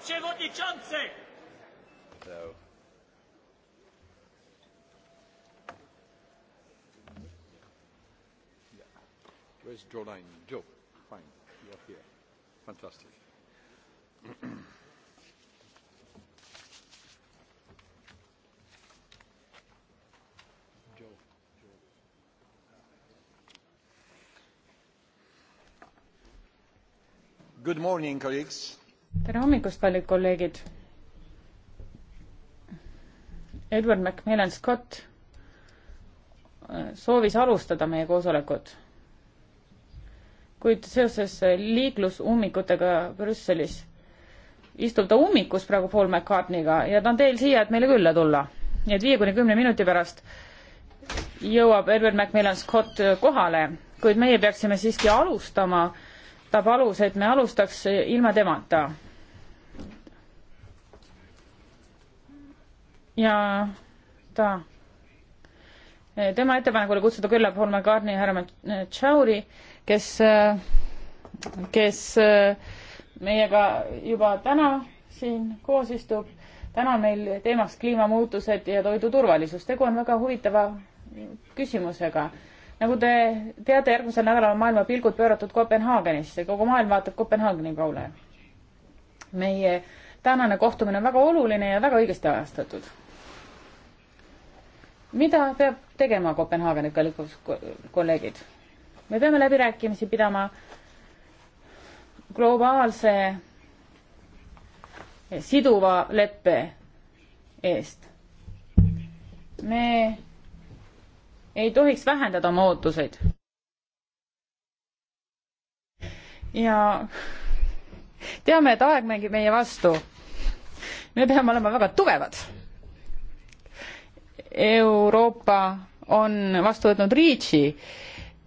przewodniczący! No. Yeah. Where's Jolene? Joe, fine, you're here. Fantastic. Good morning, colleagues tere hommikust, kallid kolleegid. Edward Macmillan Scott äh, soovis alustada meie koosolekut, kuid seoses äh, liiklusummikutega Brüsselis istub ta ummikus praegu Paul McCartney'ga ja ta on teel siia, et meile külla tulla. nii et viie kuni kümne minuti pärast jõuab Edward Macmillan Scott äh, kohale, kuid meie peaksime siiski alustama. ta palus, et me alustaks ilma temata. ja ta, e, tema ettepanekule kutsuda külla Paul McCartney ja härra Chauri, kes, e, kes e, meiega juba täna siin koos istub. täna on meil teemaks kliimamuutused ja toiduturvalisus. tegu on väga huvitava küsimusega. nagu te teate, järgmisel nädalal on maailma pilgud pööratud Kopenhaagenisse, kogu maailm vaatab Kopenhaageni poole. meie tänane kohtumine on väga oluline ja väga õigesti ajastatud mida peab tegema Kopenhaageni kolleegid? me peame läbirääkimisi pidama globaalse siduva leppe eest. me ei tohiks vähendada oma ootuseid. ja teame, et aeg mängib meie vastu. me peame olema väga tugevad Euroopa on vastu võtnud REACH-i,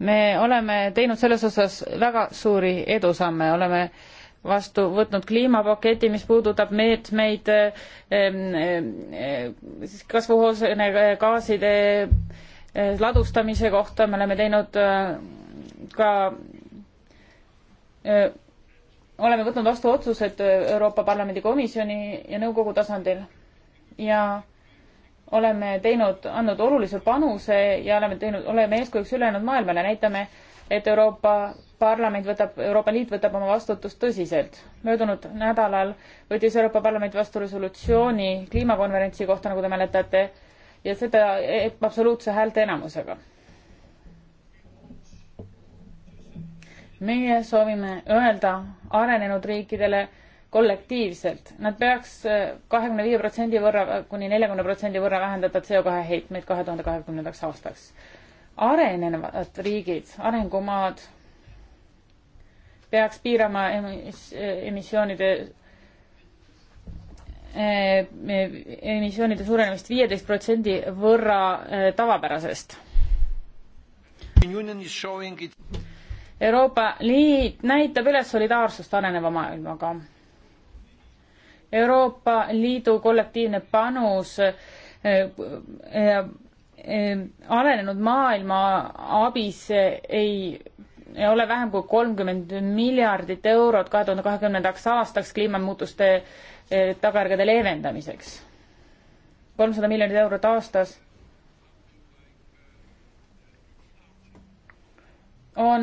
me oleme teinud selles osas väga suuri edusamme, oleme vastu võtnud kliimapaketi, mis puudutab meetmeid kasvuhoonegaaside eh, ladustamise kohta, me oleme teinud eh, ka, eh, oleme võtnud vastu otsused Euroopa Parlamendi komisjoni ja nõukogu tasandil ja oleme teinud, andnud olulise panuse ja oleme teinud, oleme eeskujuks ülejäänud maailmale, näitame, et Euroopa Parlament võtab, Euroopa Liit võtab oma vastutust tõsiselt. möödunud nädalal võttis Euroopa Parlament vastu resolutsiooni kliimakonverentsi kohta, nagu te mäletate, ja seda e-, absoluutse häälteenamusega. meie soovime öelda arenenud riikidele kollektiivselt. Nad peaks äh, kahekümne viie protsendi võrra kuni neljakümne protsendi võrra vähendada CO2 heitmeid kahe tuhande kahekümnendaks aastaks. arenevad riigid, arengumaad peaks piirama emis, emissioonide äh, emissioonide suurenemist viieteist protsendi võrra äh, tavapärasest. Euroopa Liit näitab üles solidaarsust areneva maailmaga Euroopa Liidu kollektiivne panus eh, eh, eh, arenenud maailma abis ei ole vähem kui kolmkümmend miljardit eurot kahe tuhande kahekümnendaks aastaks kliimamuutuste tagajärgede leevendamiseks. kolmsada miljonit eurot aastas on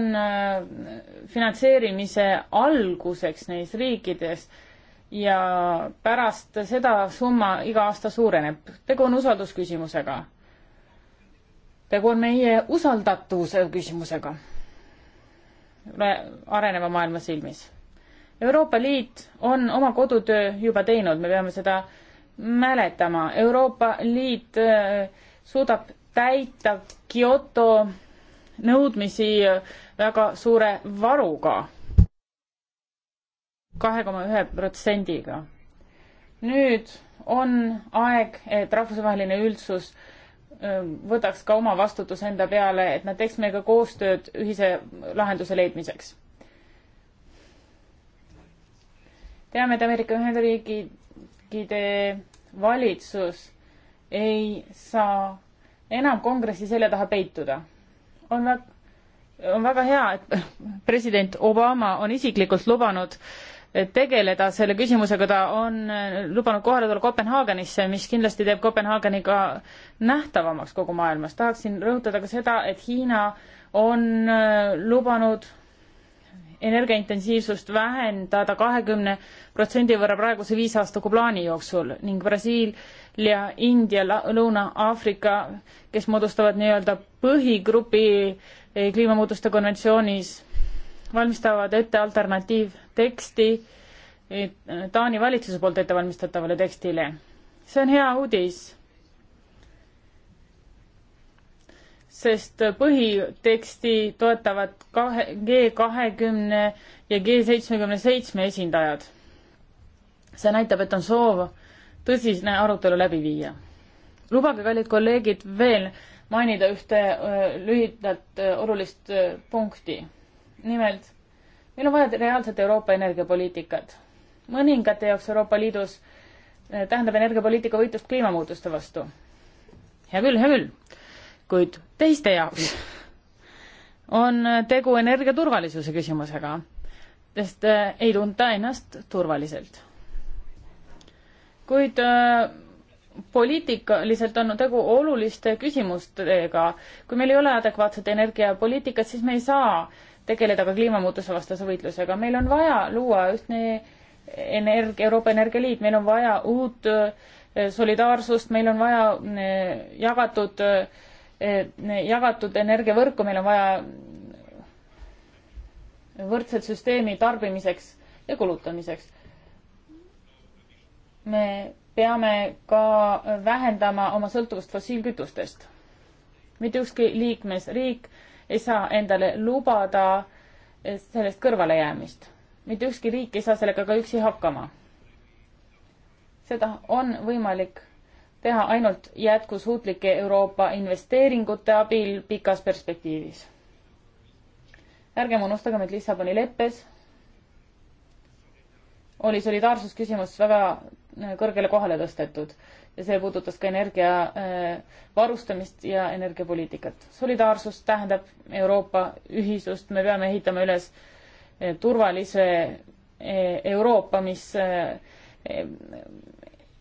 finantseerimise alguseks neis riikides ja pärast seda summa iga aasta suureneb. tegu on usaldusküsimusega. tegu on meie usaldatavuse küsimusega areneva maailma silmis. Euroopa Liit on oma kodutöö juba teinud, me peame seda mäletama. Euroopa Liit äh, suudab täita Kyoto nõudmisi väga suure varuga kahe koma ühe protsendiga. nüüd on aeg, et rahvusvaheline üldsus võtaks ka oma vastutuse enda peale, et nad teeks meiega koostööd ühise lahenduse leidmiseks. teame, et Ameerika Ühendriikide valitsus ei saa enam kongressi selja taha peituda. on väga, on väga hea, et president Obama on isiklikult lubanud äh, tegeleda selle küsimusega, ta on äh, lubanud kohale tulla Kopenhaagenisse, mis kindlasti teeb Kopenhaageni ka nähtavamaks kogu maailmas. tahaksin rõhutada ka seda, et Hiina on äh, lubanud energiaintensiivsust vähendada kahekümne protsendi võrra praeguse viisaastaku plaani jooksul ning Brasiilia, India, Lõuna-Aafrika, kes moodustavad nii-öelda põhigrupi eh, kliimamuutuste konventsioonis, valmistavad ette alternatiiv teksti äh, Taani valitsuse poolt ettevalmistatavale tekstile. see on hea uudis. sest põhiteksti toetavad kahe, G kahekümne ja G seitsmekümne seitsme esindajad. see näitab, et on soov tõsine arutelu läbi viia. lubage, kallid kolleegid, veel mainida ühte öö, äh, lühidalt öö, äh, olulist öö, punkti. nimelt meil on vaja reaalset Euroopa energiapoliitikat. mõningate jaoks Euroopa Liidus eh, tähendab energiapoliitika võitlust kliimamuutuste vastu. hea küll, hea küll, kuid teiste jaoks on tegu energiaturvalisuse küsimusega, sest eh, ei tunta ennast turvaliselt. kuid eh, poliitikaliselt on tegu oluliste küsimustega. kui meil ei ole adekvaatset energiapoliitikat, siis me ei saa äh, tegeleda ka kliimamuutuse vastase võitlusega. meil on vaja luua ühtne energia, Euroopa Energialiit, meil on vaja uut eh, solidaarsust, meil on vaja eh, jagatud, eh, jagatud energiavõrku, meil on vaja võrdset süsteemi tarbimiseks ja kulutamiseks. me peame ka vähendama oma sõltuvust fossiilkütustest. mitte ükski liikmesriik ei saa endale lubada eh, sellest kõrvalejäämist. mitte ükski riik ei saa sellega ka üksi hakkama. seda on võimalik teha ainult jätkusuutlike Euroopa investeeringute abil pikas perspektiivis. ärgem unustagem, et Lissaboni leppes oli solidaarsusküsimus väga eh, kõrgele kohale tõstetud ja see puudutas ka energia äh, varustamist ja energiapoliitikat. solidaarsus tähendab Euroopa ühisust, me peame ehitama üles äh, turvalise äh, Euroopa, mis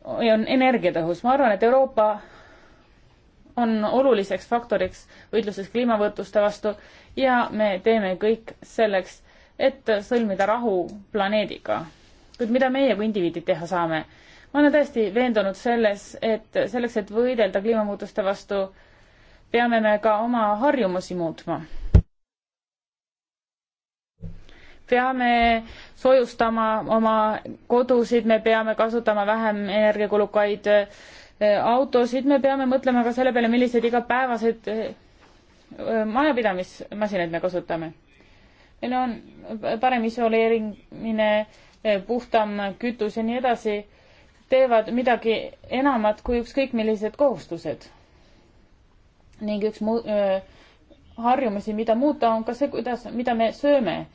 on energiatõhus. ma arvan, et Euroopa on oluliseks faktoriks võitluses kliimavõtuste vastu ja me teeme kõik selleks, et sõlmida rahu planeediga. kuid mida meie kui indiviidid teha saame? ma olen täiesti veendunud selles, et selleks, et võidelda kliimamuutuste vastu, peame me ka oma harjumusi muutma. peame soojustama oma kodusid, me peame kasutama vähem energiakulukaid eh, autosid, me peame mõtlema ka selle peale, milliseid igapäevaseid eh, majapidamismasinaid me kasutame. meil on parem isoleerimine, eh, puhtam kütus ja nii edasi teevad midagi enamat kui ükskõik millised kohustused. ning üks mu-, öö, harjumusi, mida muuta, on ka see, kuidas, mida me sööme.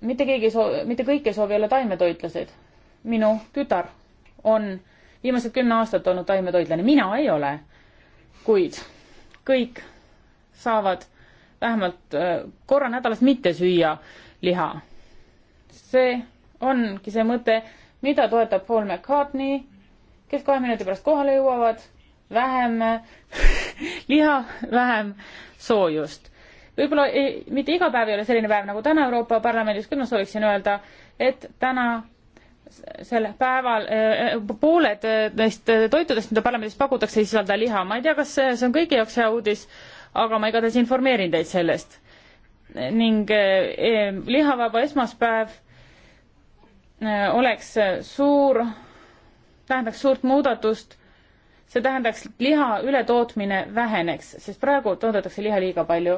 mitte keegi ei soovi, mitte kõik ei soovi olla taimetoitlased. minu tütar on viimased kümme aastat olnud taimetoitlane, mina ei ole. kuid kõik saavad vähemalt korra nädalas mitte süüa liha. see ongi see mõte mida toetab Paul McCartney, kes kahe minuti pärast kohale jõuavad, vähem liha, vähem soojust. võib-olla ei, mitte iga päev ei ole selline päev nagu täna Euroopa Parlamendis, küll ma sooviksin öelda, et täna sel päeval äh, pooled äh, neist äh, toitudest, mida parlamendis pakutakse, ei sisalda liha. ma ei tea, kas see on kõigi jaoks hea uudis, aga ma igatahes informeerin teid sellest. ning e, lihavaba esmaspäev Äh, oleks suur, tähendaks suurt muudatust, see tähendaks, liha ületootmine väheneks, sest praegu toodetakse liha liiga palju.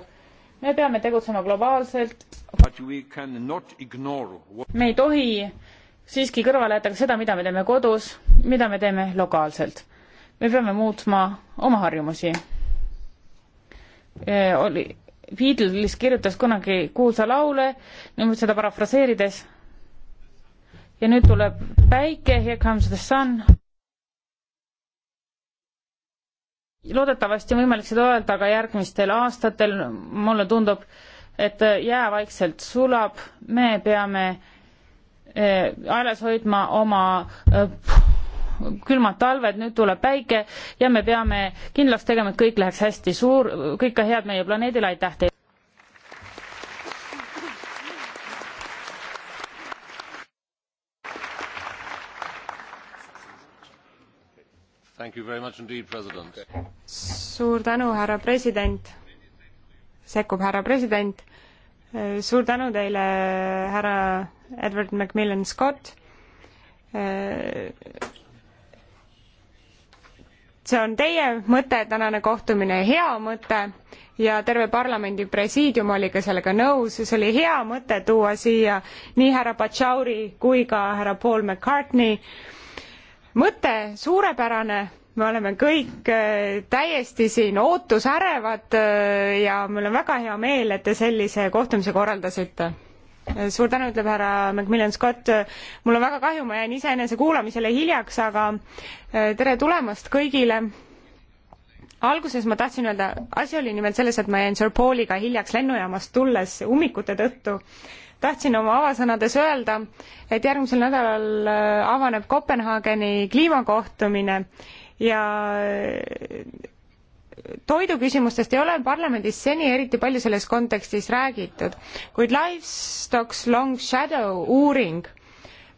me peame tegutsema globaalselt. me ei tohi siiski kõrvale jätta ka seda, mida me teeme kodus, mida me teeme lokaalselt. me peame muutma oma harjumusi. Äh, oli, Beatles kirjutas kunagi kuulsa laule, nüüd seda parafraseerides ja nüüd tuleb päike, here comes the sun. loodetavasti on võimalik seda öelda ka järgmistel aastatel, mulle tundub, et jää vaikselt sulab, me peame eh, alles hoidma oma eh, külmad talved, nüüd tuleb päike ja me peame kindlaks tegema, et kõik läheks hästi, suur, kõike head meie planeedile, aitäh teile! suur tänu, härra president, sekkub härra president. suur tänu teile, härra Edward Macmillan Scott. see on teie mõte, tänane kohtumine, hea mõte ja terve parlamendi presiidium oli ka sellega nõus, see oli hea mõte tuua siia nii härra Bachauri kui ka härra Paul McCartney mõte suurepärane, me oleme kõik äh, täiesti siin ootusärevad äh, ja mul on väga hea meel, et te sellise kohtumise korraldasite suur tänu, ütleb härra Macmillan Scott. mul on väga kahju, ma jäin iseenese kuulamisele hiljaks, aga äh, tere tulemast kõigile. alguses ma tahtsin öelda, asi oli nimelt selles, et ma jäin Sir Pauliga hiljaks lennujaamast tulles ummikute tõttu tahtsin oma avasõnades öelda, et järgmisel nädalal äh, avaneb Kopenhaageni kliimakohtumine ja äh, toiduküsimustest ei ole parlamendis seni eriti palju selles kontekstis räägitud, kuid Livestock's Long Shadow uuring,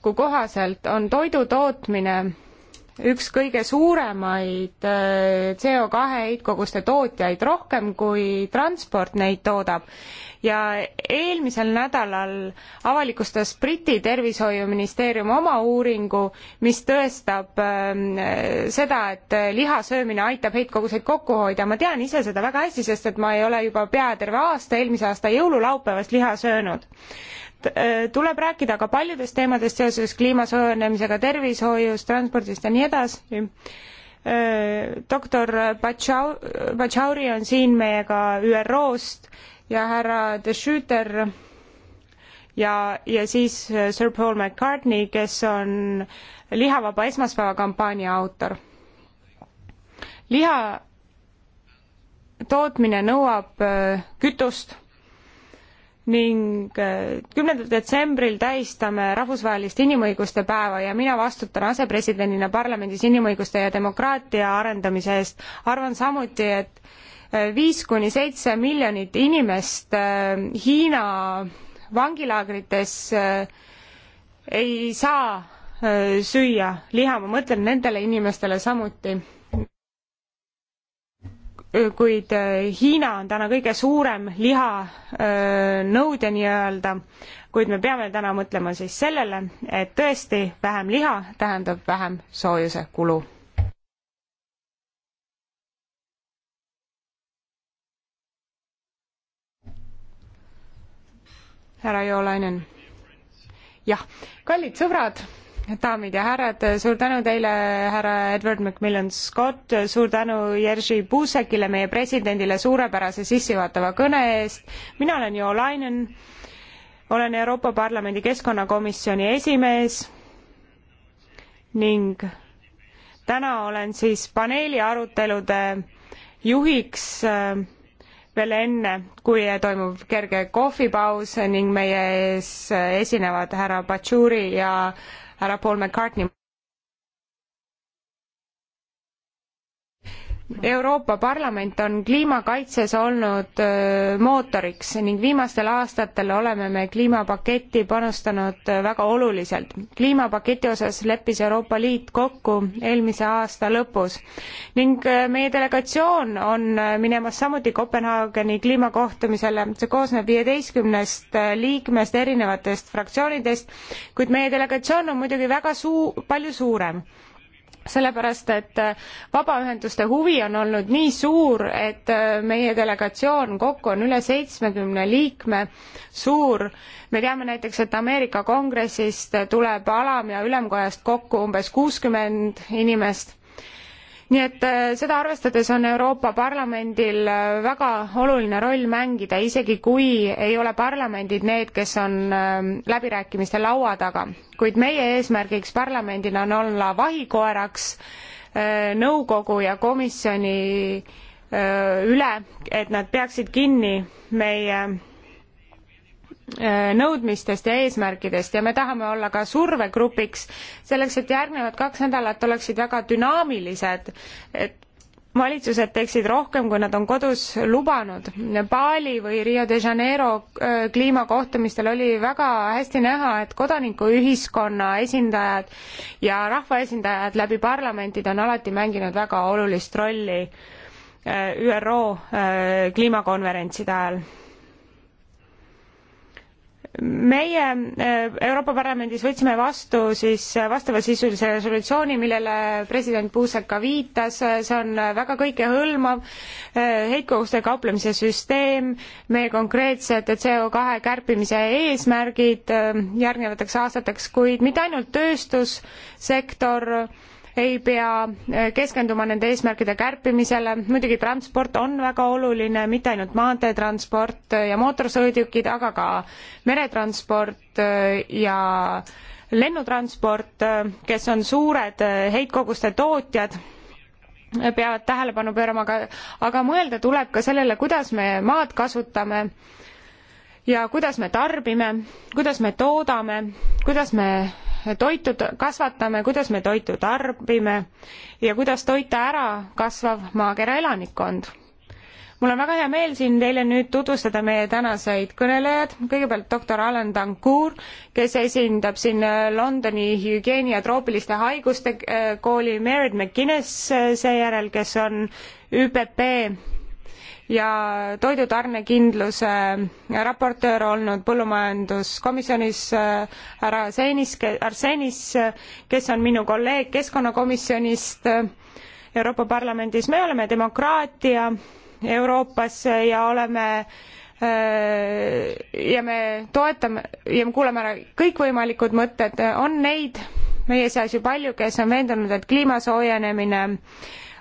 kui kohaselt on toidu tootmine üks kõige suuremaid äh, CO2 heitkoguste tootjaid, rohkem kui transport neid toodab ja eelmisel nädalal avalikustas Briti tervishoiuministeerium oma uuringu, mis tõestab äh, seda, et liha söömine aitab heitkoguseid kokku hoida. ma tean ise seda väga hästi, sest et ma ei ole juba pea terve aasta, eelmise aasta jõululaupäevast liha söönud äh, tuleb rääkida ka paljudest teemadest seoses kliima soojenemisega, tervishoiust, transpordist ja nii edasi. Äh, doktor Batšauri on siin meiega ÜRO-st ja härra De Schutter ja, ja siis äh, Sir Paul McCartney, kes on lihavaba esmaspäeva kampaania autor. liha tootmine nõuab äh, kütust ning äh, kümnendal detsembril tähistame rahvusvahelist inimõiguste päeva ja mina vastutan asepresidendina parlamendis inimõiguste ja demokraatia arendamise eest. arvan samuti, et viis kuni seitse miljonit inimest äh, Hiina vangilaagrites äh, ei saa äh, süüa liha, ma mõtlen nendele inimestele samuti. kuid Hiina on täna kõige suurem lihanõudja nii-öelda, kuid me peame täna mõtlema siis sellele, et tõesti vähem liha tähendab vähem soojuse kulu härra Joolainen. jah, kallid sõbrad, daamid ja härrad, suur tänu teile, härra Edward McMillan Scott, suur tänu Jerzy Buzekile, meie presidendile, suurepärase sissejuhatava kõne eest. mina olen Joolainen, olen Euroopa Parlamendi keskkonnakomisjoni esimees ning täna olen siis paneeli arutelude juhiks äh, veel enne, kui toimub kerge kohvipaus ning meie ees esinevad härra Batšuri ja härra Paul McCartney. Euroopa Parlament on kliimakaitses olnud mootoriks ning viimastel aastatel oleme me kliimapaketti panustanud väga oluliselt. kliimapaketi osas leppis Euroopa Liit kokku eelmise aasta lõpus ning meie delegatsioon on minemas samuti Kopenhaageni kliimakohtumisele. see koosneb viieteistkümnest liikmest erinevatest fraktsioonidest, kuid meie delegatsioon on muidugi väga suu-, palju suurem sellepärast, et äh, vabaühenduste huvi on olnud nii suur, et äh, meie delegatsioon kokku on üle seitsmekümne liikme suur. me teame näiteks, et Ameerika Kongressist tuleb alam- ja ülemkojast kokku umbes kuuskümmend inimest nii et äh, seda arvestades on Euroopa Parlamendil äh, väga oluline roll mängida, isegi kui ei ole parlamendid need, kes on ähm, läbirääkimiste laua taga. kuid meie eesmärgiks parlamendina on olla vahikoeraks äh, nõukogu ja komisjoni üle, et nad peaksid kinni meie Äh, nõudmistest ja eesmärkidest ja me tahame olla ka survegrupiks selleks, et järgnevad kaks nädalat oleksid väga dünaamilised, et valitsused teeksid rohkem, kui nad on kodus lubanud. Bali või Rio de Janeiro äh, kliimakohtumistel oli väga hästi näha, et kodanikuühiskonna esindajad ja rahvaesindajad läbi parlamentid on alati mänginud väga olulist rolli äh, ÜRO kliimakonverentside ajal meie äh, Euroopa Parlamendis võtsime vastu siis äh, vastavasisulise resolutsiooni, millele president Puusek ka viitas, see on äh, väga kõikehõlmav heitkogustega kauplemise süsteem, meie konkreetsed CO2 kärpimise eesmärgid järgnevateks aastateks, kuid mitte ainult tööstussektor, ei pea eh, keskenduma nende eesmärkide kärpimisele, muidugi transport on väga oluline, mitte ainult maanteetransport ja mootorsõidukid, aga ka meretransport eh, ja lennutransport, eh, kes on suured heitkoguste tootjad, peavad tähelepanu pöörama, aga, aga mõelda tuleb ka sellele, kuidas me maad kasutame ja kuidas me tarbime, kuidas me toodame, kuidas me toitu kasvatame, kuidas me toitu tarbime ja kuidas toita ära kasvav maakera elanikkond. mul on väga hea meel siin teile nüüd tutvustada meie tänaseid kõnelejad, kõigepealt doktor Alan Dancour, kes esindab siin äh, Londoni hügieeni ja troopiliste haiguste äh, kooli Mary McGuinness äh, seejärel, kes on ÜPP ja toidutarnekindluse raportöör olnud põllumajanduskomisjonis äh, härra Arsenis, Arsenis, kes on minu kolleeg keskkonnakomisjonist äh, Euroopa Parlamendis. me oleme demokraatia Euroopas ja oleme äh, ja me toetame ja me kuulame ära kõikvõimalikud mõtted, on neid meie seas ju palju, kes on veendunud, et kliima soojenemine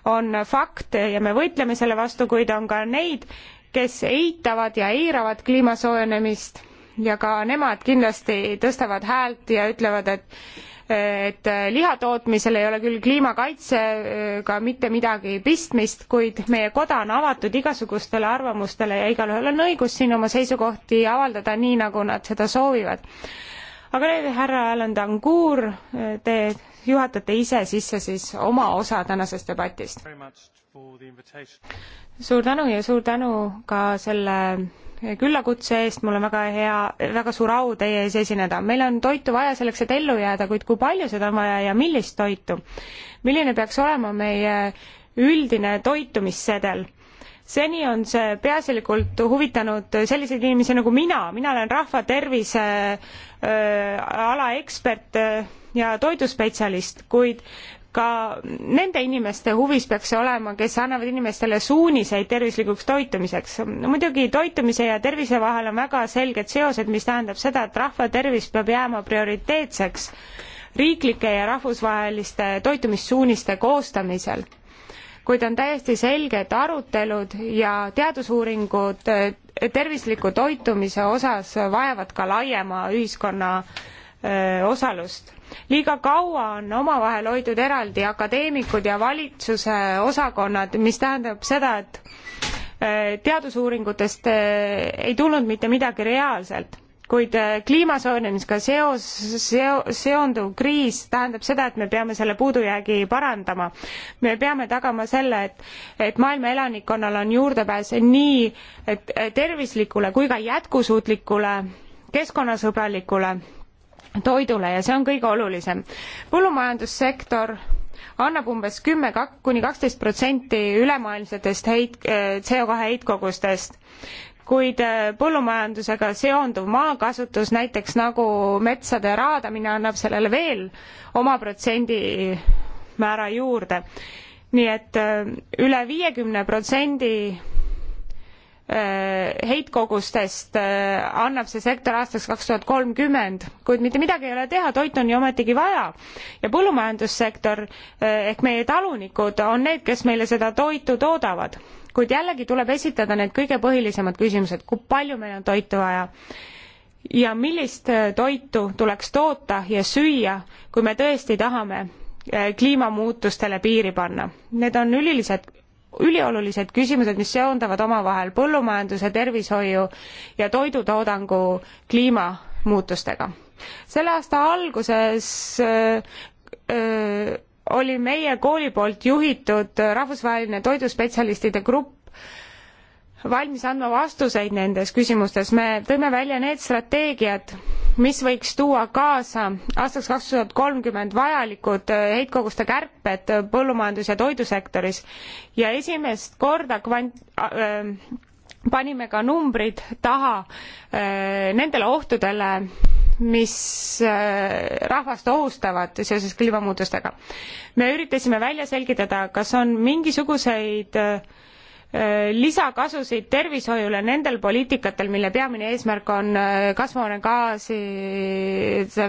on fakt ja me võitleme selle vastu, kuid on ka neid, kes eitavad ja eiravad kliima soojenemist ja ka nemad kindlasti tõstavad häält ja ütlevad, et et lihatootmisel ei ole küll kliimakaitsega mitte midagi pistmist, kuid meie koda on avatud igasugustele arvamustele ja igalühel on õigus siin oma seisukohti avaldada nii, nagu nad seda soovivad. aga nüüd härra Alan Dangur, te juhatate ise sisse siis oma osa tänasest debatist. suur tänu ja suur tänu ka selle küllakutse eest, mul on väga hea, väga suur au teie ees esineda. meil on toitu vaja selleks, et ellu jääda, kuid kui palju seda on vaja ja millist toitu? milline peaks olema meie üldine toitumissedel? seni on see peaasjalikult huvitanud selliseid inimesi nagu mina, mina olen rahva tervise ala ekspert ja toiduspetsialist, kuid ka nende inimeste huvis peaks see olema, kes annavad inimestele suuniseid tervislikuks toitumiseks. muidugi toitumise ja tervise vahel on väga selged seosed, mis tähendab seda, et rahva tervis peab jääma prioriteetseks riiklike ja rahvusvaheliste toitumissuuniste koostamisel kuid on täiesti selge, et arutelud ja teadusuuringud äh, tervisliku toitumise osas vajavad ka laiema ühiskonna äh, osalust. liiga kaua on omavahel hoidnud eraldi akadeemikud ja valitsuse osakonnad, mis tähendab seda, et äh, teadusuuringutest ei tulnud mitte midagi reaalselt kuid äh, kliima soojenemisega seos, seo-, seonduv kriis tähendab seda, et me peame selle puudujäägi parandama. me peame tagama selle, et, et maailma elanikkonnal on juurdepääs nii äh, tervislikule kui ka jätkusuutlikule keskkonnasõbralikule toidule ja see on kõige olulisem. põllumajandussektor annab umbes kümme kuni kaksteist protsenti ülemaailmsetest heit- CO2 heitkogustest kuid äh, põllumajandusega seonduv maakasutus, näiteks nagu metsade raadamine, annab sellele veel oma protsendimäära juurde. nii et äh, üle viiekümne protsendi Äh, heitkogustest äh, annab see sektor aastaks kaks tuhat kolmkümmend, kuid mitte midagi ei ole teha, toitu on ju ometigi vaja. ja põllumajandussektor äh, ehk meie talunikud on need, kes meile seda toitu toodavad. kuid jällegi tuleb esitada need kõige põhilisemad küsimused, kui palju meil on toitu vaja ja millist toitu tuleks toota ja süüa, kui me tõesti tahame kliimamuutustele piiri panna. Need on ülilised üliolulised küsimused, mis seonduvad omavahel põllumajanduse, tervishoiu ja toidutoodangu kliimamuutustega. selle aasta alguses öö, äh, öö, äh, oli meie kooli poolt juhitud rahvusvaheline toiduspetsialistide grupp valmis andma vastuseid nendes küsimustes. me tõime välja need strateegiad, mis võiks tuua kaasa aastaks kaks tuhat kolmkümmend vajalikud äh, heitkoguste kärped äh, põllumajandus- ja toidusektoris ja esimest korda kvant- äh, äh, panime ka numbrid taha äh, nendele ohtudele, mis rahvast ohustavad seoses kliimamuutustega. me üritasime välja selgitada, kas on mingisuguseid äh, Äh, lisakasusid tervishoiule nendel poliitikatel, mille peamine eesmärk on äh, kasvuhoonegaasi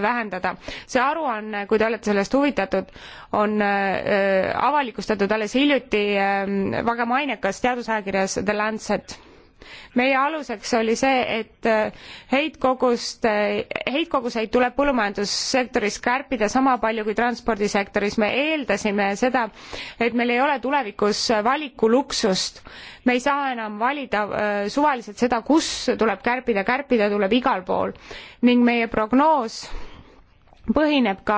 vähendada. see aruanne, kui te olete sellest huvitatud, on äh, avalikustatud alles hiljuti ähm, väga mainekas teadusajakirjas The Lancet meie aluseks oli see, et äh, heitkogust, äh, heitkoguseid tuleb põllumajandussektoris kärpida sama palju kui transpordisektoris. me eeldasime seda, et meil ei ole tulevikus valikuluksust. me ei saa enam valida äh, suvaliselt seda, kus tuleb kärpida, kärpida tuleb igal pool ning meie prognoos põhineb ka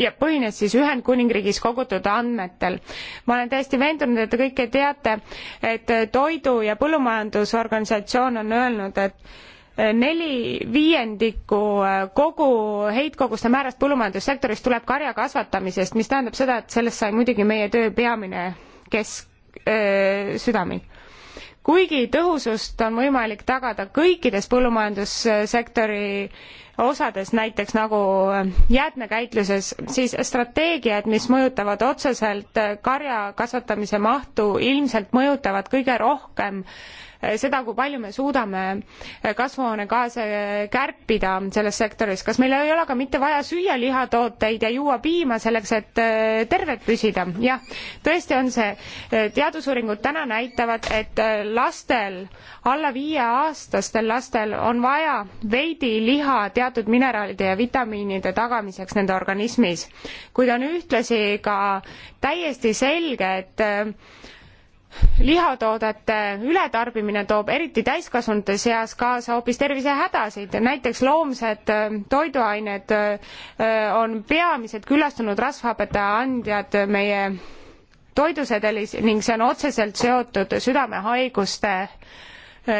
ja põhines siis Ühendkuningriigis kogutud andmetel. ma olen täiesti veendunud, et te kõik teate, et Toidu- ja Põllumajandusorganisatsioon on öelnud, et neli viiendikku kogu heitkoguste määrast põllumajandussektoris tuleb karja kasvatamisest, mis tähendab seda, et sellest sai muidugi meie töö peamine kesk, südamik kuigi tõhusust on võimalik tagada kõikides põllumajandussektori osades, näiteks nagu äh, jäätmekäitluses, siis strateegiad, mis mõjutavad otseselt äh, karja kasvatamise mahtu, ilmselt mõjutavad kõige rohkem äh, seda, kui palju me suudame kasvuhoonegaase kärpida selles sektoris. kas meil ei ole ka mitte vaja süüa lihatooteid ja juua piima selleks, et terved püsida? jah, tõesti on see, teadusuuringud täna näitavad, et lastel, alla viieaastastel lastel on vaja veidi liha teatud teatud mineraalide ja vitamiinide tagamiseks nende organismis. kuid on ühtlasi ka täiesti selge, et äh, lihatoodete ületarbimine toob eriti täiskasvanute seas kaasa hoopis tervisehädasid, näiteks loomsed äh, toiduained äh, on peamised küllastunud rasvhapete andjad meie toidusedelis ning see on otseselt seotud südamehaiguste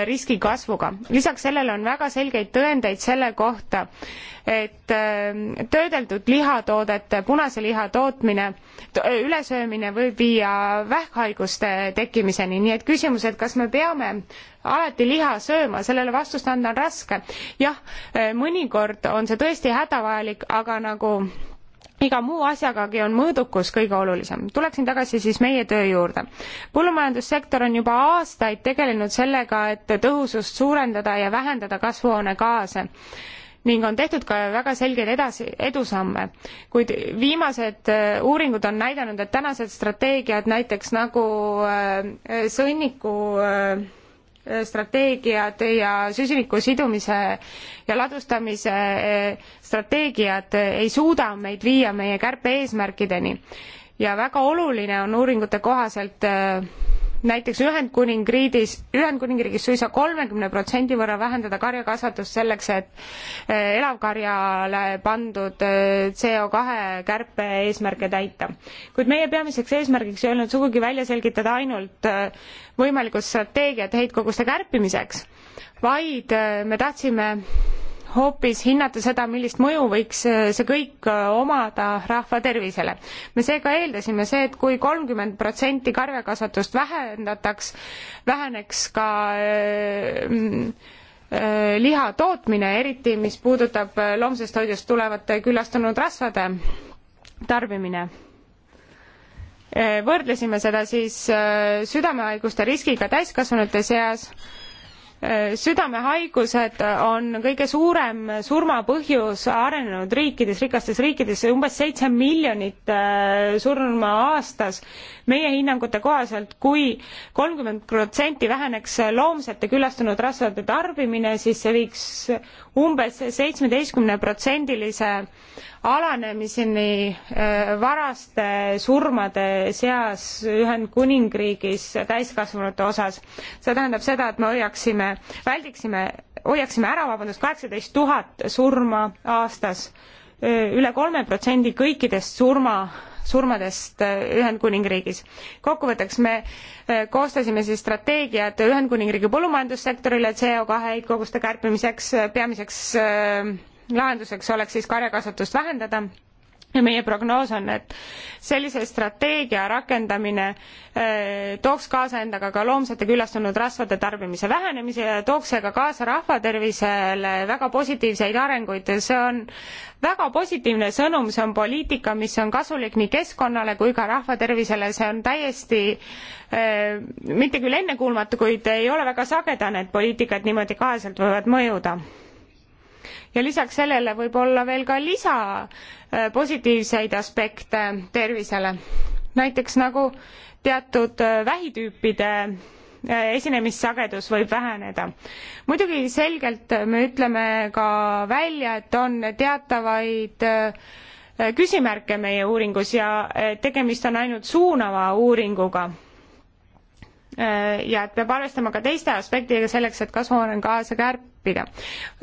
riski kasvuga. lisaks sellele on väga selgeid tõendeid selle kohta, et ähm, töödeldud lihatoodete, punase liha tootmine, ülesöömine võib viia vähkhaiguste tekkimiseni, nii et küsimus, et kas me peame alati liha sööma, sellele vastust anda on raske. jah, äh, mõnikord on see tõesti hädavajalik, aga nagu iga muu asjagagi on mõõdukus kõige olulisem. tuleksin tagasi siis meie töö juurde. põllumajandussektor on juba aastaid tegelenud sellega, et tõhusust suurendada ja vähendada kasvuhoonegaase ning on tehtud ka väga selgeid edasi, edusamme. kuid viimased äh, uuringud on näidanud, et tänased strateegiad näiteks nagu äh, sõnniku äh, strateegiad ja süsiniku sidumise ja ladustamise eh, strateegiad eh, ei suuda meid viia meie kärpe-eesmärkideni. ja väga oluline on uuringute kohaselt eh, näiteks Ühendkuningriigis, Ühendkuningriigis suisa kolmekümne protsendi võrra vähendada karjakasvatust selleks, et eh, elavkarjale pandud eh, CO2 kärpe eesmärke täita. kuid meie peamiseks eesmärgiks ei olnud sugugi välja selgitada ainult eh, võimalikud strateegiad heitkoguste kärpimiseks, vaid me tahtsime hoopis hinnata seda, millist mõju võiks äh, see kõik äh, omada rahva tervisele. me seega eeldasime see, et kui kolmkümmend protsenti karjakasvatust vähendataks, väheneks ka äh, mm, liha tootmine, eriti mis puudutab loomsest toidust tulevate küllastunud rasvade tarbimine võrdlesime seda siis südamehaiguste riskiga täiskasvanute seas südamehaigused on kõige suurem surmapõhjus arenenud riikides, rikastes riikides, umbes seitse miljonit äh, surma aastas meie hinnangute kohaselt kui kolmkümmend protsenti väheneks loomsete küllastunud rasvade tarbimine siis see viiks umbes seitsmeteistkümne protsendilise alanemiseni äh, varaste surmade seas ühendkuningriigis täiskasvanute osas see tähendab seda et me hoiaksime väldiksime hoiaksime ära vabandust kaheksateist tuhat surma aastas äh, üle kolme protsendi kõikidest surma surmadest äh, Ühendkuningriigis. kokkuvõtteks me äh, koostasime siis strateegiad Ühendkuningriigi põllumajandussektorile CO2 heitkoguste kärpimiseks, peamiseks äh, lahenduseks oleks siis karjakasvatust vähendada ja meie prognoos on, et sellise strateegia rakendamine äh, tooks kaasa endaga ka loomsete küllastunud rasvade tarbimise vähenemise ja tooks seega ka kaasa rahvatervisele väga positiivseid arenguid. see on väga positiivne sõnum, see on poliitika, mis on kasulik nii keskkonnale kui ka rahvatervisele, see on täiesti äh, mitte küll ennekuulmatu, kuid ei ole väga sagedane, et poliitikad niimoodi kaheselt võivad mõjuda ja lisaks sellele võib olla veel ka lisa äh, positiivseid aspekte tervisele. näiteks nagu teatud äh, vähitüüpide äh, esinemissagedus võib väheneda. muidugi selgelt me ütleme ka välja, et on teatavaid küsimärke meie uuringus ja tegemist on ainult suunava uuringuga Äh, ja et peab arvestama ka teiste aspektidega selleks, et kasvuhoonegaase kärpida.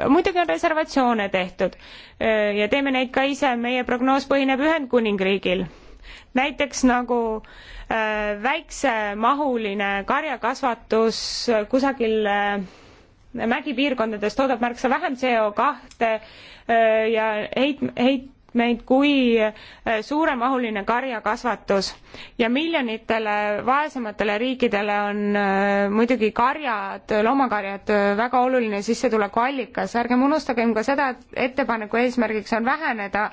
muidugi on reservatsioone tehtud äh, ja teeme neid ka ise, meie prognoos põhineb Ühendkuningriigil. näiteks nagu äh, väiksemahuline karjakasvatus kusagil äh, mägipiirkondades toodab märksa vähem CO kahte äh, ja heit-, heit-, meetmeid kui eh, suuremahuline karjakasvatus ja miljonitele vaesematele riikidele on eh, muidugi karjad, loomakarjad eh, väga oluline sissetulekuallikas. ärgem unustagem ka seda, et ettepaneku eesmärgiks on väheneda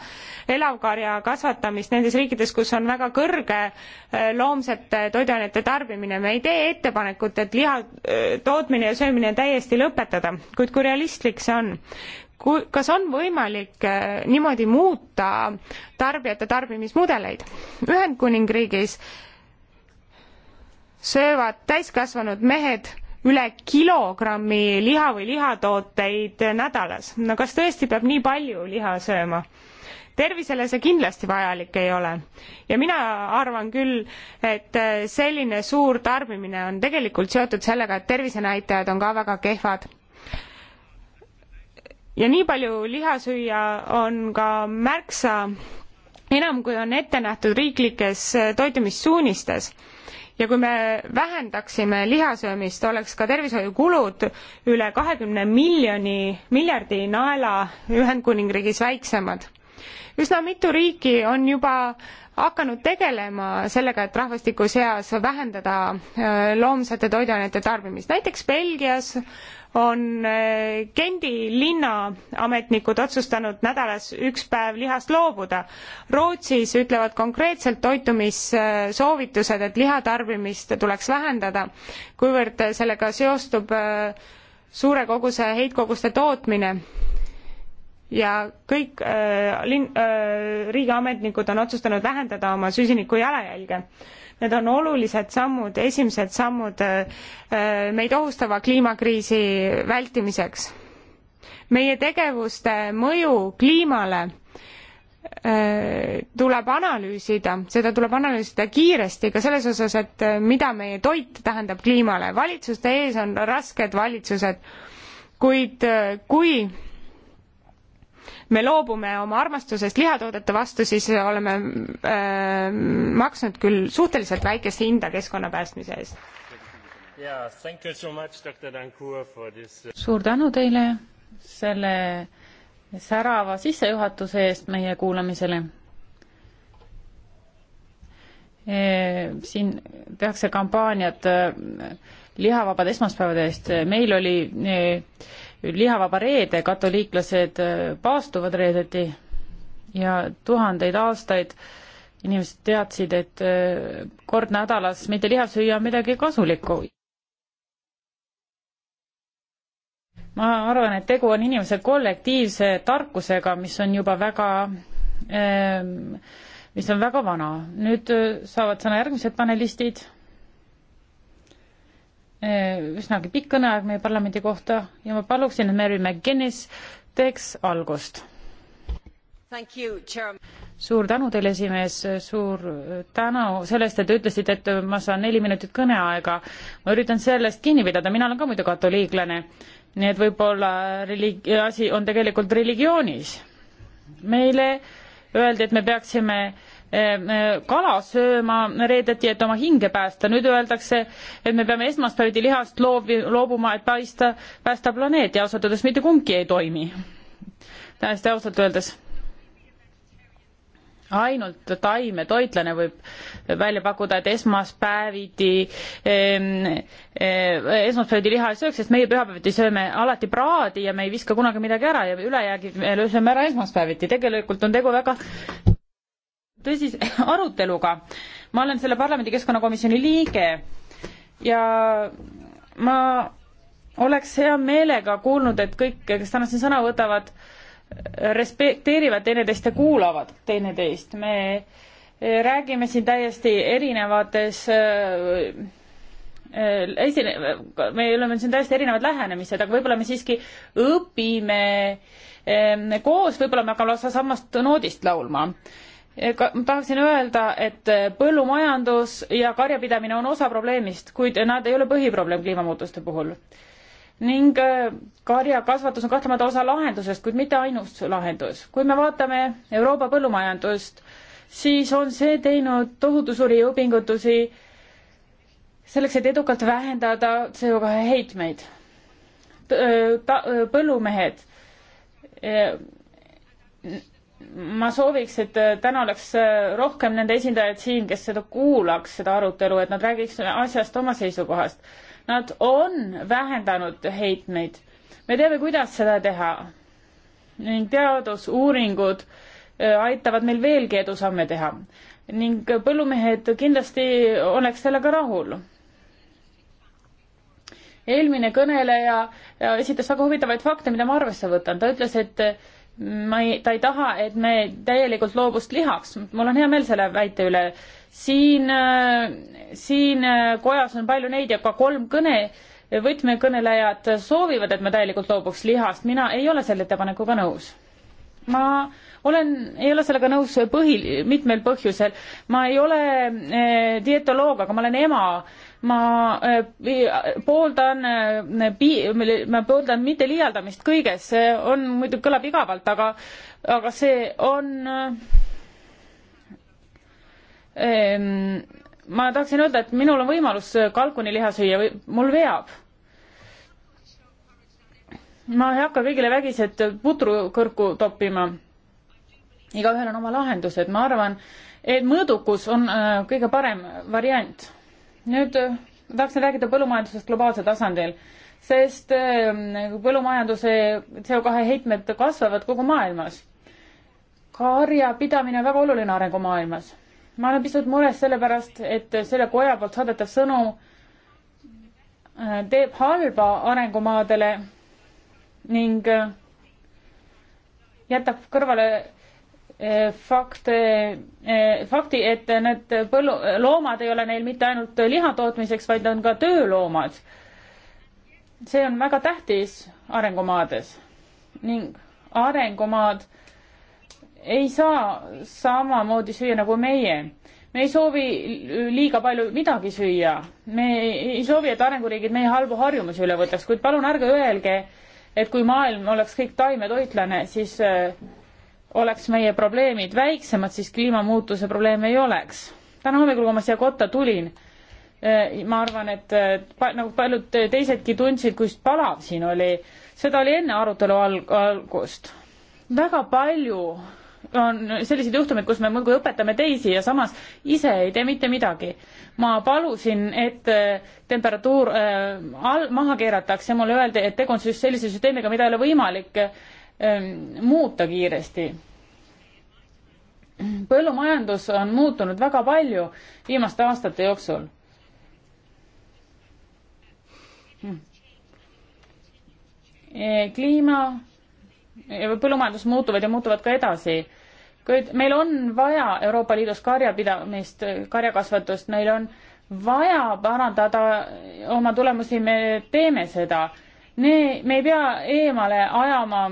elavkarja kasvatamist nendes riikides, kus on väga kõrge loomsete toiduainete tarbimine. me ei tee ettepanekut, et liha tootmine ja söömine täiesti lõpetada, kuid kui realistlik see on? kui, kas on võimalik äh, niimoodi muuta tarbijate tarbimismudeleid? Ühendkuningriigis söövad täiskasvanud mehed üle kilogrammi liha või lihatooteid nädalas. no kas tõesti peab nii palju liha sööma? tervisele see kindlasti vajalik ei ole. ja mina arvan küll, et äh, selline suur tarbimine on tegelikult seotud sellega, et tervisenäitajad on ka väga kehvad ja nii palju lihasüüa on ka märksa enam, kui on ette nähtud riiklikes äh, toitumissuunistes. ja kui me vähendaksime lihasöömist, oleks ka tervishoiukulud üle kahekümne miljoni, miljardi naela Ühendkuningriigis väiksemad üsna mitu riiki on juba hakanud tegelema sellega, et rahvastiku seas vähendada äh, loomsete toiduainete tarbimist. näiteks Belgias on äh, Gendi linnaametnikud otsustanud nädalas üks päev lihast loobuda. Rootsis ütlevad konkreetselt toitumissoovitused, et liha tarbimist tuleks vähendada, kuivõrd sellega seostub äh, suure koguse heitkoguste tootmine ja kõik äh, linn äh,, riigiametnikud on otsustanud vähendada oma süsiniku jalajälge. Need on olulised sammud, esimesed sammud äh, äh meid ohustava kliimakriisi vältimiseks. meie tegevuste mõju kliimale äh, tuleb analüüsida, seda tuleb analüüsida kiiresti ka selles osas, et äh, mida meie toit tähendab kliimale. valitsuste ees on rasked valitsused, kuid kui me loobume oma armastusest lihatoodete vastu, siis oleme äh, maksnud küll suhteliselt väikest hinda keskkonna päästmise eest. Uh, suur tänu teile selle särava sissejuhatuse eest meie kuulamisele. E, siin tehakse kampaaniat äh, lihavabade esmaspäevade eest, meil oli e, lihavaba reede, katoliiklased äh, paastuvad reedeti ja tuhandeid aastaid inimesed teadsid, et äh, kord nädalas mitte liha süüa on midagi kasulikku. ma arvan, et tegu on inimese kollektiivse tarkusega, mis on juba väga, ähm, mis on väga vana. nüüd äh, saavad sõna järgmised panelistid Äh, üsnagi pikk kõneaeg meie parlamendi kohta ja ma paluksin, et Mary McGinnis teeks algust. suur tänu teile, esimees, suur tänu sellest, et te ütlesite, et ma saan neli minutit kõneaega. ma üritan sellest kinni pidada, mina olen ka muidu katoliiklane, nii et võib-olla relig-, asi on tegelikult religioonis. meile öeldi, et me peaksime äh, Ehm, eh, kala sööma reedeti, et oma hinge päästa. nüüd öeldakse, et me peame esmaspäeviti lihast loobi, loobuma, et paista, päästa planeet ja ausalt öeldes mitte kumbki ei toimi. täiesti ausalt öeldes ainult taimetoitlane võib välja pakkuda, et esmaspäeviti eh,, eh, esmaspäeviti liha ei sööks, sest meie pühapäeviti sööme alati praadi ja me ei viska kunagi midagi ära ja ülejäägi me sööme ära esmaspäeviti. tegelikult on tegu väga tõsise aruteluga. ma olen selle parlamendi keskkonnakomisjoni liige ja ma oleks hea meelega kuulnud, et kõik, kes täna siin sõna võtavad, respekteerivad teineteist ja kuulavad teineteist. me räägime siin täiesti erinevates äh, äh, esine-, me oleme siin täiesti erinevad lähenemised, aga võib-olla me siiski õpime äh, koos, võib-olla me hakkame lausa sammast noodist laulma Eh, ka, ma tahaksin öelda, et eh, põllumajandus ja karjapidamine on osa probleemist, kuid nad ei ole põhiprobleem kliimamuutuste puhul. ning eh, karjakasvatus on kahtlemata osa lahendusest, kuid mitte ainus lahendus. kui me vaatame Euroopa põllumajandust, siis on see teinud tohutu suuri jõupingutusi selleks, et edukalt vähendada CO2 heitmeid. põllumehed ma sooviks, et äh, täna oleks äh, rohkem nende esindajaid siin, kes seda kuulaks, seda arutelu, et nad räägiks asjast oma seisukohast. Nad on vähendanud heitmeid. me teame, kuidas seda teha. ning teadusuuringud äh, aitavad meil veelgi edusamme teha. ning põllumehed kindlasti oleks sellega rahul eelmine kõneleja esitas väga huvitavaid fakte, mida ma arvesse võtan. ta ütles, et ma ei, ta ei taha, et me täielikult loobust lihaks, mul on hea meel selle väite üle. siin, siin kojas on palju neid ja ka kolm kõne, võtmekõnelejad soovivad, et me täielikult loobuks lihast, mina ei ole selle ettepanekuga nõus. ma olen, ei ole sellega nõus põhi, mitmel põhjusel. ma ei ole eh, dietoloog, aga ma olen ema ma äh, pooldan, äh, ma pooldan mitte liialdamist kõiges, see on muidugi, kõlab igavalt, aga, aga see on äh, ma tahaksin öelda, et minul on võimalus kalkuniliha süüa või mul veab. ma ei hakka kõigile vägised putru kõrku toppima. igaühel on oma lahendused, ma arvan, et mõõdukus on kõige parem variant nüüd äh, tahaksin rääkida põllumajandusest globaalsel tasandil, sest äh, põllumajanduse CO2 heitmed kasvavad kogu maailmas. karjapidamine on väga oluline arengu maailmas. ma olen pisut mures sellepärast, et selle koja poolt saadetav sõnum äh, teeb halba arengumaadele ning jätab kõrvale fakte, fakti, et need põllu, loomad ei ole neil mitte ainult liha tootmiseks, vaid on ka tööloomad. see on väga tähtis arengumaades ning arengumaad ei saa samamoodi süüa nagu meie. me ei soovi liiga palju midagi süüa, me ei soovi, et arenguriigid meie halbu harjumusi üle võtaks, kuid palun ärge öelge, et kui maailm oleks kõik taimetoitlane, siis äh, oleks meie probleemid väiksemad, siis kliimamuutuse probleeme ei oleks. täna hommikul, kui ma siia kotta tulin, eh, ma arvan, et eh, pa, nagu paljud teisedki tundsid, kui palav siin oli, seda oli enne arutelu alg-, algust. väga palju on selliseid juhtumeid, kus me muudkui õpetame teisi ja samas ise ei tee mitte midagi. ma palusin, et eh, temperatuur äh, all, maha keeratakse, mulle öeldi, et tegu on siis sellise süsteemiga, mida ei ole võimalik äh, muuta kiiresti põllumajandus on muutunud väga palju viimaste aastate jooksul. kliima ja põllumajandus muutuvad ja muutuvad ka edasi, kuid meil on vaja Euroopa Liidus karjapidamist, karjakasvatust, meil on vaja parandada oma tulemusi, me teeme seda. me ei pea eemale ajama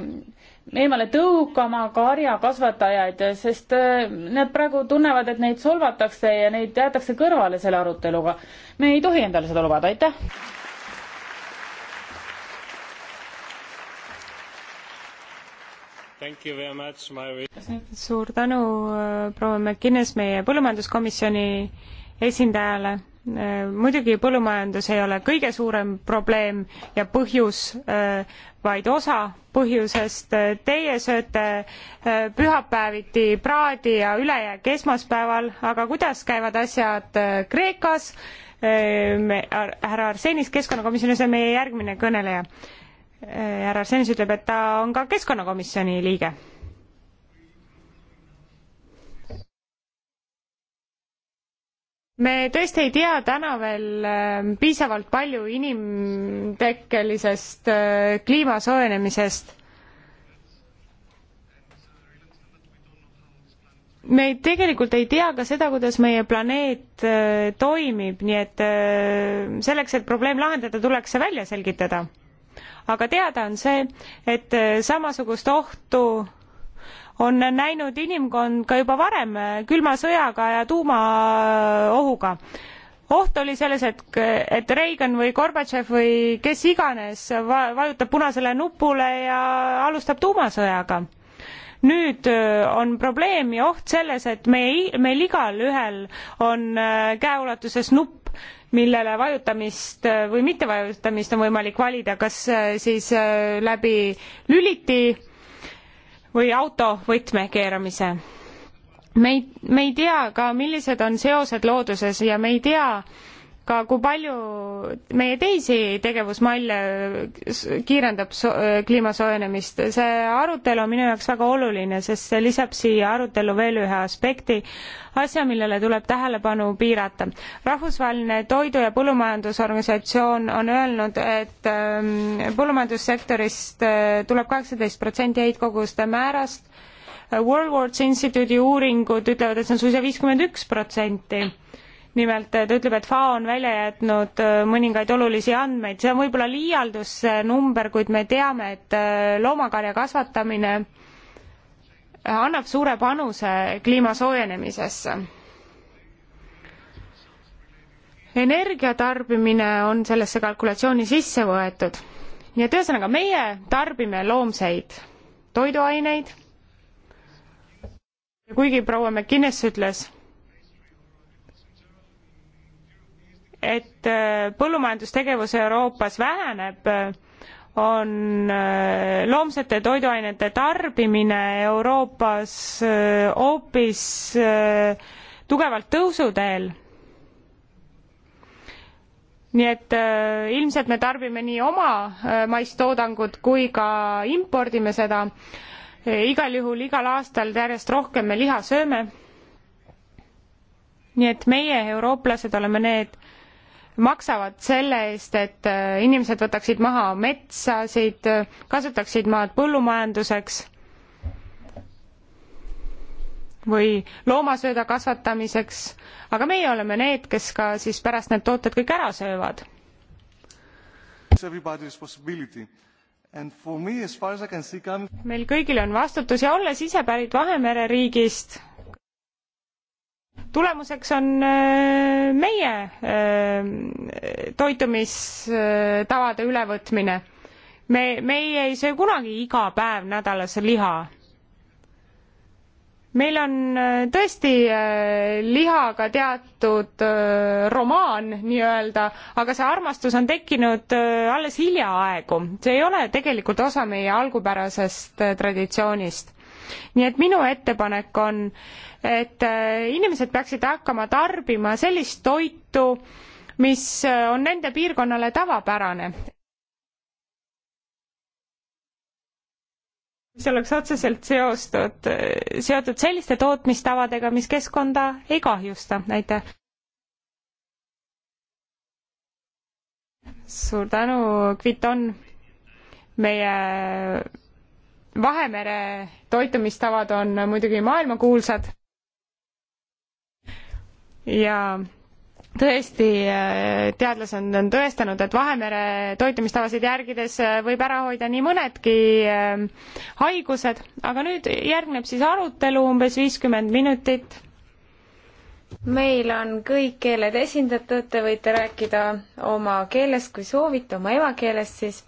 eemale tõukama karjakasvatajaid, sest äh, nad praegu tunnevad, et neid solvatakse ja neid jäetakse kõrvale selle aruteluga. me ei tohi endale seda lubada, aitäh. My... suur tänu äh, proua McInnes, meie põllumajanduskomisjoni esindajale Äh, muidugi põllumajandus ei ole kõige suurem probleem ja põhjus, äh, vaid osa põhjusest. Teie sööte äh, pühapäeviti praadi ja ülejääk esmaspäeval, aga kuidas käivad asjad Kreekas? härra Arsenis keskkonnakomisjonis on meie järgmine kõneleja. härra Arsenis ütleb, et ta on ka keskkonnakomisjoni liige me tõesti ei tea täna veel äh, piisavalt palju inimtekkelisest äh, kliima soojenemisest. me ei, tegelikult ei tea ka seda, kuidas meie planeet äh, toimib, nii et selleks, et probleem lahendada, tuleks see välja selgitada. aga teada on see, et samasugust ohtu on näinud inimkond ka juba varem külma sõjaga ja tuumaohuga oht oli selles et et reagan või gorbatšov või kes iganes va- vajutab punasele nupule ja alustab tuumasõjaga nüüd äh, on probleem ja oht selles et meie meil igalühel on äh, käeulatuses nupp millele vajutamist äh, või mittevajutamist on võimalik valida kas siis läbi lüliti või auto võtme keeramise. me ei, me ei tea ka, millised on seosed looduses ja me ei tea, ka kui palju meie teisi tegevusmalle kiirendab so kliima soojenemist. see arutelu on minu jaoks väga oluline, sest see lisab siia arutelu veel ühe aspekti, asja, millele tuleb tähelepanu piirata. rahvusvaheline Toidu- ja Põllumajandusorganisatsioon on öelnud, et ähm, põllumajandussektorist äh, tuleb kaheksateist protsenti heitkoguste määrast, World Watch Instituudi uuringud ütlevad, et see on suisa viiskümmend üks protsenti nimelt ta ütleb, et FAO on välja jätnud äh, mõningaid olulisi andmeid, see on võib-olla liialdus see number, kuid me teame, et äh, loomakarja kasvatamine äh, annab suure panuse kliima soojenemisesse. energia tarbimine on sellesse kalkulatsiooni sisse võetud. nii et ühesõnaga, meie tarbime loomseid toiduaineid, kuigi proua McInnes ütles, et äh, põllumajandustegevus Euroopas väheneb, äh, on äh, loomsete toiduainete tarbimine Euroopas hoopis tugevalt tõusuteel nii et äh, ilmselt me tarbime nii oma äh, maistoodangut kui ka impordime seda e,. igal juhul igal aastal järjest rohkem me liha sööme. nii et meie, eurooplased, oleme need, maksavad selle eest, et äh, inimesed võtaksid maha metsasid, kasutaksid maad põllumajanduseks või loomasööda kasvatamiseks, aga meie oleme need, kes ka siis pärast need tooted kõik ära söövad. meil kõigil on vastutus ja olles ise pärit Vahemere riigist, tulemuseks on äh, meie äh, toitumistavade ülevõtmine. me, meie ei söö kunagi iga päev nädalas liha. meil on äh, tõesti lihaga teatud romaan nii-öelda, aga see armastus on tekkinud alles hiljaaegu. see ei ole tegelikult osa meie algupärasest traditsioonist nii et minu ettepanek on, et äh, inimesed peaksid hakkama tarbima sellist toitu, mis äh, on nende piirkonnale tavapärane. mis oleks otseselt seostud, äh, seotud selliste tootmistavadega, mis keskkonda ei kahjusta, aitäh. suur tänu, Kviton, meie Vahemere toitumistavad on muidugi maailmakuulsad ja tõesti, eh, teadlased on tõestanud, et Vahemere toitumistavasid järgides eh, võib ära hoida nii mõnedki eh, haigused, aga nüüd järgneb siis arutelu umbes viiskümmend minutit. meil on kõik keeled esindatud, te võite rääkida oma keeles, kui soovite, oma emakeeles siis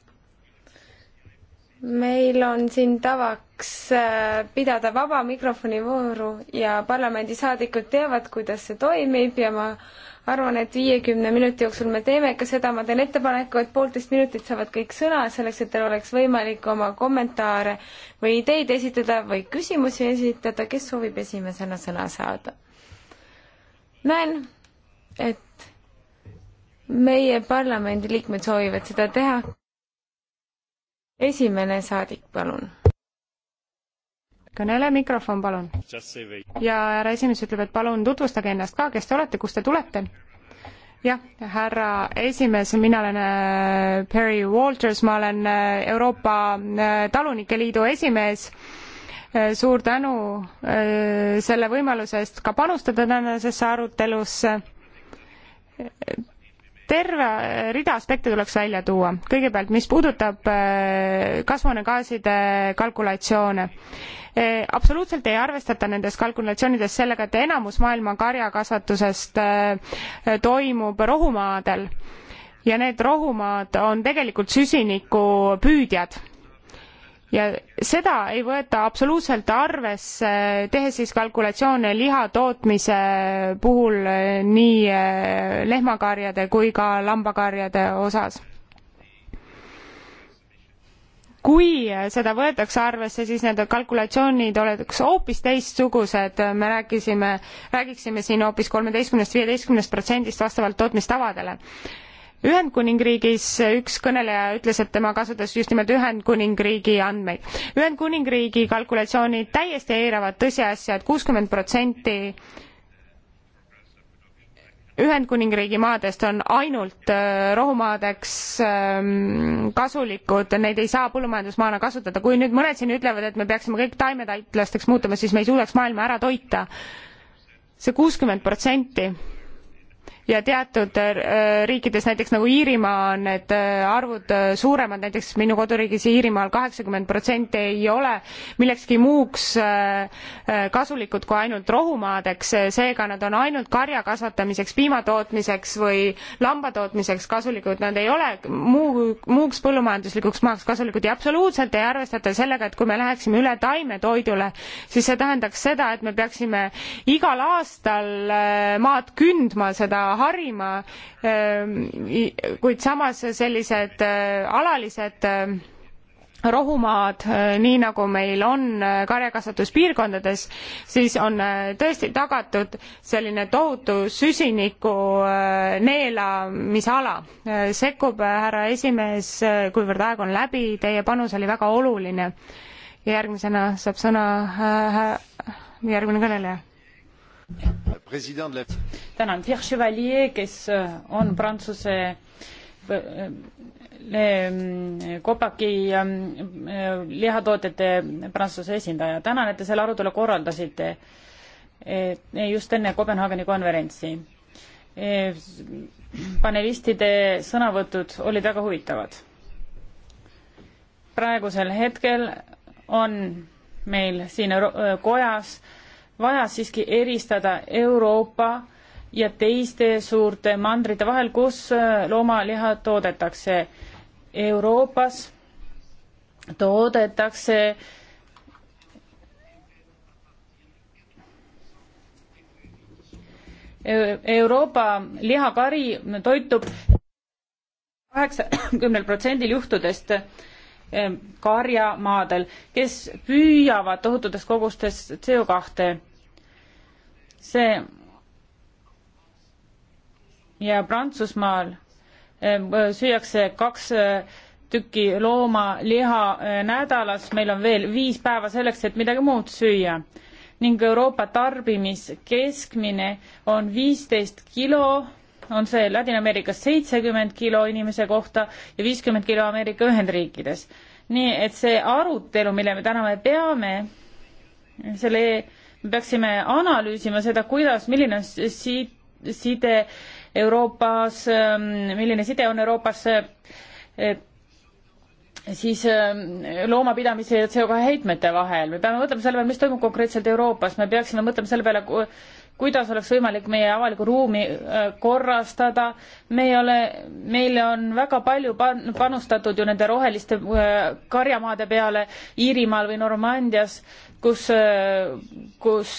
meil on siin tavaks äh, pidada vaba mikrofoni vooru ja parlamendisaadikud teavad, kuidas see toimib ja ma arvan, et viiekümne minuti jooksul me teeme ka seda, ma teen ettepaneku, et poolteist minutit saavad kõik sõna, selleks et teil oleks võimalik oma kommentaare või ideid esitada või küsimusi esitada, kes soovib esimesena sõna saada. näen, et meie parlamendiliikmed soovivad seda teha esimene saadik, palun. kõnele mikrofon, palun. ja härra esimees ütleb, et palun tutvustage ennast ka, kes te olete, kust te tulete? jah, härra esimees, mina olen äh, Perry Walters, ma olen äh, Euroopa äh, Talunike Liidu esimees. suur tänu selle võimaluse eest ka panustada tänasesse arutelusse terve rida aspekte tuleks välja tuua. kõigepealt, mis puudutab äh, kasvuhoonegaaside kalkulatsioone. Äh, absoluutselt ei arvestata nendes kalkulatsioonides sellega, et enamus maailma karjakasvatusest äh, toimub rohumaadel ja need rohumaad on tegelikult süsiniku püüdjad ja seda ei võeta absoluutselt arvesse, tehes siis kalkulatsioone liha tootmise puhul nii eh, lehmakarjade kui ka lambakarjade osas. kui seda võetakse arvesse, siis need kalkulatsioonid oleks hoopis teistsugused, me rääkisime, räägiksime siin hoopis kolmeteistkümnest, viieteistkümnest protsendist vastavalt tootmistavadele Ühendkuningriigis üks kõneleja ütles, et tema kasutas just nimelt Ühendkuningriigi andmeid. Ühendkuningriigi kalkulatsioonid täiesti eiravad tõsiasja et, et kuuskümmend protsenti Ühendkuningriigi maadest on ainult äh, rohumaadeks ähm, kasulikud, neid ei saa põllumajandusmaana kasutada. kui nüüd mõned siin ütlevad, et me peaksime kõik taimetaitlasteks muutuma, siis me ei suudaks maailma ära toita see. see kuuskümmend protsenti ja teatud äh, riikides, näiteks nagu Iirimaa on need äh, arvud äh, suuremad, näiteks minu koduriigis Iirimaal kaheksakümmend protsenti ei ole millekski muuks kasulikud kui ainult rohumaadeks, seega nad on ainult karja kasvatamiseks, piimatootmiseks või lambatootmiseks kasulikud, nad ei ole muu, muuks põllumajanduslikuks maaks kasulikud ja absoluutselt ei arvestata sellega, et kui me läheksime üle taimetoidule, siis see tähendaks seda, et me peaksime igal aastal maad kündma, seda harima, ähm, kuid samas sellised äh, alalised äh, rohumaad, äh, nii nagu meil on karjakasvatuspiirkondades, siis on tõesti tagatud selline tohutu süsiniku neelamisala. sekkub härra esimees, kuivõrd aeg on läbi, teie panus oli väga oluline. ja järgmisena saab sõna äh, järgmine kõneleja tänan, Pierre Chevalier, kes äh, on Prantsuse Kopaki äh, mm, ähm, äh, lihatootjate Prantsuse esindaja. tänan, et te selle arutelu korraldasite just enne Kopenhaageni konverentsi. E, panelistide sõnavõtud olid väga huvitavad. praegusel hetkel on meil siin kojas vaja siiski eristada Euroopa ja teiste suurte mandrite vahel, kus äh, loomaliha toodetakse. Euroopas toodetakse Euroopa lihakari toitub kaheksakümnel protsendil juhtudest äh, karjamaadel, kes püüavad tohututes kogustes CO kahte see ja Prantsusmaal ähm, süüakse kaks äh, tükki loomaliha äh, nädalas, meil on veel viis päeva selleks, et midagi muud süüa. ning Euroopa tarbimiskeskmine on viisteist kilo, on see Ladina-Ameerikas seitsekümmend kilo inimese kohta ja viiskümmend kilo Ameerika Ühendriikides. nii et see arutelu, mille me täna me peame, selle me peaksime analüüsima seda, kuidas, milline on siit side Euroopas, ähm, milline side on Euroopas äh, siis ähm, loomapidamise ja CO2 heitmete vahel, me peame mõtlema selle peale, mis toimub konkreetselt Euroopas, me peaksime mõtlema selle peale, kuidas oleks võimalik meie avalikku ruumi äh, korrastada. me ei ole, meile on väga palju pan-, panustatud ju nende roheliste äh, karjamaade peale Iirimaal või Normandias, kus, äh, kus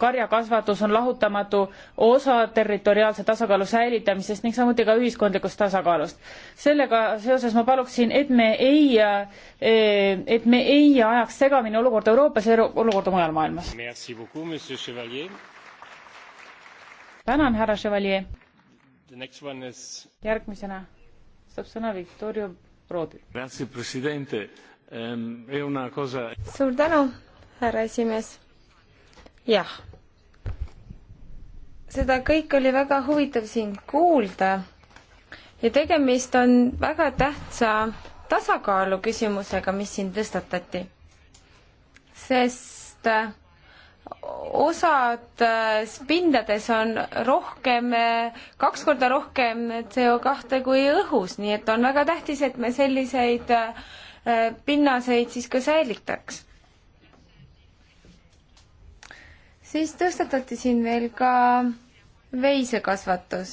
karjakasvatus on lahutamatu osa territoriaalse tasakaalu säilitamisest ning samuti ka ühiskondlikust tasakaalust. sellega seoses ma paluksin, et me ei, eh, et me ei ajaks segamini olukorda Euroopas ja olukorda mujal maailmas tänan, härra Chevalier. Is... järgmisena saab sõna Viktoria Brodi. Ehm, cosa... suur tänu, härra esimees. jah, seda kõike oli väga huvitav siin kuulda ja tegemist on väga tähtsa tasakaalu küsimusega, mis siin tõstatati. sest osad äh, pindades on rohkem, äh, kaks korda rohkem CO2 kui õhus, nii et on väga tähtis, et me selliseid äh, pinnaseid siis ka säilitaks. siis tõstatati siin veel ka veisekasvatus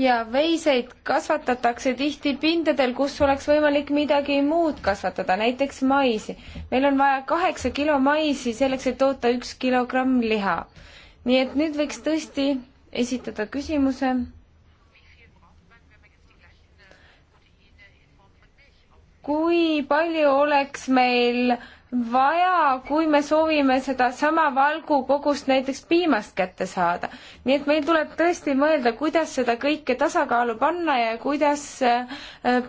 ja veiseid kasvatatakse tihti pindadel, kus oleks võimalik midagi muud kasvatada, näiteks maisi. meil on vaja kaheksa kilo maisi selleks, et toota üks kilogramm liha. nii et nüüd võiks tõesti esitada küsimuse. kui palju oleks meil vaja, kui me soovime sedasama valgukogust näiteks piimast kätte saada. nii et meil tuleb tõesti mõelda, kuidas seda kõike tasakaalu panna ja kuidas äh,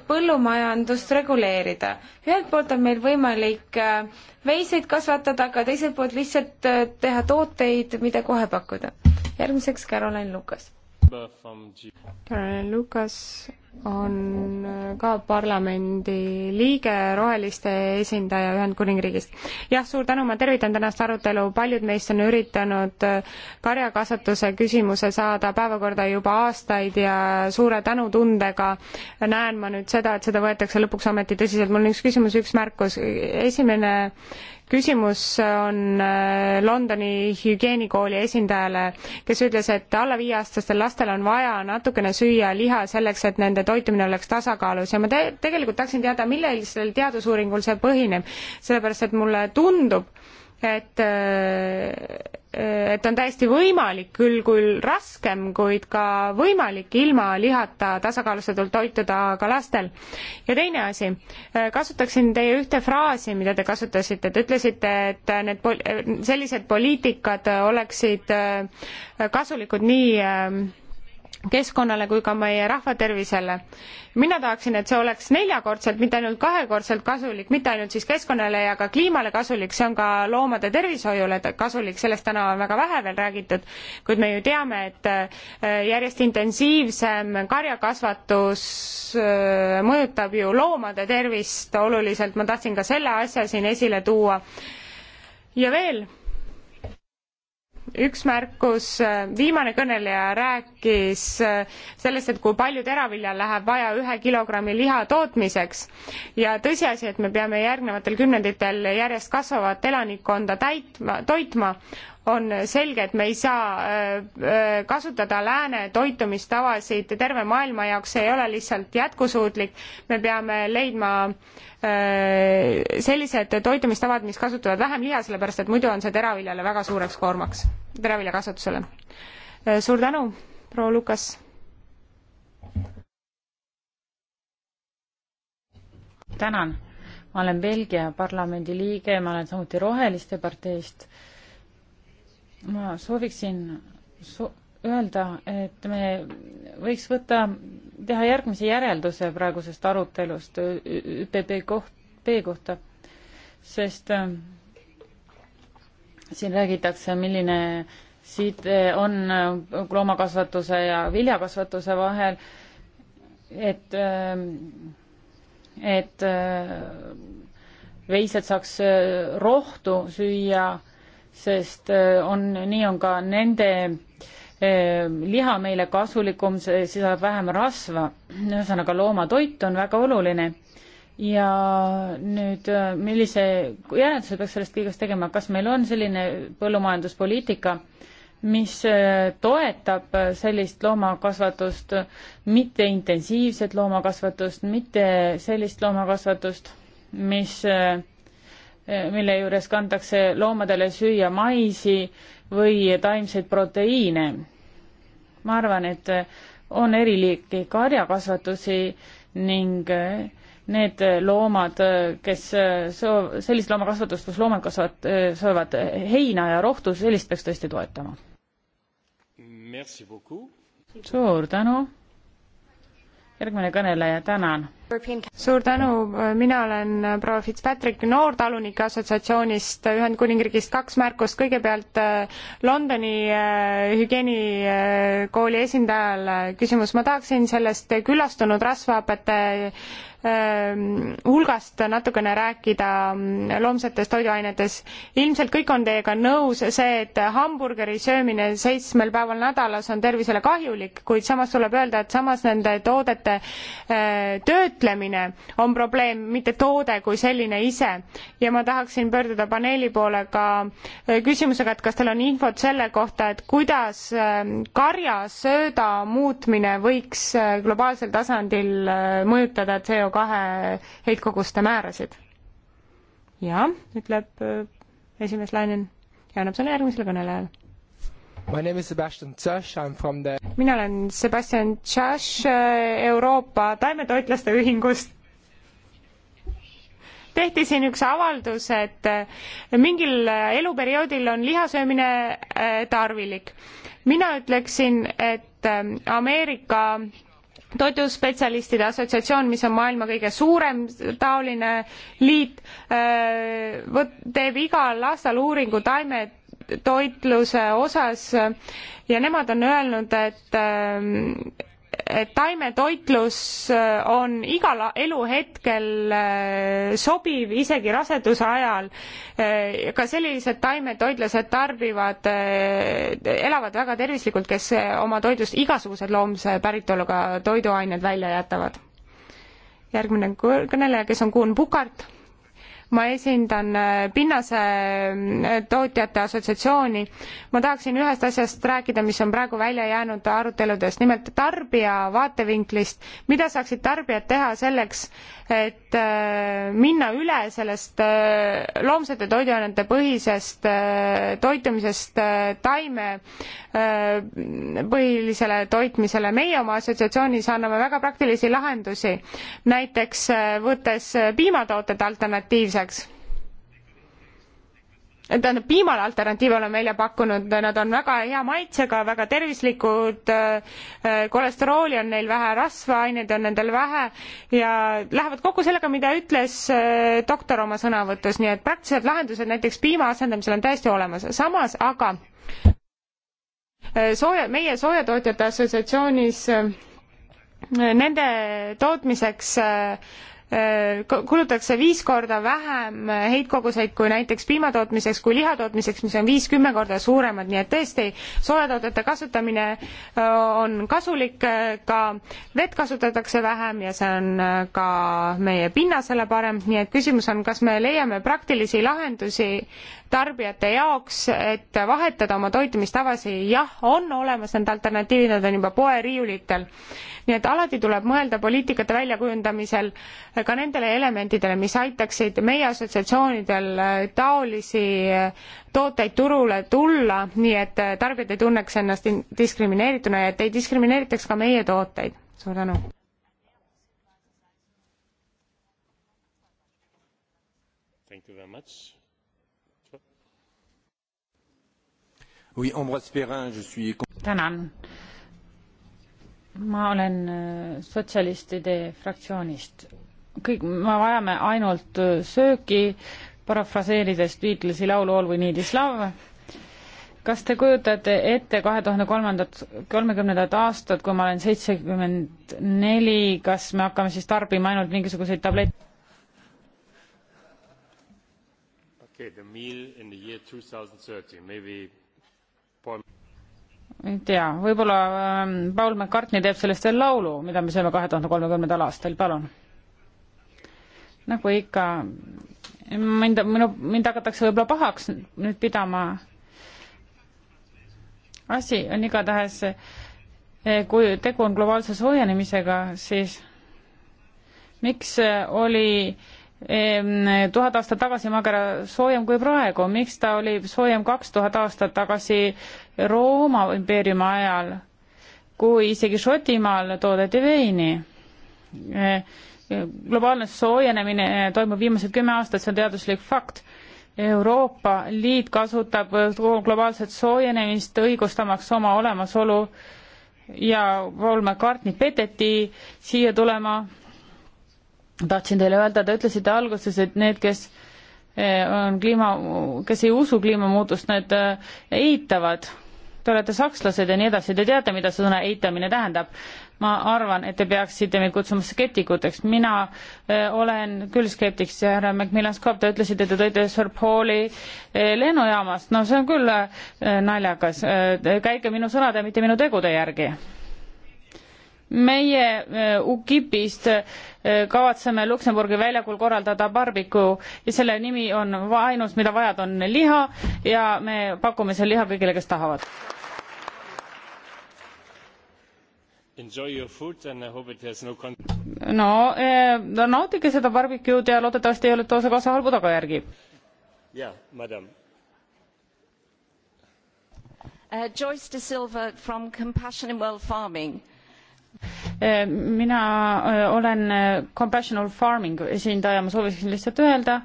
põllumajandust reguleerida. ühelt poolt on meil võimalik äh, veiseid kasvatada, aga teiselt poolt lihtsalt äh, teha tooteid, mida kohe pakkuda. järgmiseks Caroline Lukas. Caroline Lukas on ka parlamendi liige, Roheliste esindaja Ühendkuningriigist. jah, suur tänu, ma tervitan tänast arutelu, paljud meist on üritanud äh, karjakasvatuse küsimuse saada päevakorda juba aastaid ja suure tänutundega näen ma nüüd seda, et seda võetakse lõpuks ometi tõsiselt. mul on üks küsimus, üks märkus. esimene äh, küsimus on äh, Londoni hügieenikooli esindajale, kes ütles, et alla viieaastastel lastel on vaja natukene süüa liha selleks, et nende toitumine oleks tasakaalus ja ma te tegelikult tahtsin teada, millisel teadusuuringul see põhineb, sellepärast et mulle tundub, et äh, et on täiesti võimalik, küll küll raskem, kuid ka võimalik ilma lihata tasakaalustatult toituda ka lastel. ja teine asi, äh, kasutaksin teie ühte fraasi, mida te kasutasite, te ütlesite, et need pol-, sellised poliitikad oleksid äh, kasulikud nii äh, keskkonnale kui ka meie rahvatervisele. mina tahaksin, et see oleks neljakordselt, mitte ainult kahekordselt kasulik, mitte ainult siis keskkonnale ja ka kliimale kasulik, see on ka loomade tervishoiule kasulik, sellest täna on väga vähe veel räägitud, kuid me ju teame, et äh, järjest intensiivsem karjakasvatus äh, mõjutab ju loomade tervist oluliselt, ma tahtsin ka selle asja siin esile tuua. ja veel üks märkus, viimane kõneleja rääkis äh, sellest, et kui palju teravilja läheb vaja ühe kilogrammi liha tootmiseks ja tõsiasi, et me peame järgnevatel kümnenditel järjest kasvavat elanikkonda täitma, toitma, on selge, et me ei saa äh, äh, kasutada lääne toitumistavasid terve maailma jaoks, see ei ole lihtsalt jätkusuutlik. me peame leidma äh, sellised toitumistavad, mis kasutavad vähem liha, sellepärast et muidu on see teraviljale väga suureks koormaks, teraviljakasvatusele. suur tänu, proua Lukas. tänan, ma olen Belgia parlamendi liige, ma olen samuti Roheliste parteist ma sooviksin so öelda, et me võiks võtta, teha järgmise järelduse praegusest arutelust ÜPP koht, B kohta, sest äh, siin räägitakse, milline side äh, on äh, loomakasvatuse ja viljakasvatuse vahel, et äh,, et äh, veised saaks äh, rohtu süüa äh, sest äh, on, nii on ka nende äh, liha meile kasulikum, see sisaldab vähem rasva, ühesõnaga loomatoit on väga oluline. ja nüüd äh, millise järelduse peaks sellest kõigest tegema, kas meil on selline põllumajanduspoliitika, mis toetab sellist loomakasvatust, mitte intensiivset loomakasvatust, mitte sellist loomakasvatust, mis äh, Eh, mille juures kantakse loomadele süüa maisi või taimseid proteiine. ma arvan, et eh, on eri liiki karjakasvatusi ning eh, need loomad, kes soov, sellist loomakasvatust, kus loomad kasvavad, söövad heina ja rohtu, sellist peaks tõesti toetama. suur tänu. järgmine kõneleja, tänan suur tänu, mina olen äh, proua Fitzpatrick Noortalunike Assotsiatsioonist äh, Ühendkuningriigist, kaks märkust, kõigepealt äh, Londoni hügieenikooli esindajale küsimus, ma tahaksin sellest külastunud rasvaõpete ähm, hulgast natukene rääkida mm, loomsetes toiduainetes. ilmselt kõik on teiega nõus, see, et hamburgeri söömine seitsmel päeval nädalas on tervisele kahjulik, kuid samas tuleb öelda, et samas nende toodete tööt-, ütlemine on probleem, mitte toode kui selline ise. ja ma tahaksin pöörduda paneeli poole ka äh, küsimusega, et kas teil on infot selle kohta, et kuidas äh, karjasööda muutmine võiks äh, globaalsel tasandil mõjutada CO2 heitkoguste määrasid? jah, ütleb esimees Lainen ja annab sõna järgmisele kõnelejale My name is Sebastian Tsash, I am from the mina olen Sebastian Tsash äh, Euroopa Taimetoitlaste Ühingust. tehti siin üks avaldus, et äh, mingil äh, eluperioodil on lihasöömine tarvilik. mina ütleksin, et ähm, Ameerika toiduspetsialistide assotsiatsioon, mis on maailma kõige suurem taoline liit, teeb igal aastal uuringu taimed toitluse osas ja nemad on öelnud, et äh, et taimetoitlus äh, on igal eluhetkel äh, sobiv, isegi raseduse ajal. ka sellised taimetoitlased tarbivad, elavad väga tervislikult, kes oma toidust igasugused loomse päritoluga toiduained välja jätavad. järgmine kõneleja, kes on Kuhn Pukart ma esindan äh, pinnasetootjate äh, assotsiatsiooni. ma tahaksin ühest asjast rääkida, mis on praegu välja jäänud aruteludest, nimelt tarbija vaatevinklist. mida saaksid tarbijad teha selleks, et äh, minna üle sellest loomsete toiduainete põhisest toitumisest taimepõhilisele toitmisele. meie oma assotsiatsioonis anname väga praktilisi lahendusi, näiteks võttes piimatooted alternatiivseks teiseks tähendab piimale alternatiive oleme välja pakkunud, nad on väga hea maitsega, väga tervislikud, äh, kolesterooli on neil vähe, rasvaaineid on nendel vähe ja lähevad kokku sellega, mida ütles äh, doktor oma sõnavõtus, nii et praktilised lahendused näiteks piima asendamisel on täiesti olemas, samas aga äh, sooja, meie soojatootjate assotsiatsioonis nende tootmiseks äh, Äh, kulutatakse viis korda vähem heitkoguseid kui näiteks piimatootmiseks kui lihatootmiseks, mis on viis-kümme korda suuremad, nii et tõesti, soojatoodete kasutamine äh, on kasulik, äh, ka vett kasutatakse vähem ja see on ka meie pinnasele parem, nii et küsimus on, kas me leiame praktilisi lahendusi tarbijate jaoks, et vahetada oma toitumistavasi, jah, on olemas need alternatiivid, nad on juba poeriiulitel. nii et alati tuleb mõelda poliitikate väljakujundamisel ka nendele elementidele, mis aitaksid meie assotsiatsioonidel taolisi tooteid turule tulla, nii et tarbijad ei tunneks ennast diskrimineerituna ja et ei diskrimineeritaks ka meie tooteid. suur tänu! Thank you very much. tänan. ma olen äh, sotsialistide fraktsioonist. kõik, me vajame ainult äh, sööki, parafraseerides Beatlesi laulu All we need is love. kas te kujutate ette kahe tuhande kolmandat, kolmekümnendat aastat, kui ma olen seitsekümmend neli, kas me hakkame siis tarbima ainult mingisuguseid tablette? Okay, the meal in the year 2030, maybe ei tea, võib-olla ähm, Paul McCartney teeb sellest veel laulu, mida me sööme kahe tuhande kolmekümnendal aastal, palun. nagu ikka, mind, minu, mind hakatakse võib-olla pahaks nüüd pidama. asi on igatahes, eh, kui tegu on globaalse soojenemisega, siis miks eh, oli äh, tuhat aastat tagasi Magera soojem kui praegu, miks ta oli soojem kaks tuhat aastat tagasi Rooma impeeriumi ajal, kui isegi Šotimaal toodeti veini. E, e, globaalne soojenemine toimub viimased kümme aastat, see on teaduslik fakt. Euroopa Liit kasutab globaalset soojenemist õigustamaks oma olemasolu ja Paul McCartney peteti siia tulema tahtsin teile öelda, te ütlesite alguses, et need, kes eh, on kliima, kes ei usu kliimamuutust, need eh, eitavad. Te olete sakslased ja nii edasi, te teate, mida see sõna eitamine tähendab. ma arvan, et te peaksite meid kutsuma skeptikuteks, mina eh, olen küll skeptik, see härra Macmillan Scott, te ütlesite, te tõite Sir Pauli lennujaamast, no see on küll naljakas, käige minu sõnade, mitte minu tegude järgi meie eh, UKIP-ist eh, kavatseme Luksemburgi väljakul korraldada barbiku ja selle nimi on ainus, mida vajad, on liha ja me pakume seal liha kõigile, kes tahavad. No, no eh, nautige seda barbecue'd ja loodetavasti ei ole too see kaasa halbu tagajärgi. jah, madam uh,. Joyce de Silva from Compassion in World Farming Eh, mina eh, olen eh, Compassional Farming esindaja, ma soovisin lihtsalt öelda,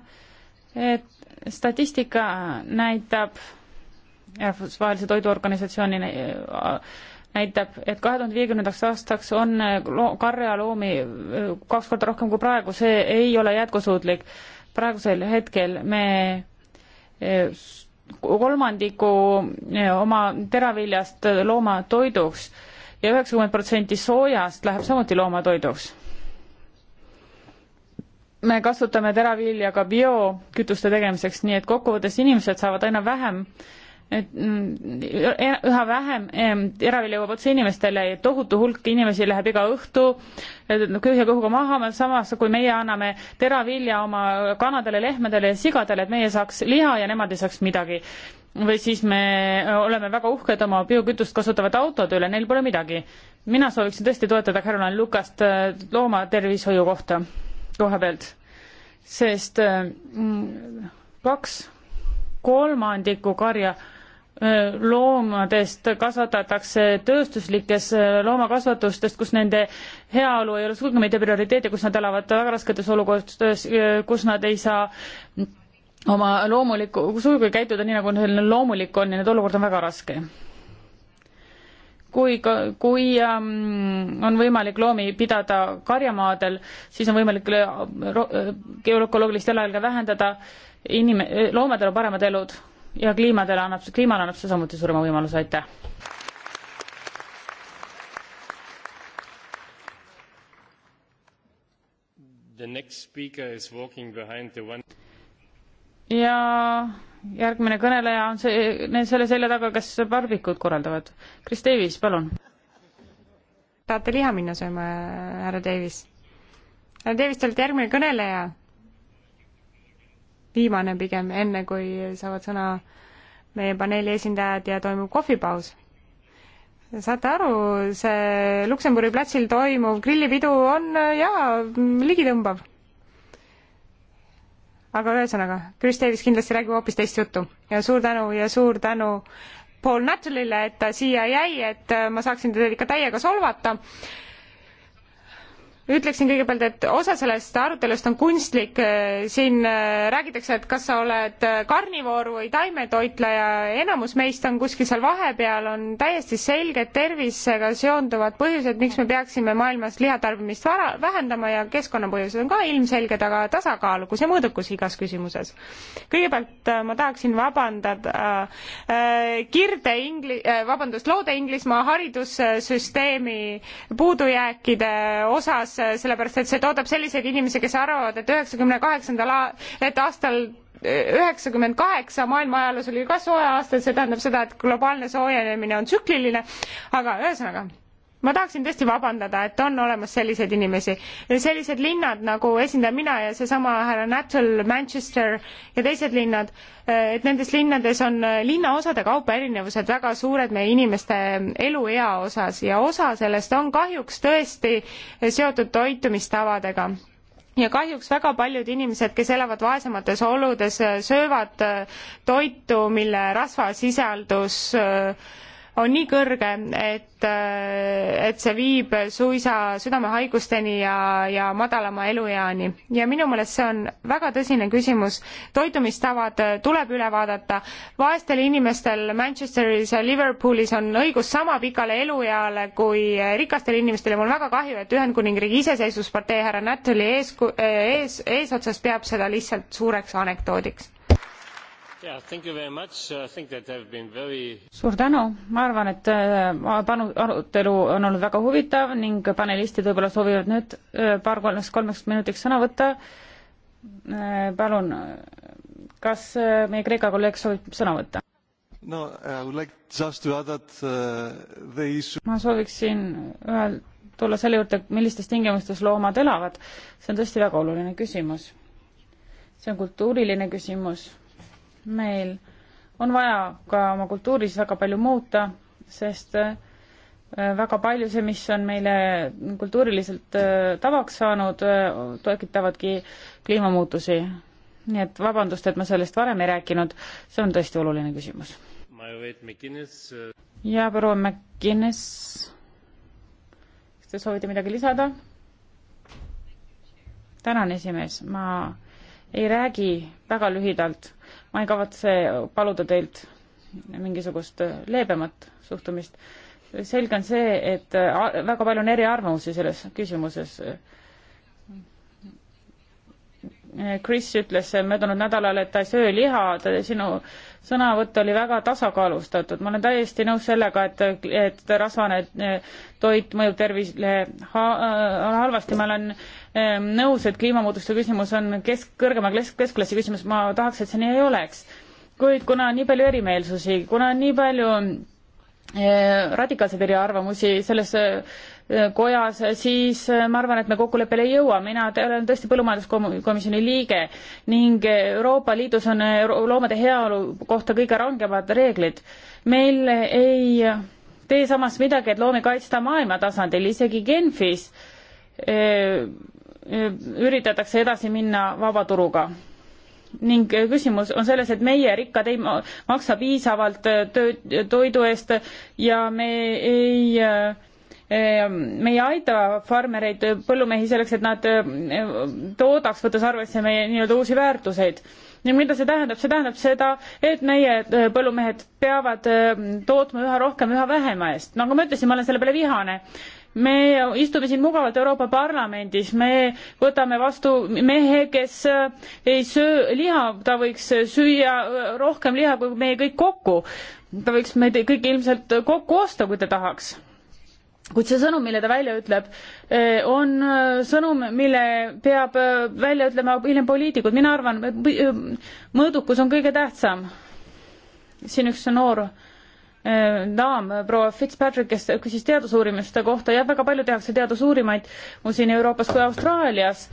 et statistika näitab, rahvusvahelise toiduorganisatsiooni näitab, et kahe tuhande viiekümnendaks aastaks on karjaloomi kaks korda rohkem kui praegu, see ei ole jätkusuutlik. praegusel hetkel me kolmandiku oma teraviljast loomatoiduks ja üheksakümmend protsenti soojast läheb samuti loomatoiduks. me kasutame teravilja ka biokütuste tegemiseks, nii et kokkuvõttes inimesed saavad aina vähem et mm, e-, üha vähem teravil jõuab otse inimestele ja tohutu hulk inimesi läheb iga õhtu e, köhja kõhuga maha, samas kui meie anname teravilja oma kanadele, lehmadele ja sigadele, et meie saaks liha ja nemad ei saaks midagi. või siis me oleme väga uhked oma biokütust kasutavate autode üle, neil pole midagi. mina sooviksin tõesti toetada Caroline Lukast e, loomatervishoiu kohta koha pealt, sest mm, kaks kolmandiku karja äh, loomadest kasvatatakse tööstuslikes äh, loomakasvatustest, kus nende heaolu ei ole sugugi mitte prioriteet ja kus nad elavad väga rasketes olukordades, äh, kus nad ei saa oma loomulikku, sugugi käituda nii, nagu neil loomulik on ja need olukord on väga raske. kui, kui ähm, on võimalik loomi pidada karjamaadel, siis on võimalik äh, geoloogilist jalajälge vähendada, inim-, loomadel on paremad elud ja kliimadele annab see, kliimale annab see samuti suurema võimaluse, aitäh. ja järgmine kõneleja on see, selle selja taga, kes barbikud korraldavad. Kris Davis, palun. tahate liha minna sööma, härra Davis? härra Davis, te olete järgmine kõneleja viimane pigem, enne kui saavad sõna meie paneeli esindajad ja toimub kohvipaus. saate aru, see Luksemburgi platsil toimuv grillipidu on jaa, ligitõmbav. aga ühesõnaga, Chris Davis kindlasti räägib hoopis teist juttu ja suur tänu ja suur tänu Paul Natalile, et ta siia jäi, et ma saaksin teda ikka täiega solvata ütleksin kõigepealt, et osa sellest arutelust on kunstlik, siin äh, räägitakse, et kas sa oled äh, karnivoor või taimetoitleja, enamus meist on kuskil seal vahepeal, on täiesti selged tervisega seonduvad põhjused, miks me peaksime maailmas lihatarbimist vara-, vähendama ja keskkonnapõhjused on ka ilmselged, aga tasakaalukus ja mõõdukus igas küsimuses. kõigepealt äh, ma tahaksin vabandada äh, kirde ingli- äh,, vabandust, loode Inglismaa haridussüsteemi puudujääkide osas, Äh, sellepärast et see toodab selliseid inimesi, kes arvavad, et üheksakümne kaheksandal, et aastal äh, üheksakümmend kaheksa maailma ajaloos oli ka soe aasta, see tähendab seda, et globaalne soojenemine on tsükliline, aga ühesõnaga ma tahaksin tõesti vabandada, et on olemas selliseid inimesi. sellised linnad, nagu esindan mina ja seesama härra Nuttall, Manchester ja teised linnad, et nendes linnades on linnaosade kaupa erinevused väga suured meie inimeste eluea osas ja osa sellest on kahjuks tõesti seotud toitumistavadega ja kahjuks väga paljud inimesed, kes elavad vaesemates oludes, söövad toitu, mille rasvasisaldus äh, on nii kõrge, et, et see viib suisa südamehaigusteni ja, ja madalama elueani. ja minu meelest see on väga tõsine küsimus. toitumistavad tuleb üle vaadata. vaestel inimestel Manchesteris ja Liverpoolis on õigus sama pikale elueale kui rikastel inimestel ja mul on väga kahju, et Ühendkuningriigi iseseisvuspartei härra Nathali ees, ees, eesotsas peab seda lihtsalt suureks anekdoodiks Uh, suur tänu, ma arvan, et äh, panu-, arutelu on olnud väga huvitav ning panelistid võib-olla soovivad nüüd äh, paar kolmest kolmeks minutiks sõna võtta. Äh, palun, kas meie Kreeka kolleeg soovib sõna võtta? No, like that, uh, issue... ma sooviksin ühel-, tulla selle juurde, millistes tingimustes loomad elavad. see on tõesti väga oluline küsimus. see on kultuuriline küsimus meil on vaja ka oma kultuuris väga palju muuta, sest äh, väga palju see, mis on meile kultuuriliselt äh, tavaks saanud, äh, tekitavadki kliimamuutusi. nii et vabandust, et ma sellest varem ei rääkinud, see on tõesti oluline küsimus. ja proua McGuinness, kas te soovite midagi lisada? tänan, esimees, ma ei räägi väga lühidalt ma ei kavatse paluda teilt mingisugust leebemat suhtumist. selge on see, et äh, väga palju on eriarvamusi selles küsimuses. Chris ütles möödunud nädalal, et ta ei söö liha, sinu sõnavõtt oli väga tasakaalustatud, ma olen täiesti nõus sellega, et, et rasvane äh, toit mõjub tervisele ha äh, halvasti, ma olen äh, Ehm, nõus, et kliimamuutuste küsimus on kesk, kõrgema kesk, keskklassi küsimus, ma tahaks, et see nii ei oleks. kuid kuna on nii palju erimeelsusi, kuna on nii palju ehm, radikaalseid eriarvamusi selles ehm, kojas, siis ma arvan, et me kokkuleppele ei jõua, mina olen tõesti põllumajanduskomisjoni liige ning Euroopa Liidus on loomade heaolu kohta kõige rangemad reeglid. meil ei tee samas midagi, et loomi kaitsta maailma tasandil, isegi Genfis üritatakse edasi minna vabaturuga. ning küsimus on selles, et meie rikkad ei maksa piisavalt äh, töö, toidu eest ja me ei äh, ähm, me ei aita farmereid, põllumehi selleks, et nad äh, toodaks, võttes arvesse meie nii-öelda uusi väärtuseid. ja mida see tähendab, see tähendab seda, et meie põllumehed peavad tootma üha rohkem üha vähema eest. nagu ma ütlesin, ma olen selle peale vihane me istume siin mugavalt Euroopa Parlamendis, me võtame vastu mehe, kes äh, ei söö liha, ta võiks süüa äh, rohkem liha kui meie kõik kokku. ta võiks meid kõik ilmselt kokku osta, kui ta tahaks kuid see sõnum, mille ta välja ütleb, äh, on sõnum, mille peab välja ütlema hiljem poliitikud, mina arvan, mõõdukus on kõige tähtsam. siin üks noor daam, proua Fitzpatrick, kes küsis teadusuurimuste kohta, jah, väga palju tehakse teadusuurimaid mu siin Euroopas kui Austraalias.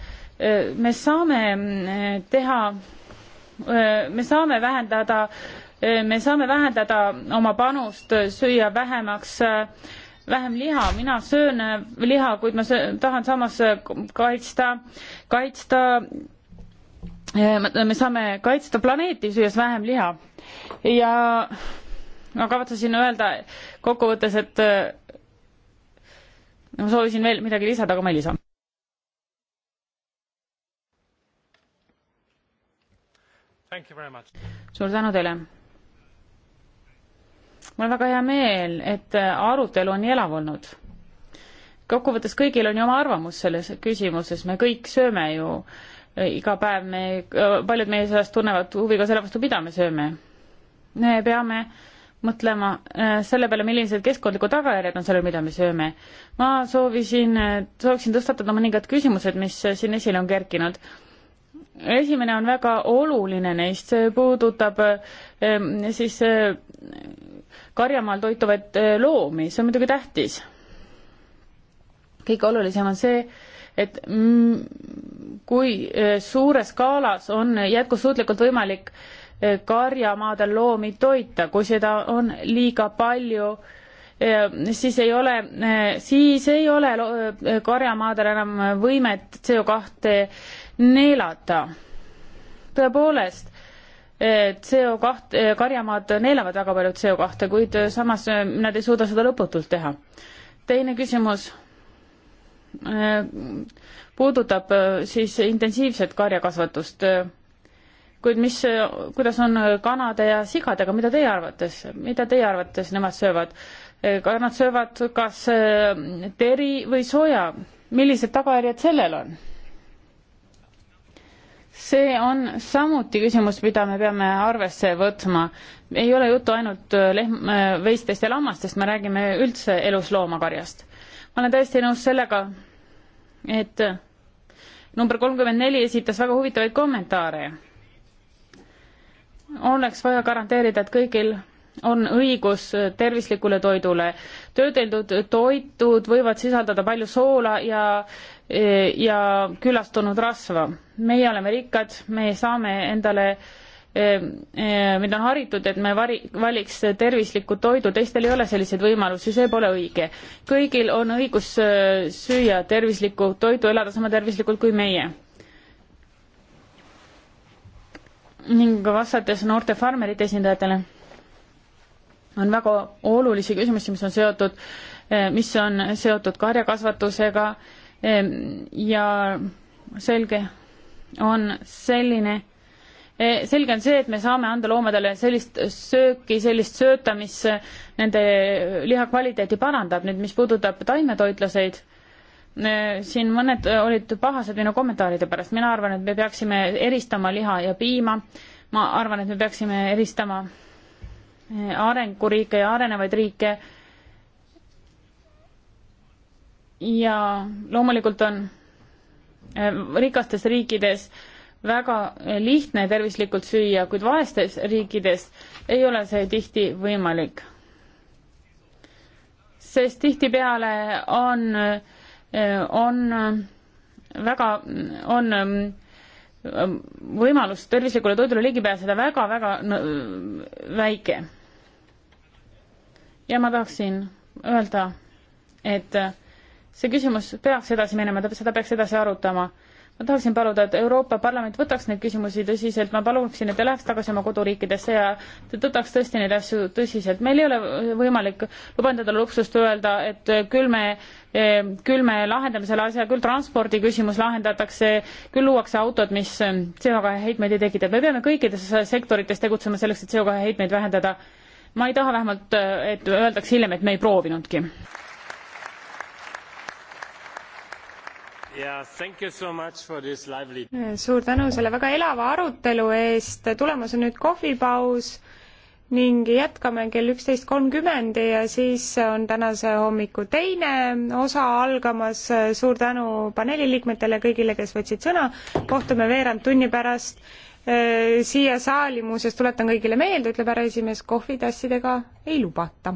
me saame eh, teha, eh, me saame vähendada, eh, me saame vähendada oma panust, süüa vähemaks, vähem liha, mina söön liha, kuid ma söön, tahan samas kaitsta, kaitsta me saame kaitsta planeeti, süües vähem liha ja ma kavatsesin öelda kokkuvõttes, et äh, ma soovisin veel midagi lisada, aga ma ei lisa. suur tänu teile. mul on väga hea meel, et äh, arutelu on nii elav olnud. kokkuvõttes kõigil on ju oma arvamus selles küsimuses, me kõik sööme ju äh, iga päev, me, paljud meie seast tunnevad huvi ka selle vastu, mida me sööme. me peame äh, mõtlema äh, selle peale, millised keskkondlikud tagajärjed on sellel, mida me sööme. ma soovisin, äh, sooviksin tõstatada mõningad küsimused, mis äh, siin esile on kerkinud. esimene on väga oluline neist, see puudutab ähm, siis karjamaal toituvaid loomi, see on muidugi tähtis. kõige olulisem on see, et mm, kui suures skaalas on jätkusuutlikult võimalik äh, karjamaadel loomi toita, kui seda on liiga palju, eh, siis ei ole, eh, siis ei ole eh, karjamaadel enam võimet CO kahte neelata. tõepoolest, CO kaht, karjamaad neelavad väga palju CO kahte, kuid samas nad ei suuda seda lõputult teha. teine küsimus puudutab siis intensiivset karjakasvatust kuid mis, kuidas on kanade ja sigadega, mida teie arvates, mida teie arvates nemad söövad? Nad söövad kas eh, teri või soja, millised tagajärjed sellel on? see on samuti küsimus, mida me peame arvesse võtma. ei ole juttu ainult eh, lehm, eh, veistest ja lammastest, me räägime üldse elus loomakarjast. ma olen täiesti nõus sellega, et number kolmkümmend neli esitas väga huvitavaid kommentaare oleks vaja garanteerida, et kõigil on õigus tervislikule toidule. töödeldud toitud võivad sisaldada palju soola ja, ja külastunud rasva. meie oleme rikkad, me saame endale e, e, meid on haritud, et me vari-, valiks tervislikku toidu, teistel ei ole selliseid võimalusi, see pole õige. kõigil on õigus e, süüa tervislikku toitu, elada sama tervislikult kui meie ning vastates noorte farmerite esindajatele, on väga olulisi küsimusi, mis on seotud, eh, mis on seotud karjakasvatusega eh, ja selge on selline, eh, selge on see, et me saame anda loomadele sellist sööki, sellist sööta, mis nende liha kvaliteeti parandab. nüüd, mis puudutab taimetoitlaseid, Äh, siin mõned äh, olid pahased minu kommentaaride pärast, mina arvan, et me peaksime eristama liha ja piima, ma arvan, et me peaksime eristama äh, arenguriike ja arenevaid riike ja loomulikult on rikastes riikides väga lihtne tervislikult süüa, kuid vaestes riikides ei ole see tihti võimalik. sest tihtipeale on äh, on väga, on ähm, võimalus tervislikule toidule ligi pääseda väga-väga väike. ja ma tahaksin öelda, et see küsimus peaks edasi minema, seda peaks edasi arutama ma tahaksin paluda, et Euroopa Parlament võtaks neid küsimusi tõsiselt, ma paluksin, et te läheks tagasi oma koduriikidesse ja te võtaks tõesti neid asju tõsiselt. meil ei ole võimalik lubandada luksust öelda, et küll me, küll me lahendame selle asja, küll transpordi küsimus lahendatakse, küll luuakse autod, mis CO2 heitmeid ei tekita. me peame kõikides sektorites tegutsema selleks, et CO2 heitmeid vähendada. ma ei taha vähemalt, et öeldakse hiljem, et me ei proovinudki. Yeah, eh, suur tänu selle väga elava arutelu eest, tulemas on nüüd kohvipaus ning jätkame kell üksteist kolmkümmend ja siis on tänase hommiku teine osa algamas. suur tänu paneeliliikmetele, kõigile, kes võtsid sõna. kohtume veerand tunni pärast eh, siia saali, muuseas tuletan kõigile meelde, ütleb härra esimees, kohvitassidega ei lubata.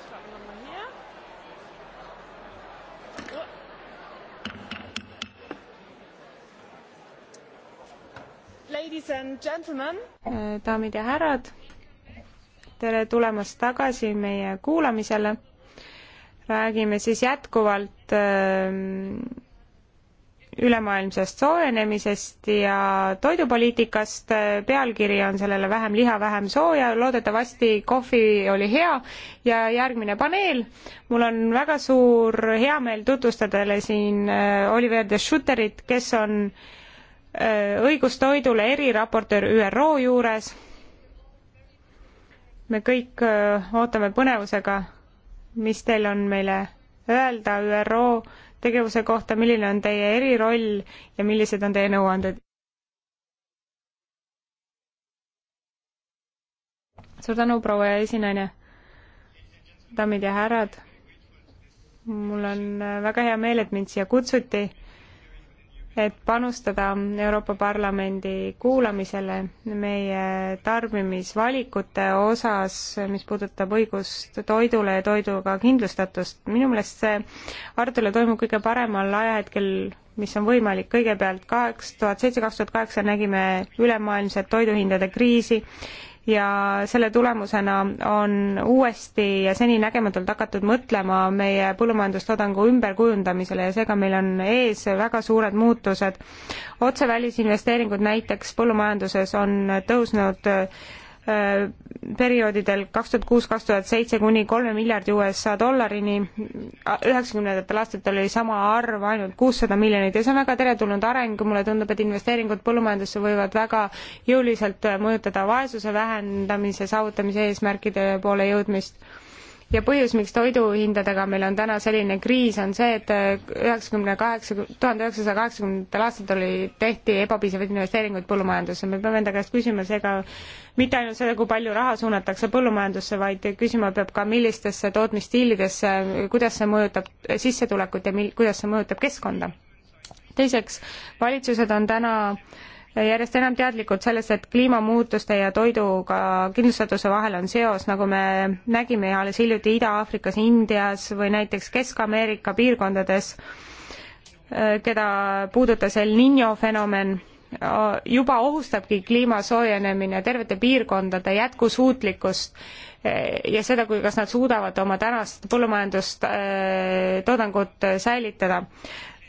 Starten wir mal hier. So. Ladies and gentlemen. Äh, daamid ja härrad, tere tulemast tagasi meie kuulamisele. räägime siis jätkuvalt äh, ülemaailmsest soojenemisest ja toidupoliitikast. pealkiri on sellele Vähem liha, vähem sooja. loodetavasti kohvi oli hea ja järgmine paneel. mul on väga suur heameel tutvustada teile siin äh, Oliver de Schutterit, kes on äh, õigustoidule eriraportöör ÜRO juures. me kõik äh, ootame põnevusega, mis teil on meile öelda ÜRO tegevuse kohta, milline on teie eriroll ja millised on teie nõuanded? suur tänu, proua esinaine. daamid ja härrad, mul on väga hea meel, et mind siia kutsuti et panustada Euroopa Parlamendi kuulamisele meie tarbimisvalikute osas, mis puudutab õigust toidule ja toiduga kindlustatust. minu meelest see arutelu toimub kõige paremal ajahetkel, mis on võimalik. kõigepealt kaks tuhat seitse, kaks tuhat kaheksa nägime ülemaailmset toiduhindade kriisi ja selle tulemusena on uuesti ja seninägematult hakatud mõtlema meie põllumajandustoodangu ümberkujundamisele ja seega meil on ees väga suured muutused. otsevälisinvesteeringud näiteks põllumajanduses on tõusnud perioodidel kaks tuhat kuus, kaks tuhat seitse kuni kolme miljardi USA dollarini, üheksakümnendatel aastatel oli sama arv ainult kuussada miljonit ja see on väga teretulnud areng, mulle tundub, et investeeringud põllumajandusse võivad väga jõuliselt mõjutada vaesuse vähendamise saavutamise eesmärkide poole jõudmist ja põhjus, miks toiduhindadega meil on täna selline kriis, on see, et üheksakümne kaheksa, tuhande üheksasaja kaheksakümnendatel aastatel oli, tehti ebapiisavaid investeeringuid põllumajandusse, me peame enda käest küsima seega mitte ainult seda, kui palju raha suunatakse põllumajandusse, vaid küsima peab ka, millistesse tootmisstiilidesse, kuidas see mõjutab sissetulekut ja mil-, kuidas see mõjutab keskkonda. teiseks, valitsused on täna äh, järjest enam teadlikud sellest, et kliimamuutuste ja toiduga kindlustatuse vahel on seos, nagu me nägime alles hiljuti Ida-Aafrikas, Indias või näiteks Kesk-Ameerika piirkondades, keda puudutas El Niño fenomen, juba ohustabki kliima soojenemine tervete piirkondade jätkusuutlikkust ja seda, kui kas nad suudavad oma tänast põllumajandustoodangut äh, säilitada.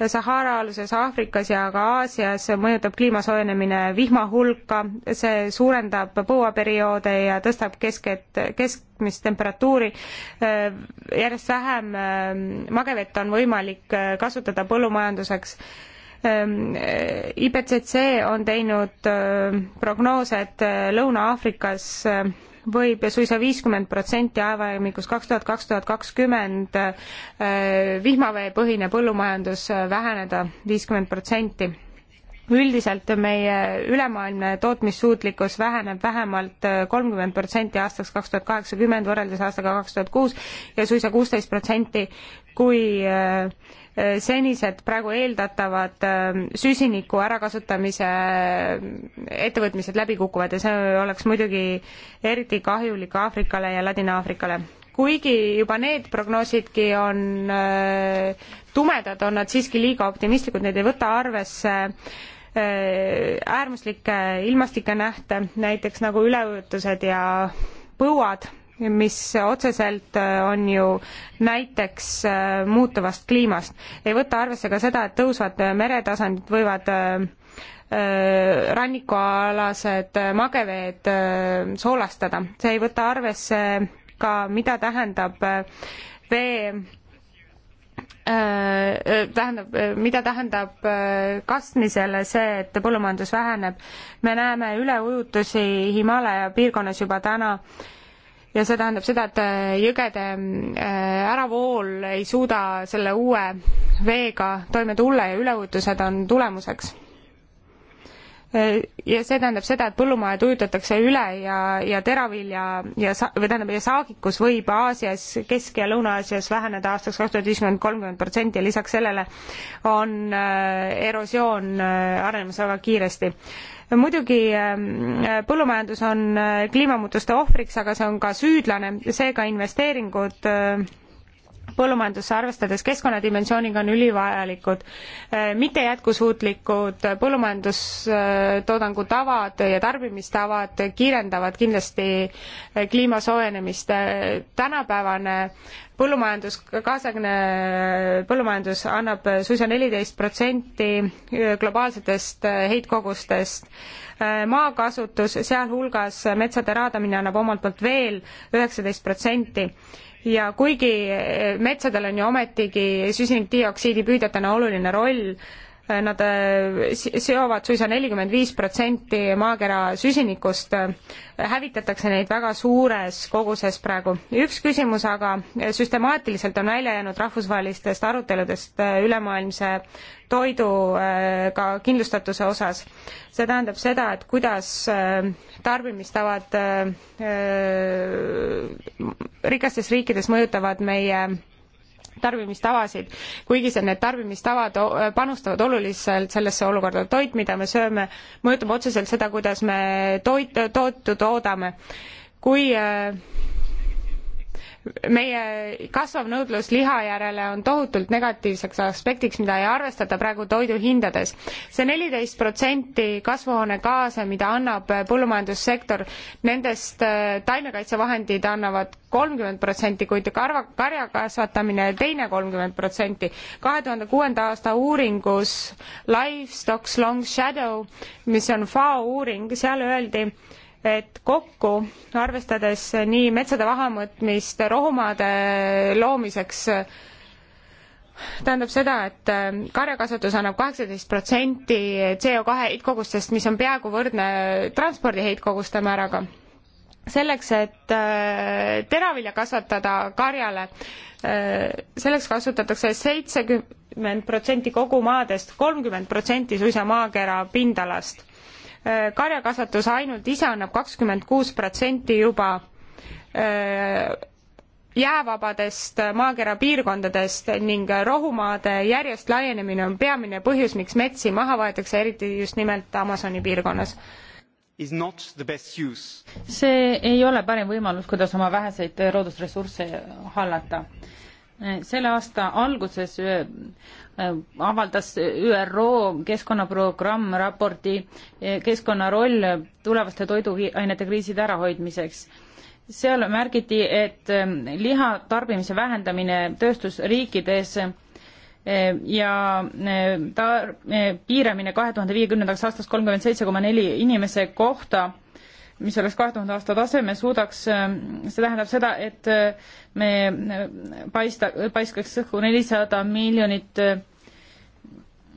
Sahara-aluses Aafrikas ja ka Aasias mõjutab kliima soojenemine vihma hulka, see suurendab põuaperioode ja tõstab kesket, keskmist temperatuuri. järjest vähem äh, magevett on võimalik äh, kasutada põllumajanduseks. Ähm, äh, IPCC on teinud prognoose, et Lõuna-Aafrikas võib suisa viiskümmend protsenti ajavahemikus kaks tuhat, kaks tuhat kakskümmend äh, vihmaveepõhine põllumajandus äh, väheneda viiskümmend protsenti üldiselt meie ülemaailmne tootmissuutlikkus väheneb vähemalt äh, kolmkümmend protsenti aastaks kaks tuhat kaheksakümmend võrreldes aastaga kaks tuhat kuus ja suisa kuusteist protsenti, kui äh, senised praegu eeldatavad ähm, süsiniku ärakasutamise äh, ettevõtmised läbi kukuvad ja see oleks muidugi eriti kahjulik Aafrikale ja Ladina-Aafrikale. kuigi juba need prognoosidki on äh, tumedad, on nad siiski liiga optimistlikud, need ei võta arvesse äh, äärmuslikke ilmastikenähte, näiteks nagu üleujutused ja põuad mis otseselt äh, on ju näiteks äh, muutuvast kliimast. ei võta arvesse ka seda, et tõusvad äh, meretasandid võivad rannikualased mageveed soolastada. see ei võta arvesse ka, mida tähendab vee tähendab, mida tähendab kastmisele see, et põllumajandus väheneb. me näeme üleujutusi Himalaja piirkonnas juba täna äh, ja see tähendab seda, et äh, jõgede äh, äravool ei suuda selle uue veega toime tulla ja üleujutused on tulemuseks. Äh, ja see tähendab seda, et põllumajad ujutatakse üle ja, ja teravilja ja sa-, või tähendab, ja saagikus võib Aasias Kesk, Kesk- ja Lõuna-Aasias väheneda aastaks kaks tuhat viiskümmend kolmkümmend protsenti ja lisaks sellele on erosioon arenemas väga kiiresti no muidugi ähm, äh, põllumajandus on äh, kliimamuutuste ohvriks, aga see on ka süüdlane, seega investeeringud äh, põllumajandusse arvestades keskkonnadimensiooniga on ülivajalikud. Eh, mitte jätkusuutlikud põllumajandustoodangu tavad ja tarbimistavad kiirendavad kindlasti eh, kliima soojenemist. tänapäevane põllumajandus, kaasaegne põllumajandus annab suisa neliteist protsenti eh, globaalsetest heitkogustest. maakasutus, sealhulgas metsade raadamine annab omalt poolt veel üheksateist protsenti ja kuigi metsadel on ju ometigi süsinikdioksiidi püüdjatena oluline roll, Nad äh, seovad suisa nelikümmend viis protsenti maakera süsinikust, hävitatakse neid väga suures koguses praegu. üks küsimus aga äh, süstemaatiliselt on välja jäänud rahvusvahelistest aruteludest äh, ülemaailmse toiduga kindlustatuse osas. see tähendab seda, et kuidas tarbimistavad rikastes riikides mõjutavad meie tarbimistavasid, kuigi see, need tarbimistavad äh, panustavad oluliselt sellesse olukorda, toit, mida me sööme, mõjutab otseselt seda, kuidas me toit, tootu toodame. kui äh, meie kasvav nõudlus liha järele on tohutult negatiivseks aspektiks, mida ei arvestata praegu toiduhindades. see neliteist protsenti kasvuhoonegaase, mida annab põllumajandussektor, nendest äh, taimekaitsevahendid annavad kolmkümmend protsenti, kuid karva, karja kasvatamine teine kolmkümmend protsenti. kahe tuhande kuuenda aasta uuringus Livestock's Long Shadow, mis on FAO uuring, seal öeldi, et kokku, arvestades nii metsade vahamõõtmist rohumaade loomiseks, tähendab seda, et ähm, karjakasvatus annab kaheksateist protsenti CO kahe heitkogustest, mis on peaaegu võrdne transpordi heitkoguste määraga. selleks, et äh, teravilja kasvatada karjale, äh, selleks kasutatakse seitsekümmend protsenti kogu maadest, kolmkümmend protsenti suisa maakera pindalast karjakasvatus ainult ise annab kakskümmend kuus protsenti juba äh, jäävabadest maakera piirkondadest ning rohumaade järjest laienemine on peamine põhjus, miks metsi maha võetakse, eriti just nimelt Amazoni piirkonnas. see ei ole parim võimalus, kuidas oma väheseid loodusressursse hallata. selle aasta alguses Äh, avaldas ÜRO keskkonnaprogramm raporti äh, Keskkonna roll tulevaste toiduainete kriiside ärahoidmiseks. seal märgiti, et ähm, liha tarbimise vähendamine tööstusriikides äh, ja ta piiramine kahe tuhande viiekümnendaks aastaks kolmkümmend seitse koma neli inimese kohta mis oleks kahe tuhande aasta taseme, suudaks, äh, see tähendab seda, et äh, me äh, paista, paiskaks õhku nelisada miljonit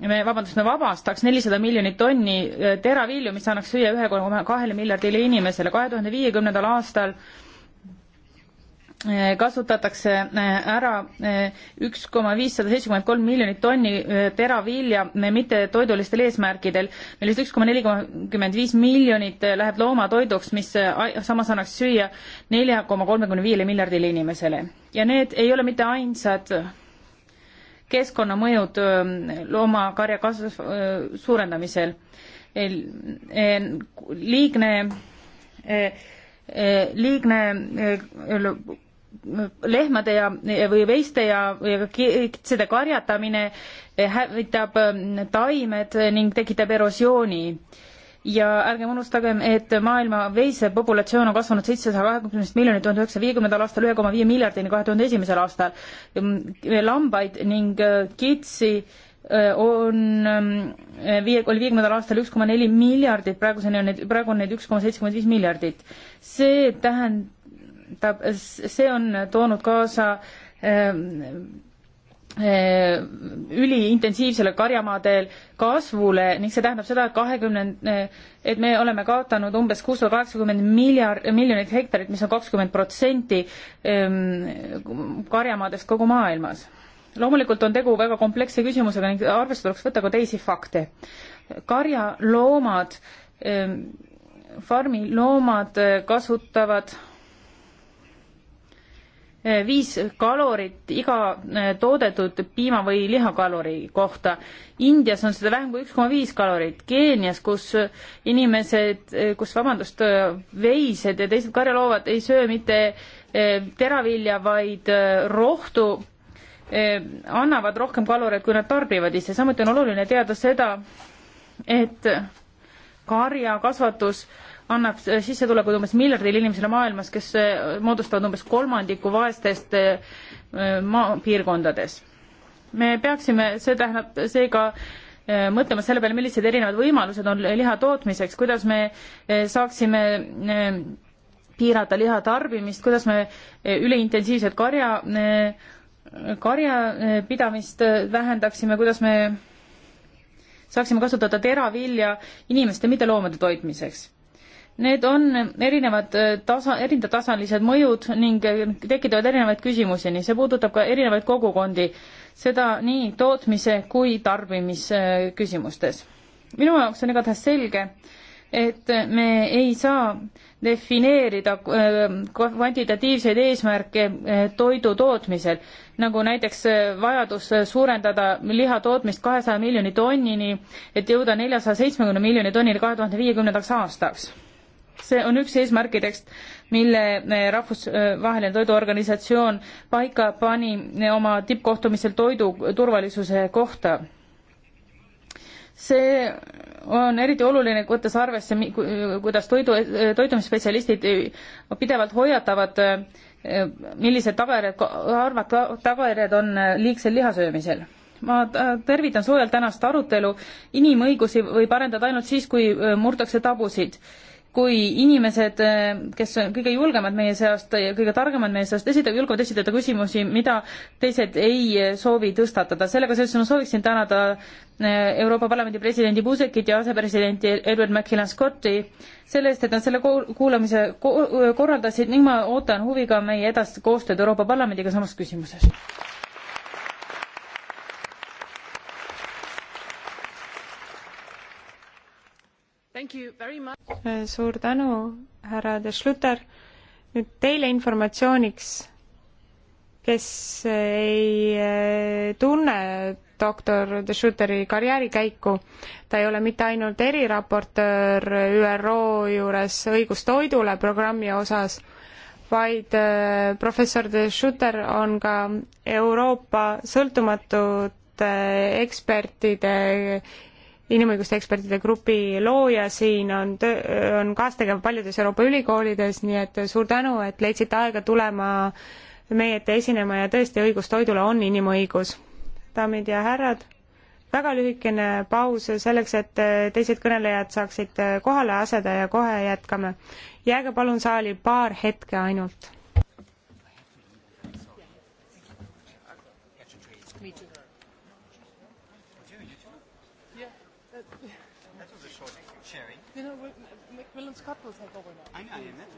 me, vabandust, me vabastaks nelisada miljonit tonni teravilju, mis annaks süüa ühe koma kahele miljardile inimesele. kahe tuhande viiekümnendal aastal kasutatakse äh, ära äh, üks koma viissada seitsekümmend kolm miljonit tonni äh, teravilja mittetoidulistel eesmärkidel, millest üks koma nelikümmend viis miljonit läheb loomatoiduks, mis samas annaks süüa nelja koma kolmekümne viiele miljardile inimesele. ja need ei ole mitte ainsad keskkonnamõjud loomakarja kasv, suurendamisel. liigne liigne lehmade ja, või veiste ja, ja kitsede karjatamine hävitab ähm, taimed ning tekitab erosiooni. ja ärgem unustagem, et maailma veisepopulatsioon on kasvanud seitsesaja kahekümnest miljonit tuhande üheksasaja viiekümnendal aastal ühe koma viie miljardini kahe tuhande esimesel aastal. Ähm, lambaid ning äh, kitsi äh, on ähm, viie, oli viiekümnendal aastal üks koma neli miljardit, praeguseni on neid, praegu on neid üks koma seitsekümmend viis miljardit. see tähendab ta, see on toonud kaasa ähm, äh, üliintensiivsele karjamaadel kasvule ning see tähendab seda, et kahekümnend, äh, et me oleme kaotanud umbes kuussada kaheksakümmend miljard, miljonit hektarit, mis on kakskümmend protsenti ähm, karjamaadest kogu maailmas. loomulikult on tegu väga kompleksse küsimusega ning arvesse tuleks võtta ka teisi fakte. karjaloomad, ähm, farmiloomad kasutavad viis kalorit iga äh, toodetud piima või lihakalori kohta. Indias on seda vähem kui üks koma viis kalorit, Keenias, kus inimesed, äh, kus vabandust, veised ja teised karjaloovad ei söö mitte äh, teravilja, vaid rohtu, annavad rohkem kaloreid, kui nad tarbivad ise, samuti on oluline teada seda, et karjakasvatus äh, annaks äh, sissetulekud umbes miljardile inimesele maailmas, kes äh, moodustavad umbes kolmandiku vaestest äh, maapiirkondades. me peaksime, see tähendab seega mõtlema selle peale, millised erinevad võimalused on liha tootmiseks, kuidas me saaksime piirata liha tarbimist, kuidas me üleintensiivset karja, karjapidamist vähendaksime, kuidas me saaksime kasutada teravilja inimeste, mitte loomade toitmiseks Need on erinevad äh, tasa, erinevatasalised mõjud ning äh, tekitavad erinevaid küsimusi, nii see puudutab ka erinevaid kogukondi, seda nii tootmise kui tarbimise äh, küsimustes. minu jaoks on igatahes selge, et me ei saa defineerida kvantitatiivseid eesmärke toidu tootmisel, nagu näiteks vajadus suurendada liha tootmist kahesaja miljoni tonnini, et jõuda neljasaja seitsmekümne miljoni tonnini kahe tuhande viiekümnendaks aastaks see on üks eesmärkidest, mille eh, rahvusvaheline eh, toiduorganisatsioon paika pani eh, oma tippkohtumisel toidu turvalisuse kohta. see on eriti oluline, võttes arvesse, kuidas toidu, toitumisspetsialistid pidevalt hoiatavad, millised tagajärjed, harvad tagajärjed on liigsel lihasöömisel ma tervitan soojalt tänast arutelu, inimõigusi võib arendada ainult siis, kui murtakse tabusid kui inimesed, kes on kõige julgemad meie seast ja kõige targemad meie seast, esitab, julgevad esitada küsimusi, mida teised ei soovi tõstatada. sellega seoses ma sooviksin tänada äh, Euroopa Parlamendi presidendi Buzekit ja asepresidenti Edward Macmillan Scotti selle eest, et nad selle kuulamise korraldasid ning ma ootan huviga meie edasist koostööd Euroopa Parlamendiga samas küsimuses. Eh, suur tänu, härra De Schlüter. nüüd teile informatsiooniks, kes ei eh, tunne doktor De Schutteri karjäärikäiku. ta ei ole mitte ainult eriraportöör ÜRO juures õigus toidule programmi osas, vaid eh, professor De Schutter on ka Euroopa sõltumatute ekspertide inimõiguste ekspertide grupi looja siin on töö, on kaastegev paljudes Euroopa ülikoolides, nii et suur tänu, et leidsite aega tulema meie ette esinema ja tõesti, õigus toidule on inimõigus. daamid ja härrad, väga lühikene paus selleks, et teised kõnelejad saaksid kohale aseda ja kohe jätkame. jääge palun saali paar hetke ainult couples have over now. Aynen aynen.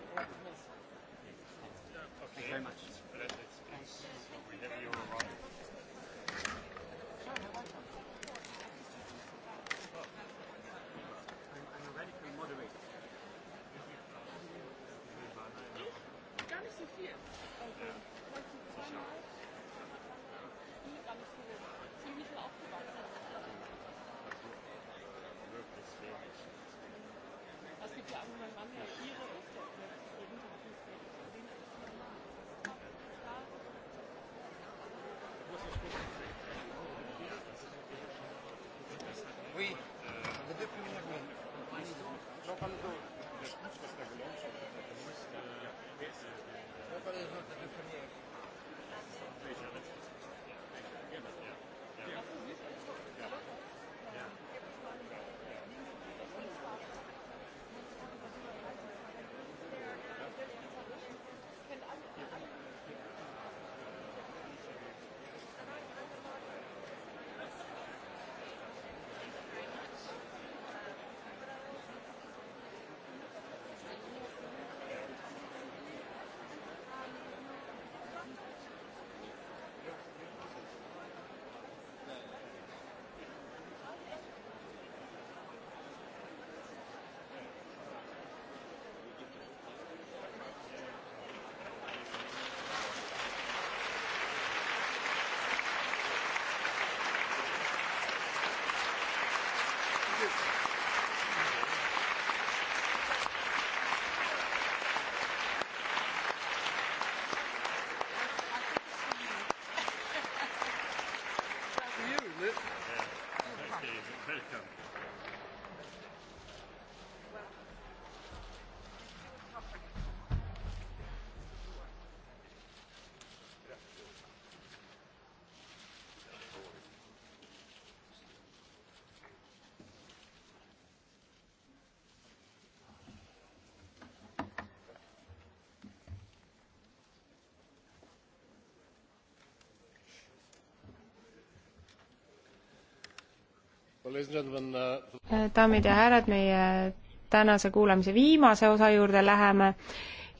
Uh, daamid ja härrad, meie tänase kuulamise viimase osa juurde läheme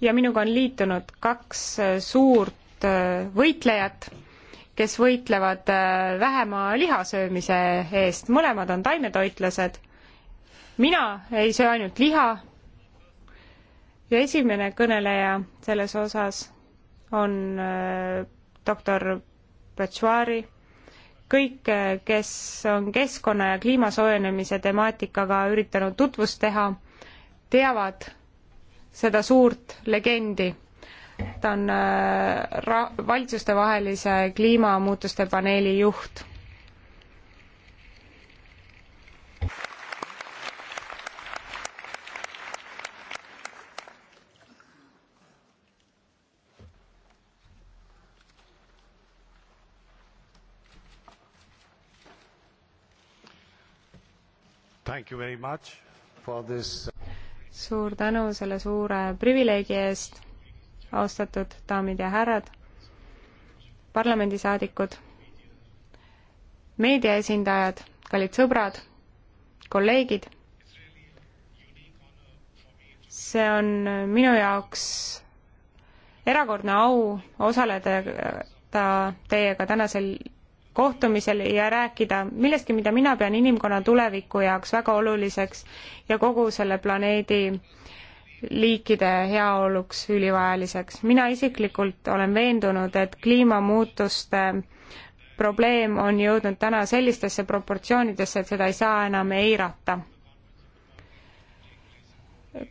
ja minuga on liitunud kaks äh, suurt äh, võitlejat, kes võitlevad äh, vähema lihasöömise eest, mõlemad on taimetoitlased. mina ei söö ainult liha ja esimene kõneleja selles osas on doktor Bechvari kõik, kes on keskkonna ja kliima soojenemise temaatikaga üritanud tutvust teha, teavad seda suurt legendi. ta on äh, ra-, valitsustevahelise kliimamuutuste paneeli juht This... Uh, suur tänu selle suure privileegi eest, austatud daamid ja härrad, parlamendisaadikud, meediaesindajad, kallid sõbrad, kolleegid. see on minu jaoks erakordne au osaleda teiega tänasel kohtumisel ja rääkida millestki, mida mina pean inimkonna tuleviku jaoks väga oluliseks ja kogu selle planeedi liikide heaoluks ülivajaliseks. mina isiklikult olen veendunud, et kliimamuutuste probleem on jõudnud täna sellistesse proportsioonidesse, et seda ei saa enam eirata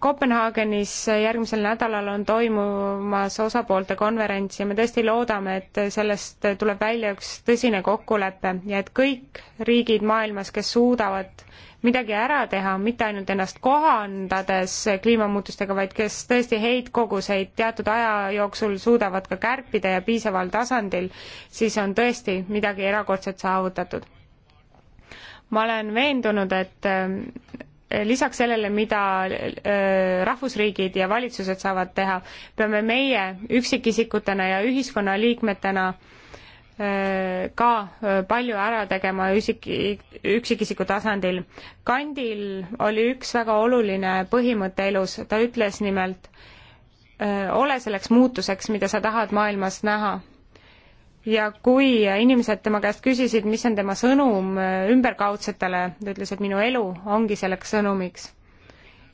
Kopenhaagenis järgmisel nädalal on toimumas osapoolte konverents ja me tõesti loodame, et sellest tuleb välja üks tõsine kokkulepe ja et kõik riigid maailmas, kes suudavad midagi ära teha, mitte ainult ennast kohandades kliimamuutustega, vaid kes tõesti heitkoguseid teatud aja jooksul suudavad ka kärpida ja piisaval tasandil, siis on tõesti midagi erakordset saavutatud ma olen veendunud, et lisaks sellele, mida äh, rahvusriigid ja valitsused saavad teha, peame meie üksikisikutena ja ühiskonnaliikmetena äh, ka äh, palju ära tegema üksik, üksikisiku tasandil. Kandil oli üks väga oluline põhimõte elus, ta ütles nimelt, ole selleks muutuseks, mida sa tahad maailmas näha ja kui inimesed tema käest küsisid, mis on tema sõnum äh, ümberkaudsetele, ta ütles, et minu elu ongi selleks sõnumiks.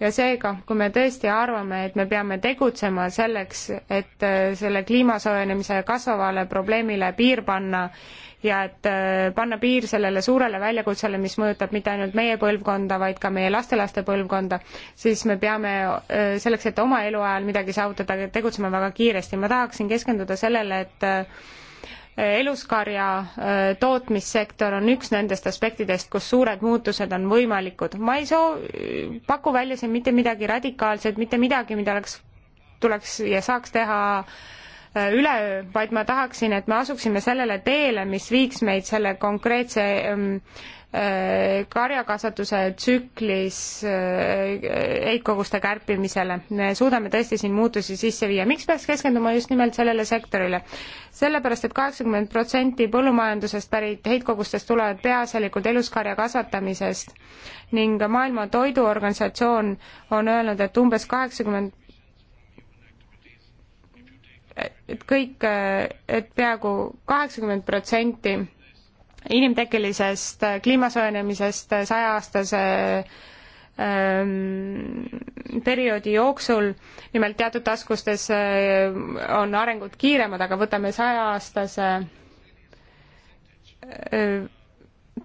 ja seega, kui me tõesti arvame, et me peame tegutsema selleks, et äh, selle kliima soojenemise kasvavale probleemile piir panna ja et äh, panna piir sellele suurele väljakutsele, mis mõjutab mitte ainult meie põlvkonda, vaid ka meie lastelaste põlvkonda, siis me peame selleks, et oma eluajal midagi saavutada, tegutsema väga kiiresti. ma tahaksin keskenduda sellele, et eluskarja äh, tootmissektor on üks nendest aspektidest, kus suured muutused on võimalikud. ma ei soo-, paku välja siin mitte midagi radikaalset, mitte midagi, mida oleks, tuleks ja saaks teha äh, Äh, üleöö, vaid ma tahaksin, et me asuksime sellele teele, mis viiks meid selle konkreetse ähm, äh, karjakasvatuse tsüklis äh, heitkoguste kärpimisele. me suudame tõesti siin muutusi sisse viia. miks peaks keskenduma just nimelt sellele sektorile? sellepärast et, et kaheksakümmend protsenti põllumajandusest pärit heitkogustest tulevad peaasjalikult eluskarja kasvatamisest ning Maailma Toiduorganisatsioon on öelnud et, et umbes kaheksakümmend et kõik, et peaaegu kaheksakümmend protsenti inimtekkelisest kliima soojenemisest sajaaastase ähm, perioodi jooksul, nimelt teatud taskustes äh, on arengud kiiremad, aga võtame sajaaastase äh,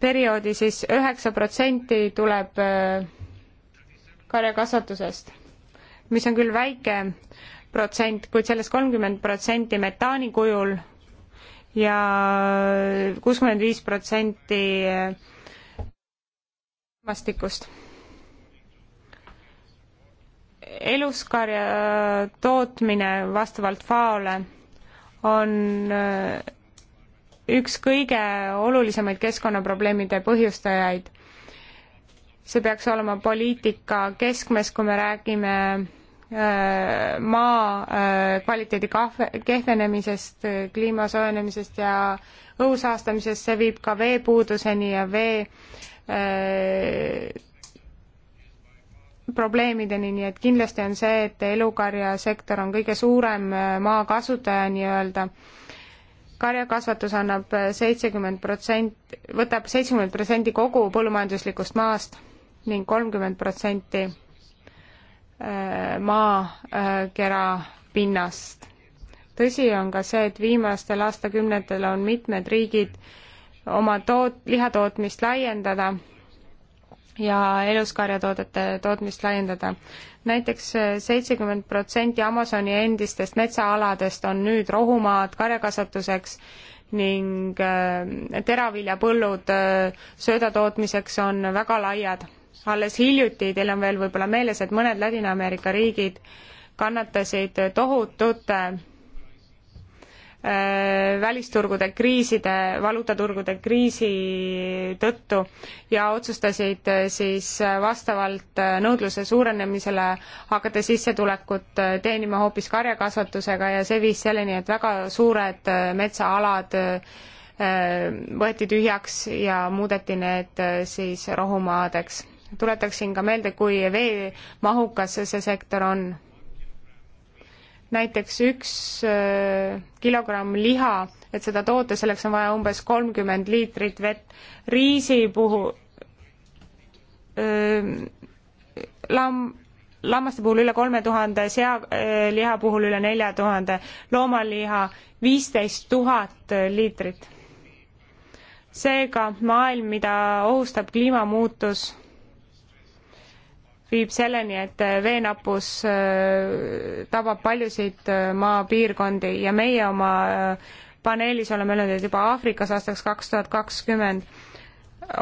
perioodi siis, siis üheksa protsenti tuleb äh, karjakasvatusest, mis on küll väike, protsent, kuid sellest kolmkümmend protsenti metaani kujul ja kuuskümmend viis protsenti vastikust. eluskarja tootmine vastavalt FAO-le on äh, üks kõige olulisemaid keskkonnaprobleemide põhjustajaid. see peaks olema poliitika keskmes, kui me räägime maa äh, kvaliteedi kahve, kehvenemisest, äh, kliima soojenemisest ja õhu saastamisest, see viib ka veepuuduseni ja vee äh, probleemideni, nii et kindlasti on see, et elukarjasektor on kõige suurem maakasutaja nii-öelda. karjakasvatus annab seitsekümmend protsent, võtab seitsekümmend protsenti kogu põllumajanduslikust maast ning kolmkümmend protsenti Äh, maakera äh, pinnast. tõsi on ka see, et viimastel aastakümnetel on mitmed riigid oma toot-, lihatootmist laiendada ja eluskarjatoodete tootmist laiendada. näiteks äh, seitsekümmend protsenti Amazoni endistest metsaaladest on nüüd rohumaad karjakasvatuseks ning teraviljapõllud söödatootmiseks on väga laiad alles hiljuti, teil on veel võib-olla meeles, et mõned Ladina-Ameerika riigid kannatasid tohutute äh, välisturgude kriiside, valuutaturgude kriisi tõttu ja otsustasid äh, siis äh, vastavalt nõudluse suurenemisele hakata sissetulekut teenima hoopis karjakasvatusega ja see viis selleni, et väga suured metsaalad võeti tühjaks ja muudeti need siis rohumaadeks tuletaksin ka meelde, kui veemahukas see sektor on. näiteks üks äh, kilogramm liha, et seda toota, selleks on vaja umbes kolmkümmend liitrit vett. riisi puhul äh, lamm, lammaste puhul üle kolme tuhande, sealiha äh, puhul üle nelja tuhande, loomaliha viisteist tuhat liitrit. seega maailm, mida ohustab kliimamuutus viib selleni, et äh, veenappus äh, tabab paljusid äh, maapiirkondi ja meie oma paneelis oleme öelnud, et juba Aafrikas aastaks kaks tuhat kakskümmend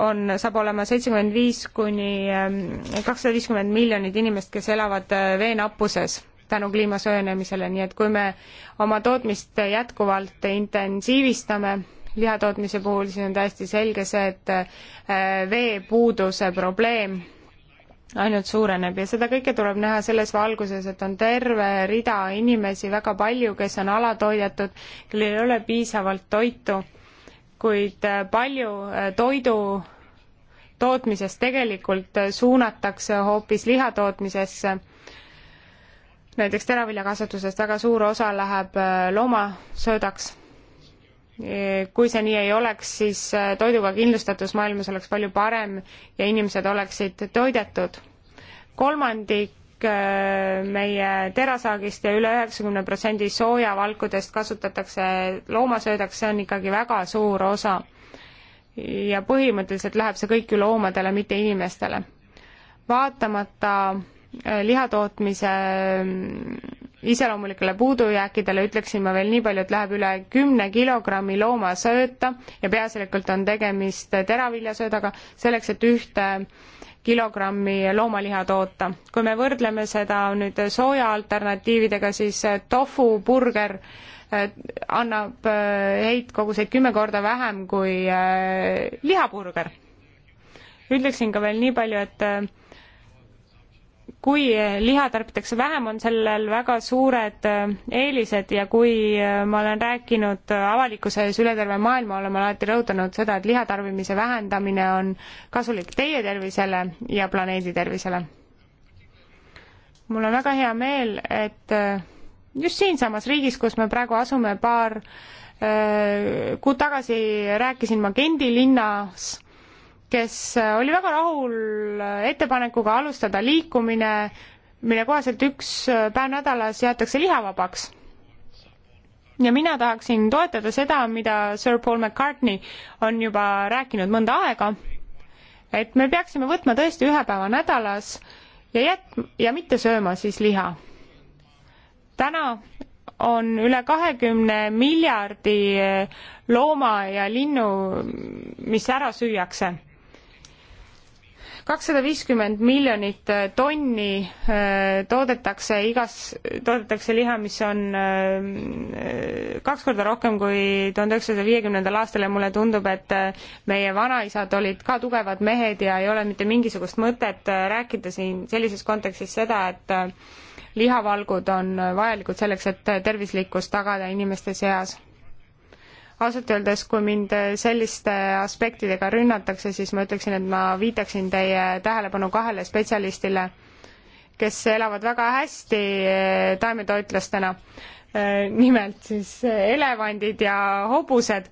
on, saab olema seitsekümmend viis kuni ähm, kakssada viiskümmend miljonit inimest, kes elavad veenappuses tänu kliima soojenemisele, nii et kui me oma tootmist jätkuvalt intensiivistame, lihatootmise puhul, siis on täiesti selge see, et veepuuduse probleem ainult suureneb ja seda kõike tuleb näha selles valguses, et on terve rida inimesi väga palju, kes on alatoidetud, kellel ei ole piisavalt toitu, kuid äh, palju äh, toidu tootmisest tegelikult äh, suunatakse hoopis lihatootmisesse. näiteks teraviljakasvatusest väga suur osa läheb loomasöödaks kui see nii ei oleks, siis äh, toiduga kindlustatus maailmas oleks palju parem ja inimesed oleksid toidetud. kolmandik äh, meie terasaagist ja üle üheksakümne protsendi soojavalkudest kasutatakse loomasöödaks, see on ikkagi väga suur osa. ja põhimõtteliselt läheb see kõik ju loomadele, mitte inimestele. vaatamata äh, lihatootmise iseloomulikele puudujääkidele ütleksin ma veel nii palju, et läheb üle kümne kilogrammi loomasööta ja peaasjalikult on tegemist teraviljasöödaga, selleks et ühte kilogrammi loomaliha toota. kui me võrdleme seda nüüd sooja alternatiividega, siis tofu burger äh, annab äh, heitkoguseid kümme korda vähem kui äh, lihaburger. ütleksin ka veel nii palju, et kui liha tarbitakse vähem, on sellel väga suured äh, eelised ja kui äh, ma olen rääkinud avalikkuse ees üle terve maailma, olen ma alati rõhutanud seda, et liha tarbimise vähendamine on kasulik teie tervisele ja planeedi tervisele. mul on väga hea meel, et äh, just siinsamas riigis, kus me praegu asume, paar kuud tagasi rääkisin ma Gendi linnas kes äh, oli väga rahul äh, ettepanekuga alustada liikumine, mille kohaselt üks äh, päev nädalas jäetakse lihavabaks. ja mina tahaksin toetada seda, mida Sir Paul McCartney on juba rääkinud mõnda aega, et me peaksime võtma tõesti ühe päeva nädalas ja jät-, ja mitte sööma siis liha. täna on üle kahekümne miljardi looma ja linnu, mis ära süüakse kakssada viiskümmend miljonit äh, tonni äh, toodetakse igas, toodetakse liha, mis on äh, kaks korda rohkem kui tuhande üheksasaja viiekümnendal aastal ja mulle tundub, et meie vanaisad olid ka tugevad mehed ja ei ole mitte mingisugust mõtet rääkida siin sellises kontekstis seda, et lihavalgud on vajalikud selleks, et tervislikkust tagada inimeste seas ausalt öeldes, kui mind selliste aspektidega rünnatakse, siis ma ütleksin, et ma viitaksin teie tähelepanu kahele spetsialistile, kes elavad väga hästi eh, taimetoitlastena. Eh, nimelt siis elevandid ja hobused.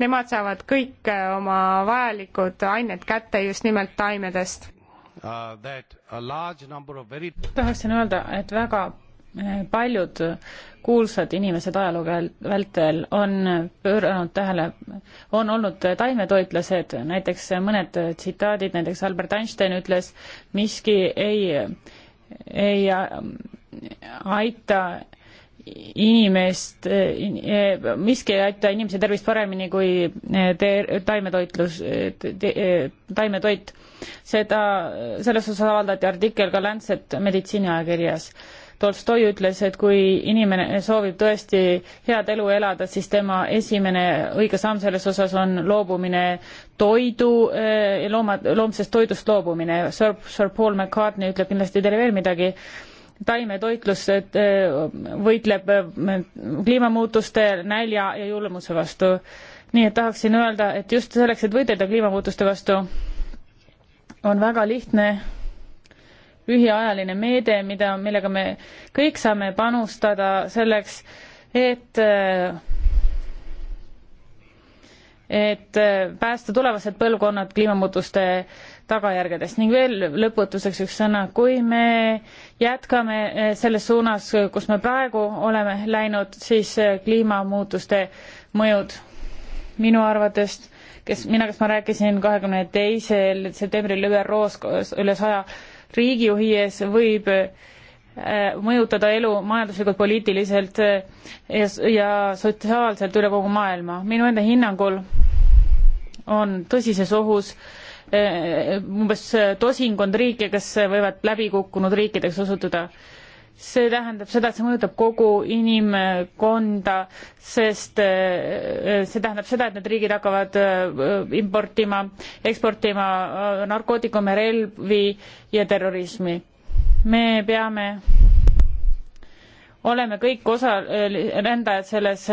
Nemad saavad kõik eh, oma vajalikud ained kätte just nimelt taimedest. Uh, tahaksin öelda, et väga paljud kuulsad inimesed ajaloo vältel on pööranud tähele, on olnud taimetoitlased, näiteks mõned tsitaadid, näiteks Albert Einstein ütles, miski ei, ei aita inimest, miski ei aita inimese tervist paremini kui te-, taimetoitlus te,, taimetoit. seda, selles osas avaldati artikkel ka Lancet meditsiiniajakirjas Tolstoi ütles, et kui inimene soovib tõesti head elu elada, siis tema esimene õige samm selles osas on loobumine toidu, eh, loomad, loomsest toidust loobumine. Sir, Sir Paul McCartney ütleb kindlasti teile veel midagi, taimetoitlus eh, võitleb eh, kliimamuutuste, nälja ja julmuse vastu. nii et tahaksin öelda, et just selleks, et võidelda kliimamuutuste vastu, on väga lihtne lühiajaline meede, mida, millega me kõik saame panustada selleks, et et päästa tulevased põlvkonnad kliimamuutuste tagajärgedest ning veel lõputuseks üks sõna, kui me jätkame eh, selles suunas, kus me praegu oleme läinud, siis eh, kliimamuutuste mõjud minu arvates, kes mina, kes ma rääkisin kahekümne teisel septembril ÜRO-s üle saja riigijuhi ees võib äh, mõjutada elu majanduslikult, poliitiliselt äh, ja, ja sotsiaalselt üle kogu maailma. minu enda hinnangul on tõsises ohus äh, umbes tosinkond riike, kes võivad läbikukkunud riikideks osutuda see tähendab seda, et see mõjutab kogu inimkonda, sest äh, see tähendab seda, et need riigid hakkavad äh, importima, eksportima äh, narkootikume, relvi ja terrorismi. me peame oleme kõik osa, rändajad selles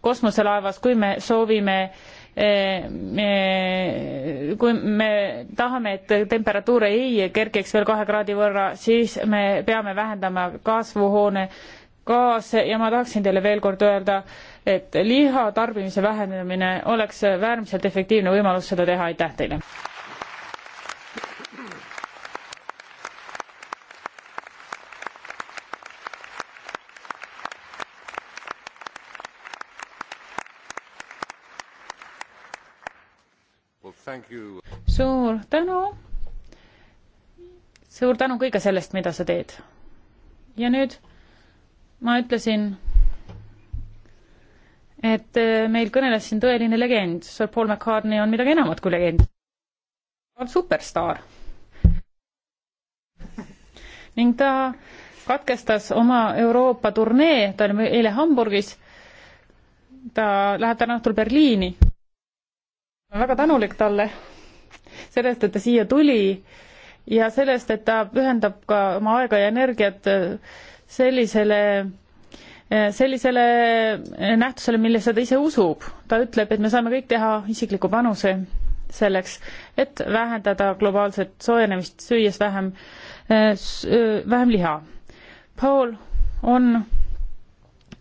kosmoselaevas, kui me soovime äh, Eh, kui me tahame, et temperatuur ei kergeks veel kahe kraadi võrra, siis me peame vähendama kasvuhoone gaase ja ma tahaksin teile veel kord öelda, et liha tarbimise vähendamine oleks äärmiselt efektiivne võimalus seda teha, aitäh teile! suur tänu. suur tänu kõige sellest, mida sa teed. ja nüüd ma ütlesin, et äh, meil kõneles siin tõeline legend, Sir Paul McCartney on midagi enamat kui legend. on superstaar. ning ta katkestas oma Euroopa turnee, ta oli eile Hamburgis, ta läheb täna õhtul Berliini olen väga tänulik talle sellest, et ta siia tuli ja sellest, et ta pühendab ka oma aega ja energiat äh, sellisele, äh, sellisele äh, nähtusele, millesse ta ise usub. ta ütleb, et me saame kõik teha isikliku panuse selleks, et vähendada globaalset soojenemist, süües vähem, vähem liha. Paul on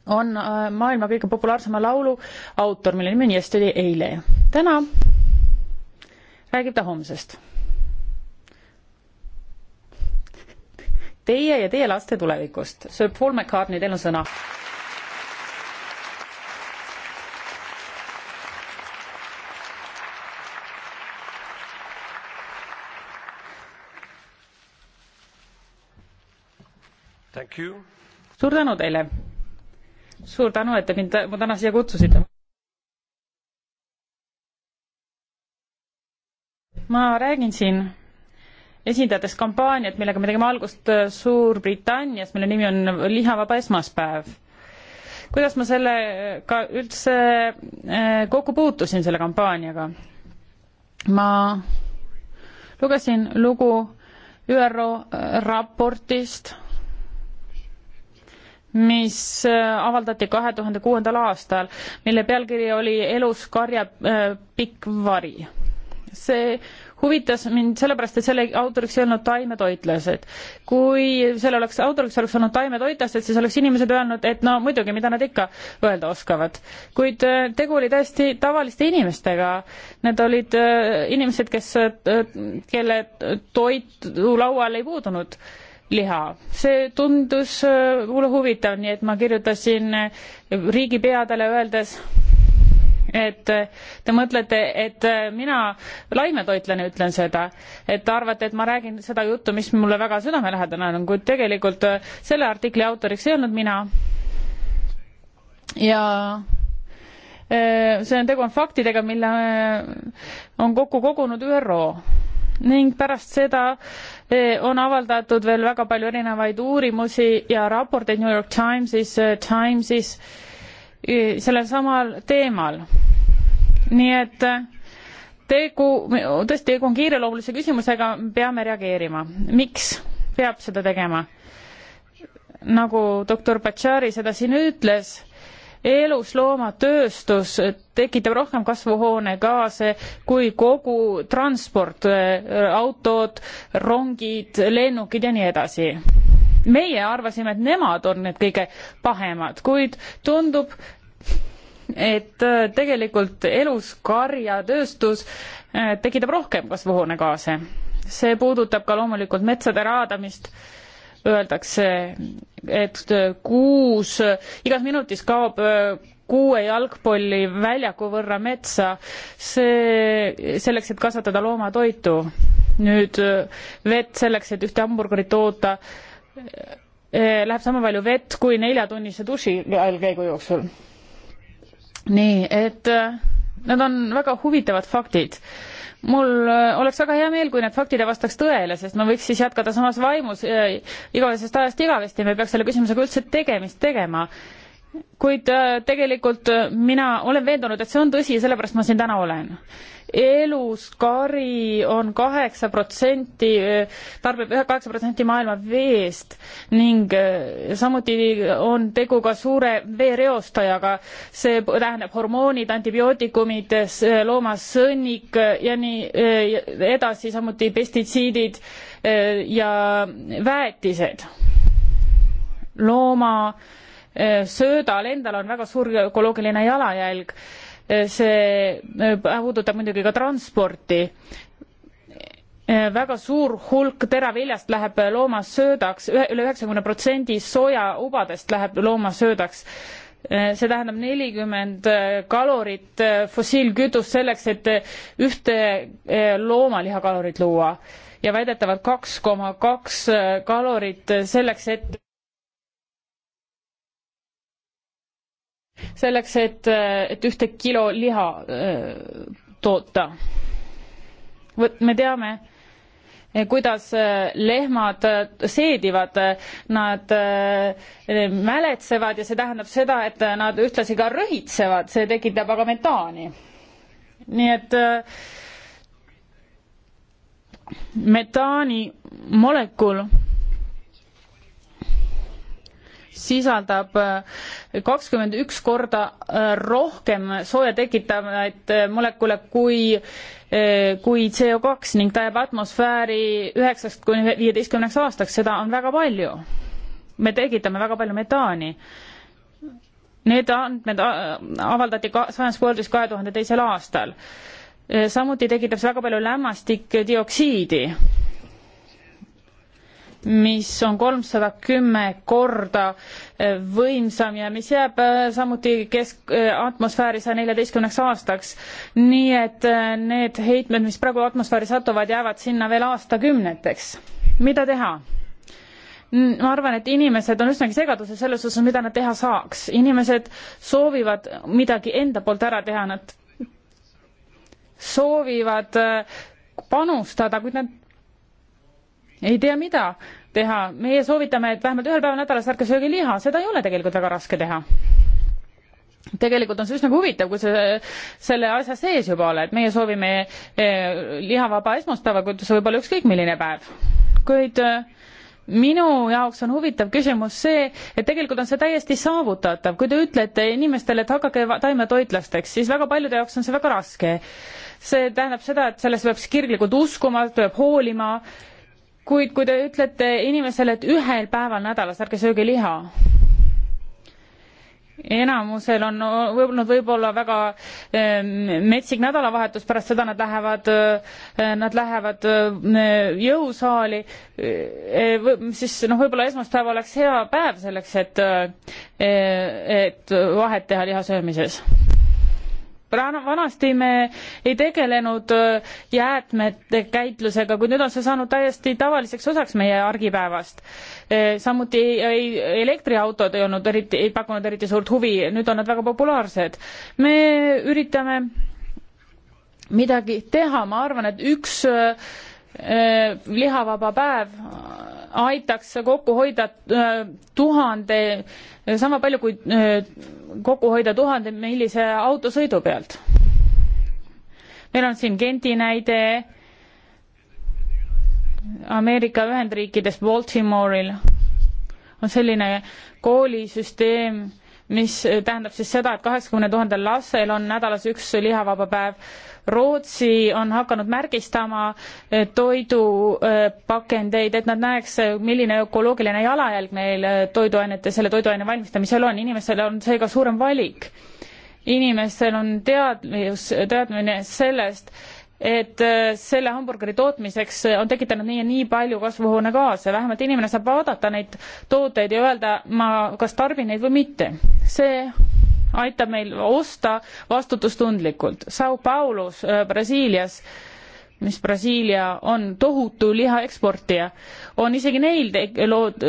on äh, maailma kõige populaarsema laulu autor, mille nimi on Yesterday eile. täna räägib ta homsest. Teie ja teie laste tulevikust. Sir Paul McCartney, teil on sõna. suur tänu teile suur tänu, et te mind täna siia kutsusite. ma räägin siin esindades kampaaniat, millega me tegime algust Suurbritannias, mille nimi on Lihavaba esmaspäev. kuidas ma sellega üldse eh, kokku puutusin, selle kampaaniaga? ma lugesin lugu ÜRO eh, raportist mis äh, avaldati kahe tuhande kuuendal aastal, mille pealkiri oli Elus karja äh, pikk vari. see huvitas mind sellepärast, et selle autoriks ei olnud taimetoitlased. kui selle oleks, autoriks oleks olnud taimetoitlased, siis oleks inimesed öelnud, et no muidugi, mida nad ikka öelda oskavad. kuid äh, tegu oli täiesti tavaliste inimestega. Need olid inimesed, kes, kelle toitu laual ei puudunud liha. see tundus äh, mulle huvitav, nii et ma kirjutasin äh, riigipeadele öeldes, et äh, te mõtlete, et mina laimetoitlane ütlen seda, et te arvate, et ma räägin seda juttu, mis mulle väga südamelähedane on, kuid tegelikult selle artikli autoriks ei olnud mina. ja see on, tegu on faktidega, mille on kokku kogunud ÜRO ning pärast seda äh, Eh, on avaldatud veel väga palju erinevaid uurimusi ja raporteid New York Timesis, eh, Timesis eh, sellel samal teemal. nii et tegu, tõesti, tegu on kiireloomulise küsimusega, peame reageerima. miks peab seda tegema? nagu doktor Bachari seda siin ütles elusloomatööstus tekitab rohkem kasvuhoonegaase kui kogu transport, äh, autod, rongid, lennukid ja nii edasi meie arvasime, et nemad on need kõige pahemad, kuid tundub, et äh, tegelikult elus karjatööstus äh, tekitab rohkem kasvuhoonegaase. see puudutab ka loomulikult metsade raadamist öeldakse, et kuus, igas minutis kaob äh, kuue jalgpalli väljaku võrra metsa, see selleks, et kasvatada loomatoitu. nüüd äh, vett selleks, et ühte hamburgerit toota, äh, läheb sama palju vett kui neljatunnise duši allkäigu jooksul. nii, et need on väga huvitavad faktid mul äh, oleks väga hea meel, kui need faktid ei vastaks tõele, sest ma võiks siis jätkada samas vaimus äh, igavesest ajast igavesti, me peaks selle küsimusega üldse tegemist tegema. kuid äh, tegelikult äh, mina olen veendunud, et see on tõsi ja sellepärast ma siin täna olen eluskari on kaheksa protsenti, tarbib kaheksa protsenti maailma veest ning samuti on tegu ka suure veereostajaga. see tähendab hormoonid, antibiootikumid, loomasõnnik ja nii edasi, samuti pestitsiidid ja väetised. looma söödal endal on väga suur ökoloogiline jalajälg Eh, see eh, puudutab muidugi ka transporti. Eh, väga suur hulk teraviljast läheb loomasöödaks, üle üheksakümne protsendi sojaubadest läheb loomasöödaks see tähendab nelikümmend kalorit fossiilkütust selleks, et ühte loomaliha kalorit luua ja väidetavalt kaks koma kaks kalorit selleks, et selleks, et, et ühte kilo liha toota. vot me teame, kuidas lehmad seedivad, nad mäletsevad ja see tähendab seda, et nad ühtlasi ka rõhitsevad, see tekitab aga metaani. nii et metaani molekul sisaldab äh, kakskümmend üks korda äh, rohkem sooja tekitavaid äh, molekule kui, kui CO2 ning ta jääb atmosfääri üheksast kuni viieteistkümneks aastaks, seda on väga palju. me tekitame väga palju metaani. Need andmed avaldati ka Science Worldis kahe tuhande teisel aastal. samuti tekitab see väga palju lämmastikdioksiidi mis on kolmsada kümme korda eh, võimsam ja mis jääb eh, samuti kesk, eh, atmosfääri saja neljateistkümneks aastaks. nii et need heitmed, mis praegu atmosfääri satuvad, jäävad sinna veel aastakümneteks. mida teha? ma arvan, et inimesed on üsnagi segaduses selles osas, mida nad teha saaks. inimesed soovivad midagi enda poolt ära teha, nad soovivad panustada, kuid nad ei tea mida teha. meie soovitame, et vähemalt ühel päeval nädalas ärge sööge liha, seda ei ole tegelikult väga raske teha. tegelikult on see üsna huvitav, kui sa selle asja sees juba oled. meie soovime eh, lihavaba esmaspäeva, kuid see võib olla ükskõik milline päev. kuid eh, minu jaoks on huvitav küsimus see, et tegelikult on see täiesti saavutatav, kui te ütlete inimestele, et hakake taimetoitlasteks, siis väga paljude jaoks on see väga raske. see tähendab seda, et sellesse peab kirglikult uskuma, peab hoolima kuid kui te ütlete inimesele, et ühel päeval nädalas ärge sööge liha, enamusel on olnud võib-olla väga ehm, metsik nädalavahetus, pärast seda nad lähevad, eh, nad lähevad eh, jõusaali, eh, siis noh, võib-olla esmaspäev oleks hea päev selleks, et, et vahet teha liha söömises vanasti me ei tegelenud äh, jäätmete käitlusega, kuid nüüd on see saanud täiesti tavaliseks osaks meie argipäevast. Äh, samuti ei, ei, elektriautod ei olnud eriti, ei pakkunud eriti suurt huvi, nüüd on nad väga populaarsed. me üritame midagi teha, ma arvan, et üks äh, lihavaba päev aitaks kokku hoida äh, tuhande, sama palju kui äh, kokku hoida tuhande millise autosõidu pealt. meil on siin Genti näide Ameerika Ühendriikides Baltimore'il on selline koolisüsteem mis tähendab siis seda, et kaheksakümne tuhandel lastel on nädalas üks lihavaba päev. Rootsi on hakanud märgistama eh, toidupakendeid, eh, et nad näeks, eh, milline ökoloogiline jalajälg neil toiduainete, selle toiduaine valmistamisel on, inimestel on seega suurem valik. inimestel on teadmus, teadmine sellest, et äh, selle hamburgeri tootmiseks äh, on tekitanud nii ja nii palju kasvuhoonegaase, vähemalt inimene saab vaadata neid tooteid ja öelda, ma kas tarbin neid või mitte. see aitab meil osta vastutustundlikult. Sao Paulos äh, Brasiilias, mis Brasiilia on tohutu liha eksportija, on isegi neil lood,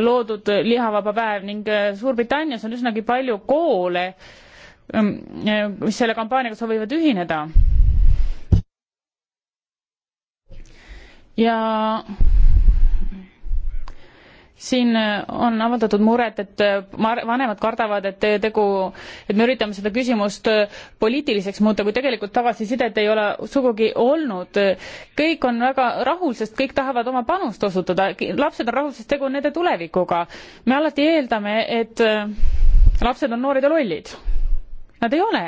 loodud lihavaba päev ning Suurbritannias on üsnagi palju koole, ähm, mis selle kampaaniaga soovivad ühineda ja siin on avaldatud muret, et vanemad kardavad, et tegu, et me üritame seda küsimust poliitiliseks muuta, kui tegelikult tagasisidet ei ole sugugi olnud. kõik on väga rahul, sest kõik tahavad oma panust osutada, lapsed on rahul, sest tegu on nende tulevikuga. me alati eeldame, et lapsed on noored ja lollid. Nad ei ole.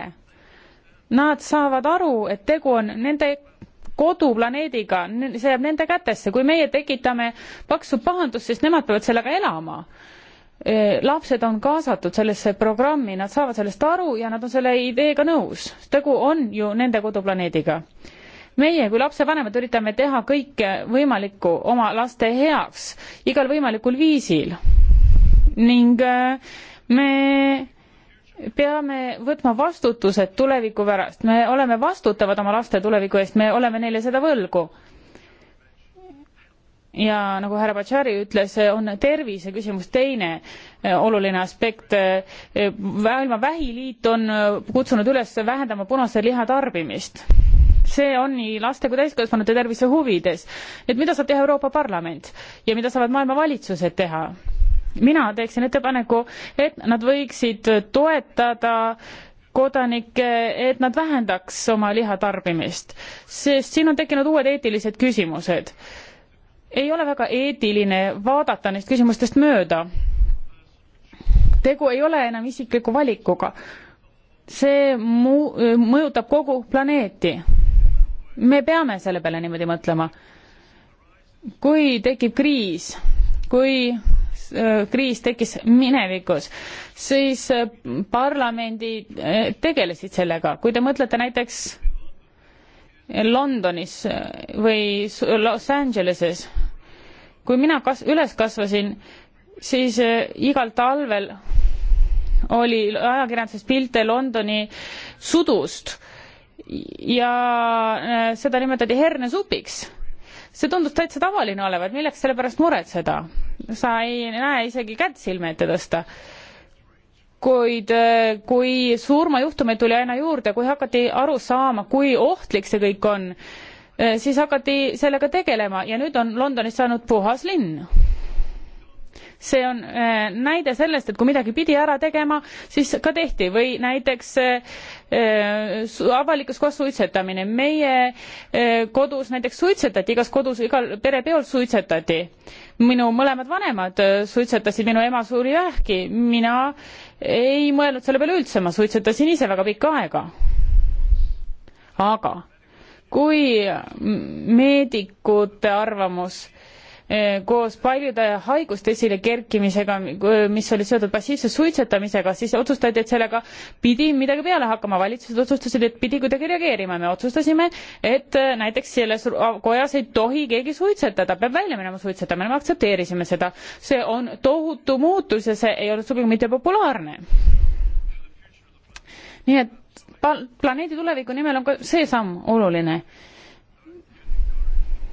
Nad saavad aru, et tegu on nende koduplaneediga, see jääb nende kätesse, kui meie tekitame paksu pahandust, siis nemad peavad sellega elama e, lapsed on kaasatud sellesse programmi, nad saavad sellest aru ja nad on selle ideega nõus. tegu on ju nende koduplaneediga. meie kui lapsevanemad üritame teha kõike võimalikku oma laste heaks igal võimalikul viisil ning e, me peame võtma vastutused tuleviku pärast, me oleme vastutavad oma laste tuleviku eest, me oleme neile seda võlgu. ja nagu härra Bachari ütles, on tervise küsimus teine eh, oluline aspekt. Eh, maailma Vähiliit on eh, kutsunud üles vähendama punase liha tarbimist see on nii laste kui täiskasvanute tervise huvides. et mida saab teha Euroopa Parlament ja mida saavad maailma valitsused teha? mina teeksin ettepaneku, et nad võiksid toetada kodanikke, et nad vähendaks oma liha tarbimist, sest siin on tekkinud uued eetilised küsimused. ei ole väga eetiline vaadata neist küsimustest mööda. tegu ei ole enam isikliku valikuga. see mu-, mõjutab kogu planeeti. me peame selle peale niimoodi mõtlema. kui tekib kriis, kui Äh, kriis tekkis minevikus, siis äh, parlamendid äh, tegelesid sellega. kui te mõtlete näiteks Londonis või Los Angeleses, kui mina kas-, üles kasvasin, siis igal talvel oli ajakirjanduses pilte Londoni sudust ja seda nimetati hernesupiks. see tundus täitsa tavaline olevat, milleks selle pärast muretseda? sa ei näe isegi kätt silme ette tõsta. kuid äh, kui surmajuhtumeid tuli aina juurde, kui hakati aru saama, kui ohtlik see kõik on, äh, siis hakati sellega tegelema ja nüüd on Londonist saanud puhas linn see on äh, näide sellest, et kui midagi pidi ära tegema, siis ka tehti või näiteks äh, äh, avalikus kohas suitsetamine. meie kodus näiteks suitsetati, igas kodus, igal perepeol suitsetati. minu mõlemad vanemad suitsetasid, minu ema suri vähki, mina ei mõelnud selle peale üldse, ma suitsetasin ise väga pikka aega. aga kui meedikute arvamus äh, Eh, koos paljude haiguste esile kerkimisega, mis olid seotud passiivse suitsetamisega, siis otsustati, et sellega pidi midagi peale hakkama, valitsused otsustasid, et pidi kuidagi reageerima, me otsustasime, et eh, näiteks selles kojas ei tohi keegi suitsetada, peab välja minema suitsetama, me aktsepteerisime seda. see on tohutu muutus ja see ei ole sugugi mitte populaarne. nii et planeedi tuleviku nimel on ka see samm oluline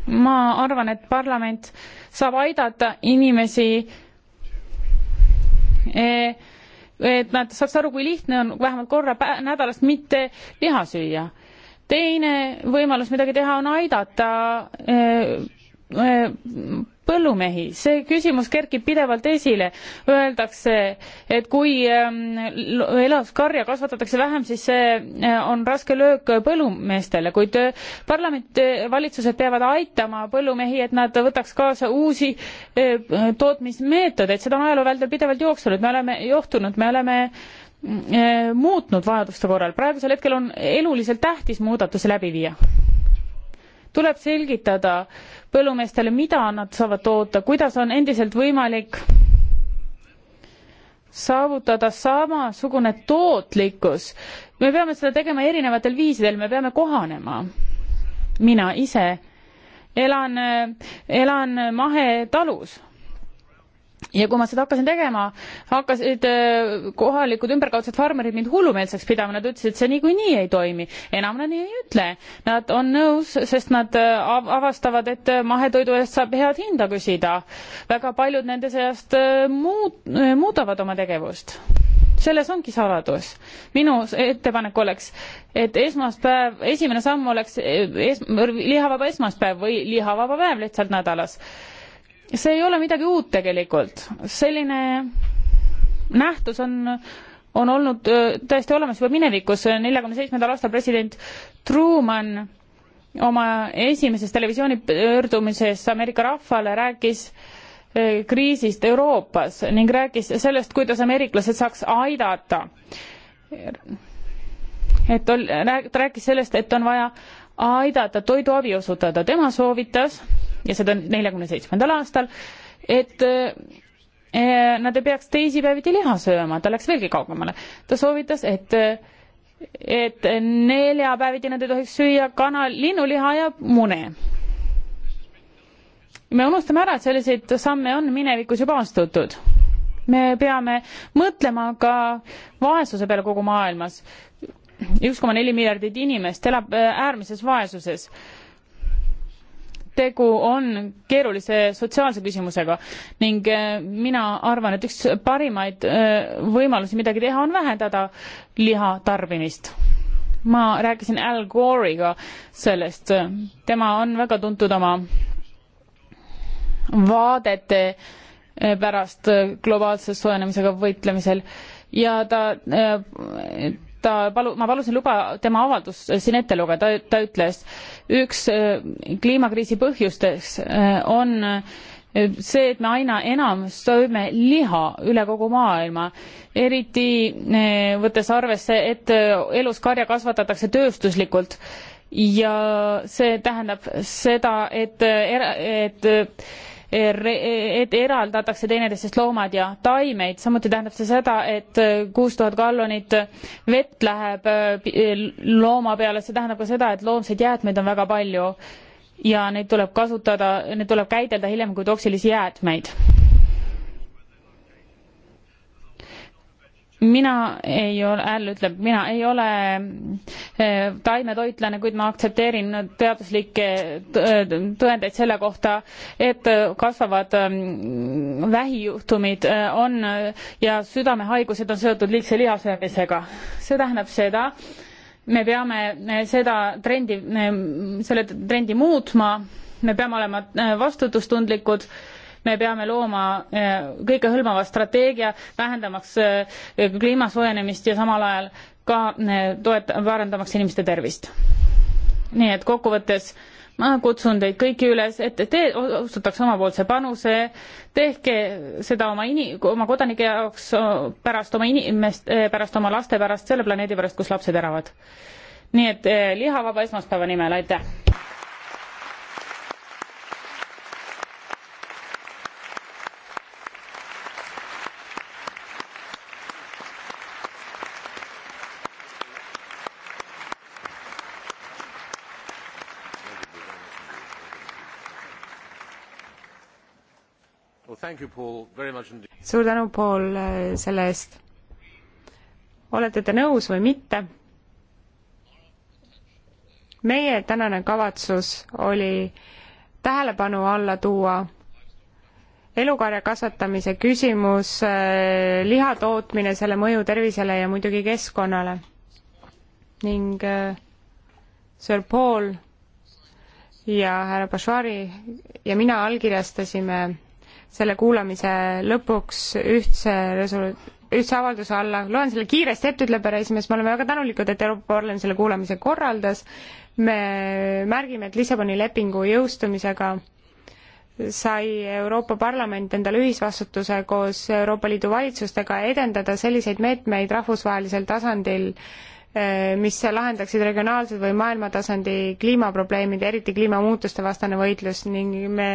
ma arvan, et parlament saab aidata inimesi, e, et nad saaks aru, kui lihtne on vähemalt korra nädalas mitte liha süüa. teine võimalus midagi teha on aidata e, e, põllumehi, see küsimus kerkib pidevalt esile. Öeldakse, et kui ähm, elavkarja kasvatatakse vähem, siis see äh, on raske löök põllumeestele, kuid äh, parlament, äh, valitsused peavad aitama põllumehi, et nad võtaks kaasa uusi tootmismeetodeid, seda on ajaloo vältel pidevalt jooksunud, me oleme johtunud, me oleme muutnud vajaduste korral, praegusel hetkel on eluliselt tähtis muudatusi läbi viia tuleb selgitada põllumeestele, mida nad saavad toota, kuidas on endiselt võimalik saavutada samasugune tootlikkus. me peame seda tegema erinevatel viisidel, me peame kohanema. mina ise elan, elan mahetalus ja kui ma seda hakkasin tegema, hakkasid äh, kohalikud ümberkaudsed farmerid mind hullumeelseks pidama, nad ütlesid, et see niikuinii nii ei toimi. enam nad nii ei ütle. Nad on nõus, sest nad äh, avastavad, et äh, mahetoidu eest saab head hinda küsida. väga paljud nende seast muut-, muudavad oma tegevust selles ongi saladus. minu ettepanek oleks, et esmaspäev, esimene samm oleks es, lihavaba esmaspäev või lihavaba päev lihtsalt nädalas see ei ole midagi uut tegelikult, selline nähtus on on olnud äh, tõesti olemas juba minevikus, neljakümne seitsmendal aastal president Truman oma esimeses televisioonipöördumises Ameerika rahvale rääkis äh, kriisist Euroopas ning rääkis sellest, kuidas ameeriklased saaks aidata. et ol-, rääk-, ta rääkis sellest, et on vaja aidata toiduabi osutada, tema soovitas ja seda neljakümne seitsmendal aastal, et eh, eh, nad ei peaks teisipäeviti liha sööma, ta läks veelgi kaugemale. ta soovitas, et et neljapäeviti nad ei tohiks süüa kana, linnuliha ja mune. me unustame ära, et selliseid samme on minevikus juba astutud. me peame mõtlema ka vaesuse peale kogu maailmas. üks koma neli miljardit inimest elab eh, äärmises vaesuses tegu on keerulise sotsiaalse küsimusega ning äh, mina arvan, et üks parimaid äh, võimalusi midagi teha on vähendada liha tarbimist. ma rääkisin Al Gore'iga sellest, tema on väga tuntud oma vaadete äh, pärast globaalse soojenemisega võitlemisel ja ta ta palu-, ma palusin luba tema avaldus siin ette lugeda, ta ütles, üks äh, kliimakriisi põhjusteks äh, on äh, see, et me aina enam sööme liha üle kogu maailma, eriti võttes arvesse, et elus karja kasvatatakse tööstuslikult ja see tähendab seda, et, et et eraldatakse teineteisest loomad ja taimeid, samuti tähendab see seda, et kuus tuhat gallonit vett läheb eh, looma peale, see tähendab ka seda, et loomseid jäätmeid on väga palju ja neid tuleb kasutada, neid tuleb käidelda hiljem kui toksilisi jäätmeid mina ei ole, Äll ütleb, mina ei ole eh, taimetoitlane, kuid ma aktsepteerin teaduslikke eh, tõendeid selle kohta, et kasvavad mm, vähijuhtumid eh, on ja südamehaigused on seotud liigse lihasöömisega. see tähendab seda, me peame seda trendi, selle trendi muutma, me peame olema vastutustundlikud me peame looma eh, kõikehõlmava strateegia, vähendamaks eh, kliima soojenemist ja samal ajal ka eh, toet-, parandamaks inimeste tervist. nii et kokkuvõttes ma kutsun teid kõiki üles, et te osutataks omapoolse panuse, tehke seda oma ini-, oma kodanike jaoks, pärast oma inimest, pärast oma laste pärast, selle planeedi pärast, kus lapsed elavad. nii et lihavaba esmaspäeva nimel, aitäh! suur tänu, Paul, äh, selle eest. olete te nõus või mitte? meie tänane kavatsus oli tähelepanu alla tuua elukarja kasvatamise küsimus, äh, liha tootmine, selle mõju tervisele ja muidugi keskkonnale. ning äh, Sir Paul ja härra Bashari ja mina allkirjastasime selle kuulamise lõpuks ühtse resolu-, ühtse avalduse alla, loen selle kiiresti ette, ütleb härra esimees, me oleme väga tänulikud, et Euroopa Parlament selle kuulamise korraldas, me märgime, et Lissaboni lepingu jõustumisega sai Euroopa Parlament endale ühisvastutuse koos Euroopa Liidu valitsustega edendada selliseid meetmeid rahvusvahelisel tasandil, eh, mis lahendaksid regionaalsed või maailmatasandi kliimaprobleemid, eriti kliimamuutuste vastane võitlus ning me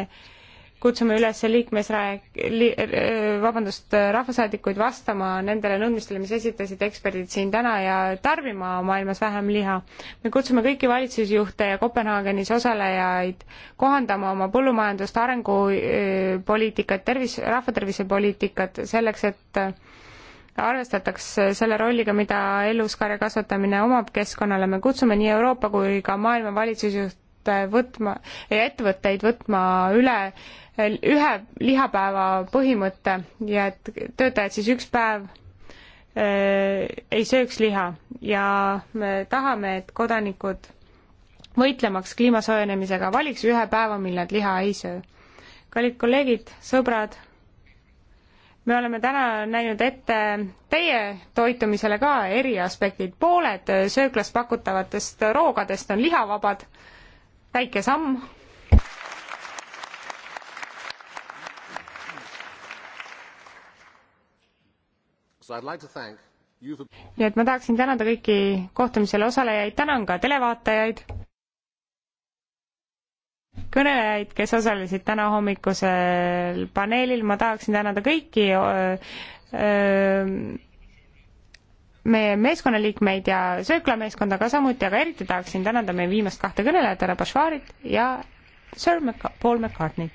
kutsume üles liikmesraek- li,, äh, vabandust, rahvasaadikuid vastama nendele nõudmistele, mis esitasid eksperdid siin täna ja tarbima maailmas vähem liha. me kutsume kõiki valitsusjuhte ja Kopenhaagenis osalejaid kohandama oma põllumajandust, arengupoliitikat, äh, tervis, rahvatervisepoliitikat selleks, et äh, arvestataks selle rolliga, mida elluskarja kasvatamine omab keskkonnale, me kutsume nii Euroopa kui ka maailma valitsusjuhte võtma ja ettevõtteid võtma üle äh, ühe lihapäeva põhimõte ja et töötajad siis üks päev äh, ei sööks liha ja me tahame, et kodanikud võitlemaks kliima soojenemisega valiks ühe päeva, mil nad liha ei söö. kallid kolleegid, sõbrad, me oleme täna näinud ette teie toitumisele ka eri aspektid, pooled sööklas pakutavatest roogadest on lihavabad, väike samm nii et ma tahaksin tänada kõiki kohtumisel osalejaid, tänan ka televaatajaid, kõnelejaid, kes osalesid täna hommikusel paneelil, ma tahaksin tänada kõiki öö, öö, meie meeskonnaliikmeid ja sööklameeskonda ka samuti, aga eriti tahaksin tänada meie viimast kahte kõnelejat, härra Bashvarit ja Sir Mac-, Paul McCartney.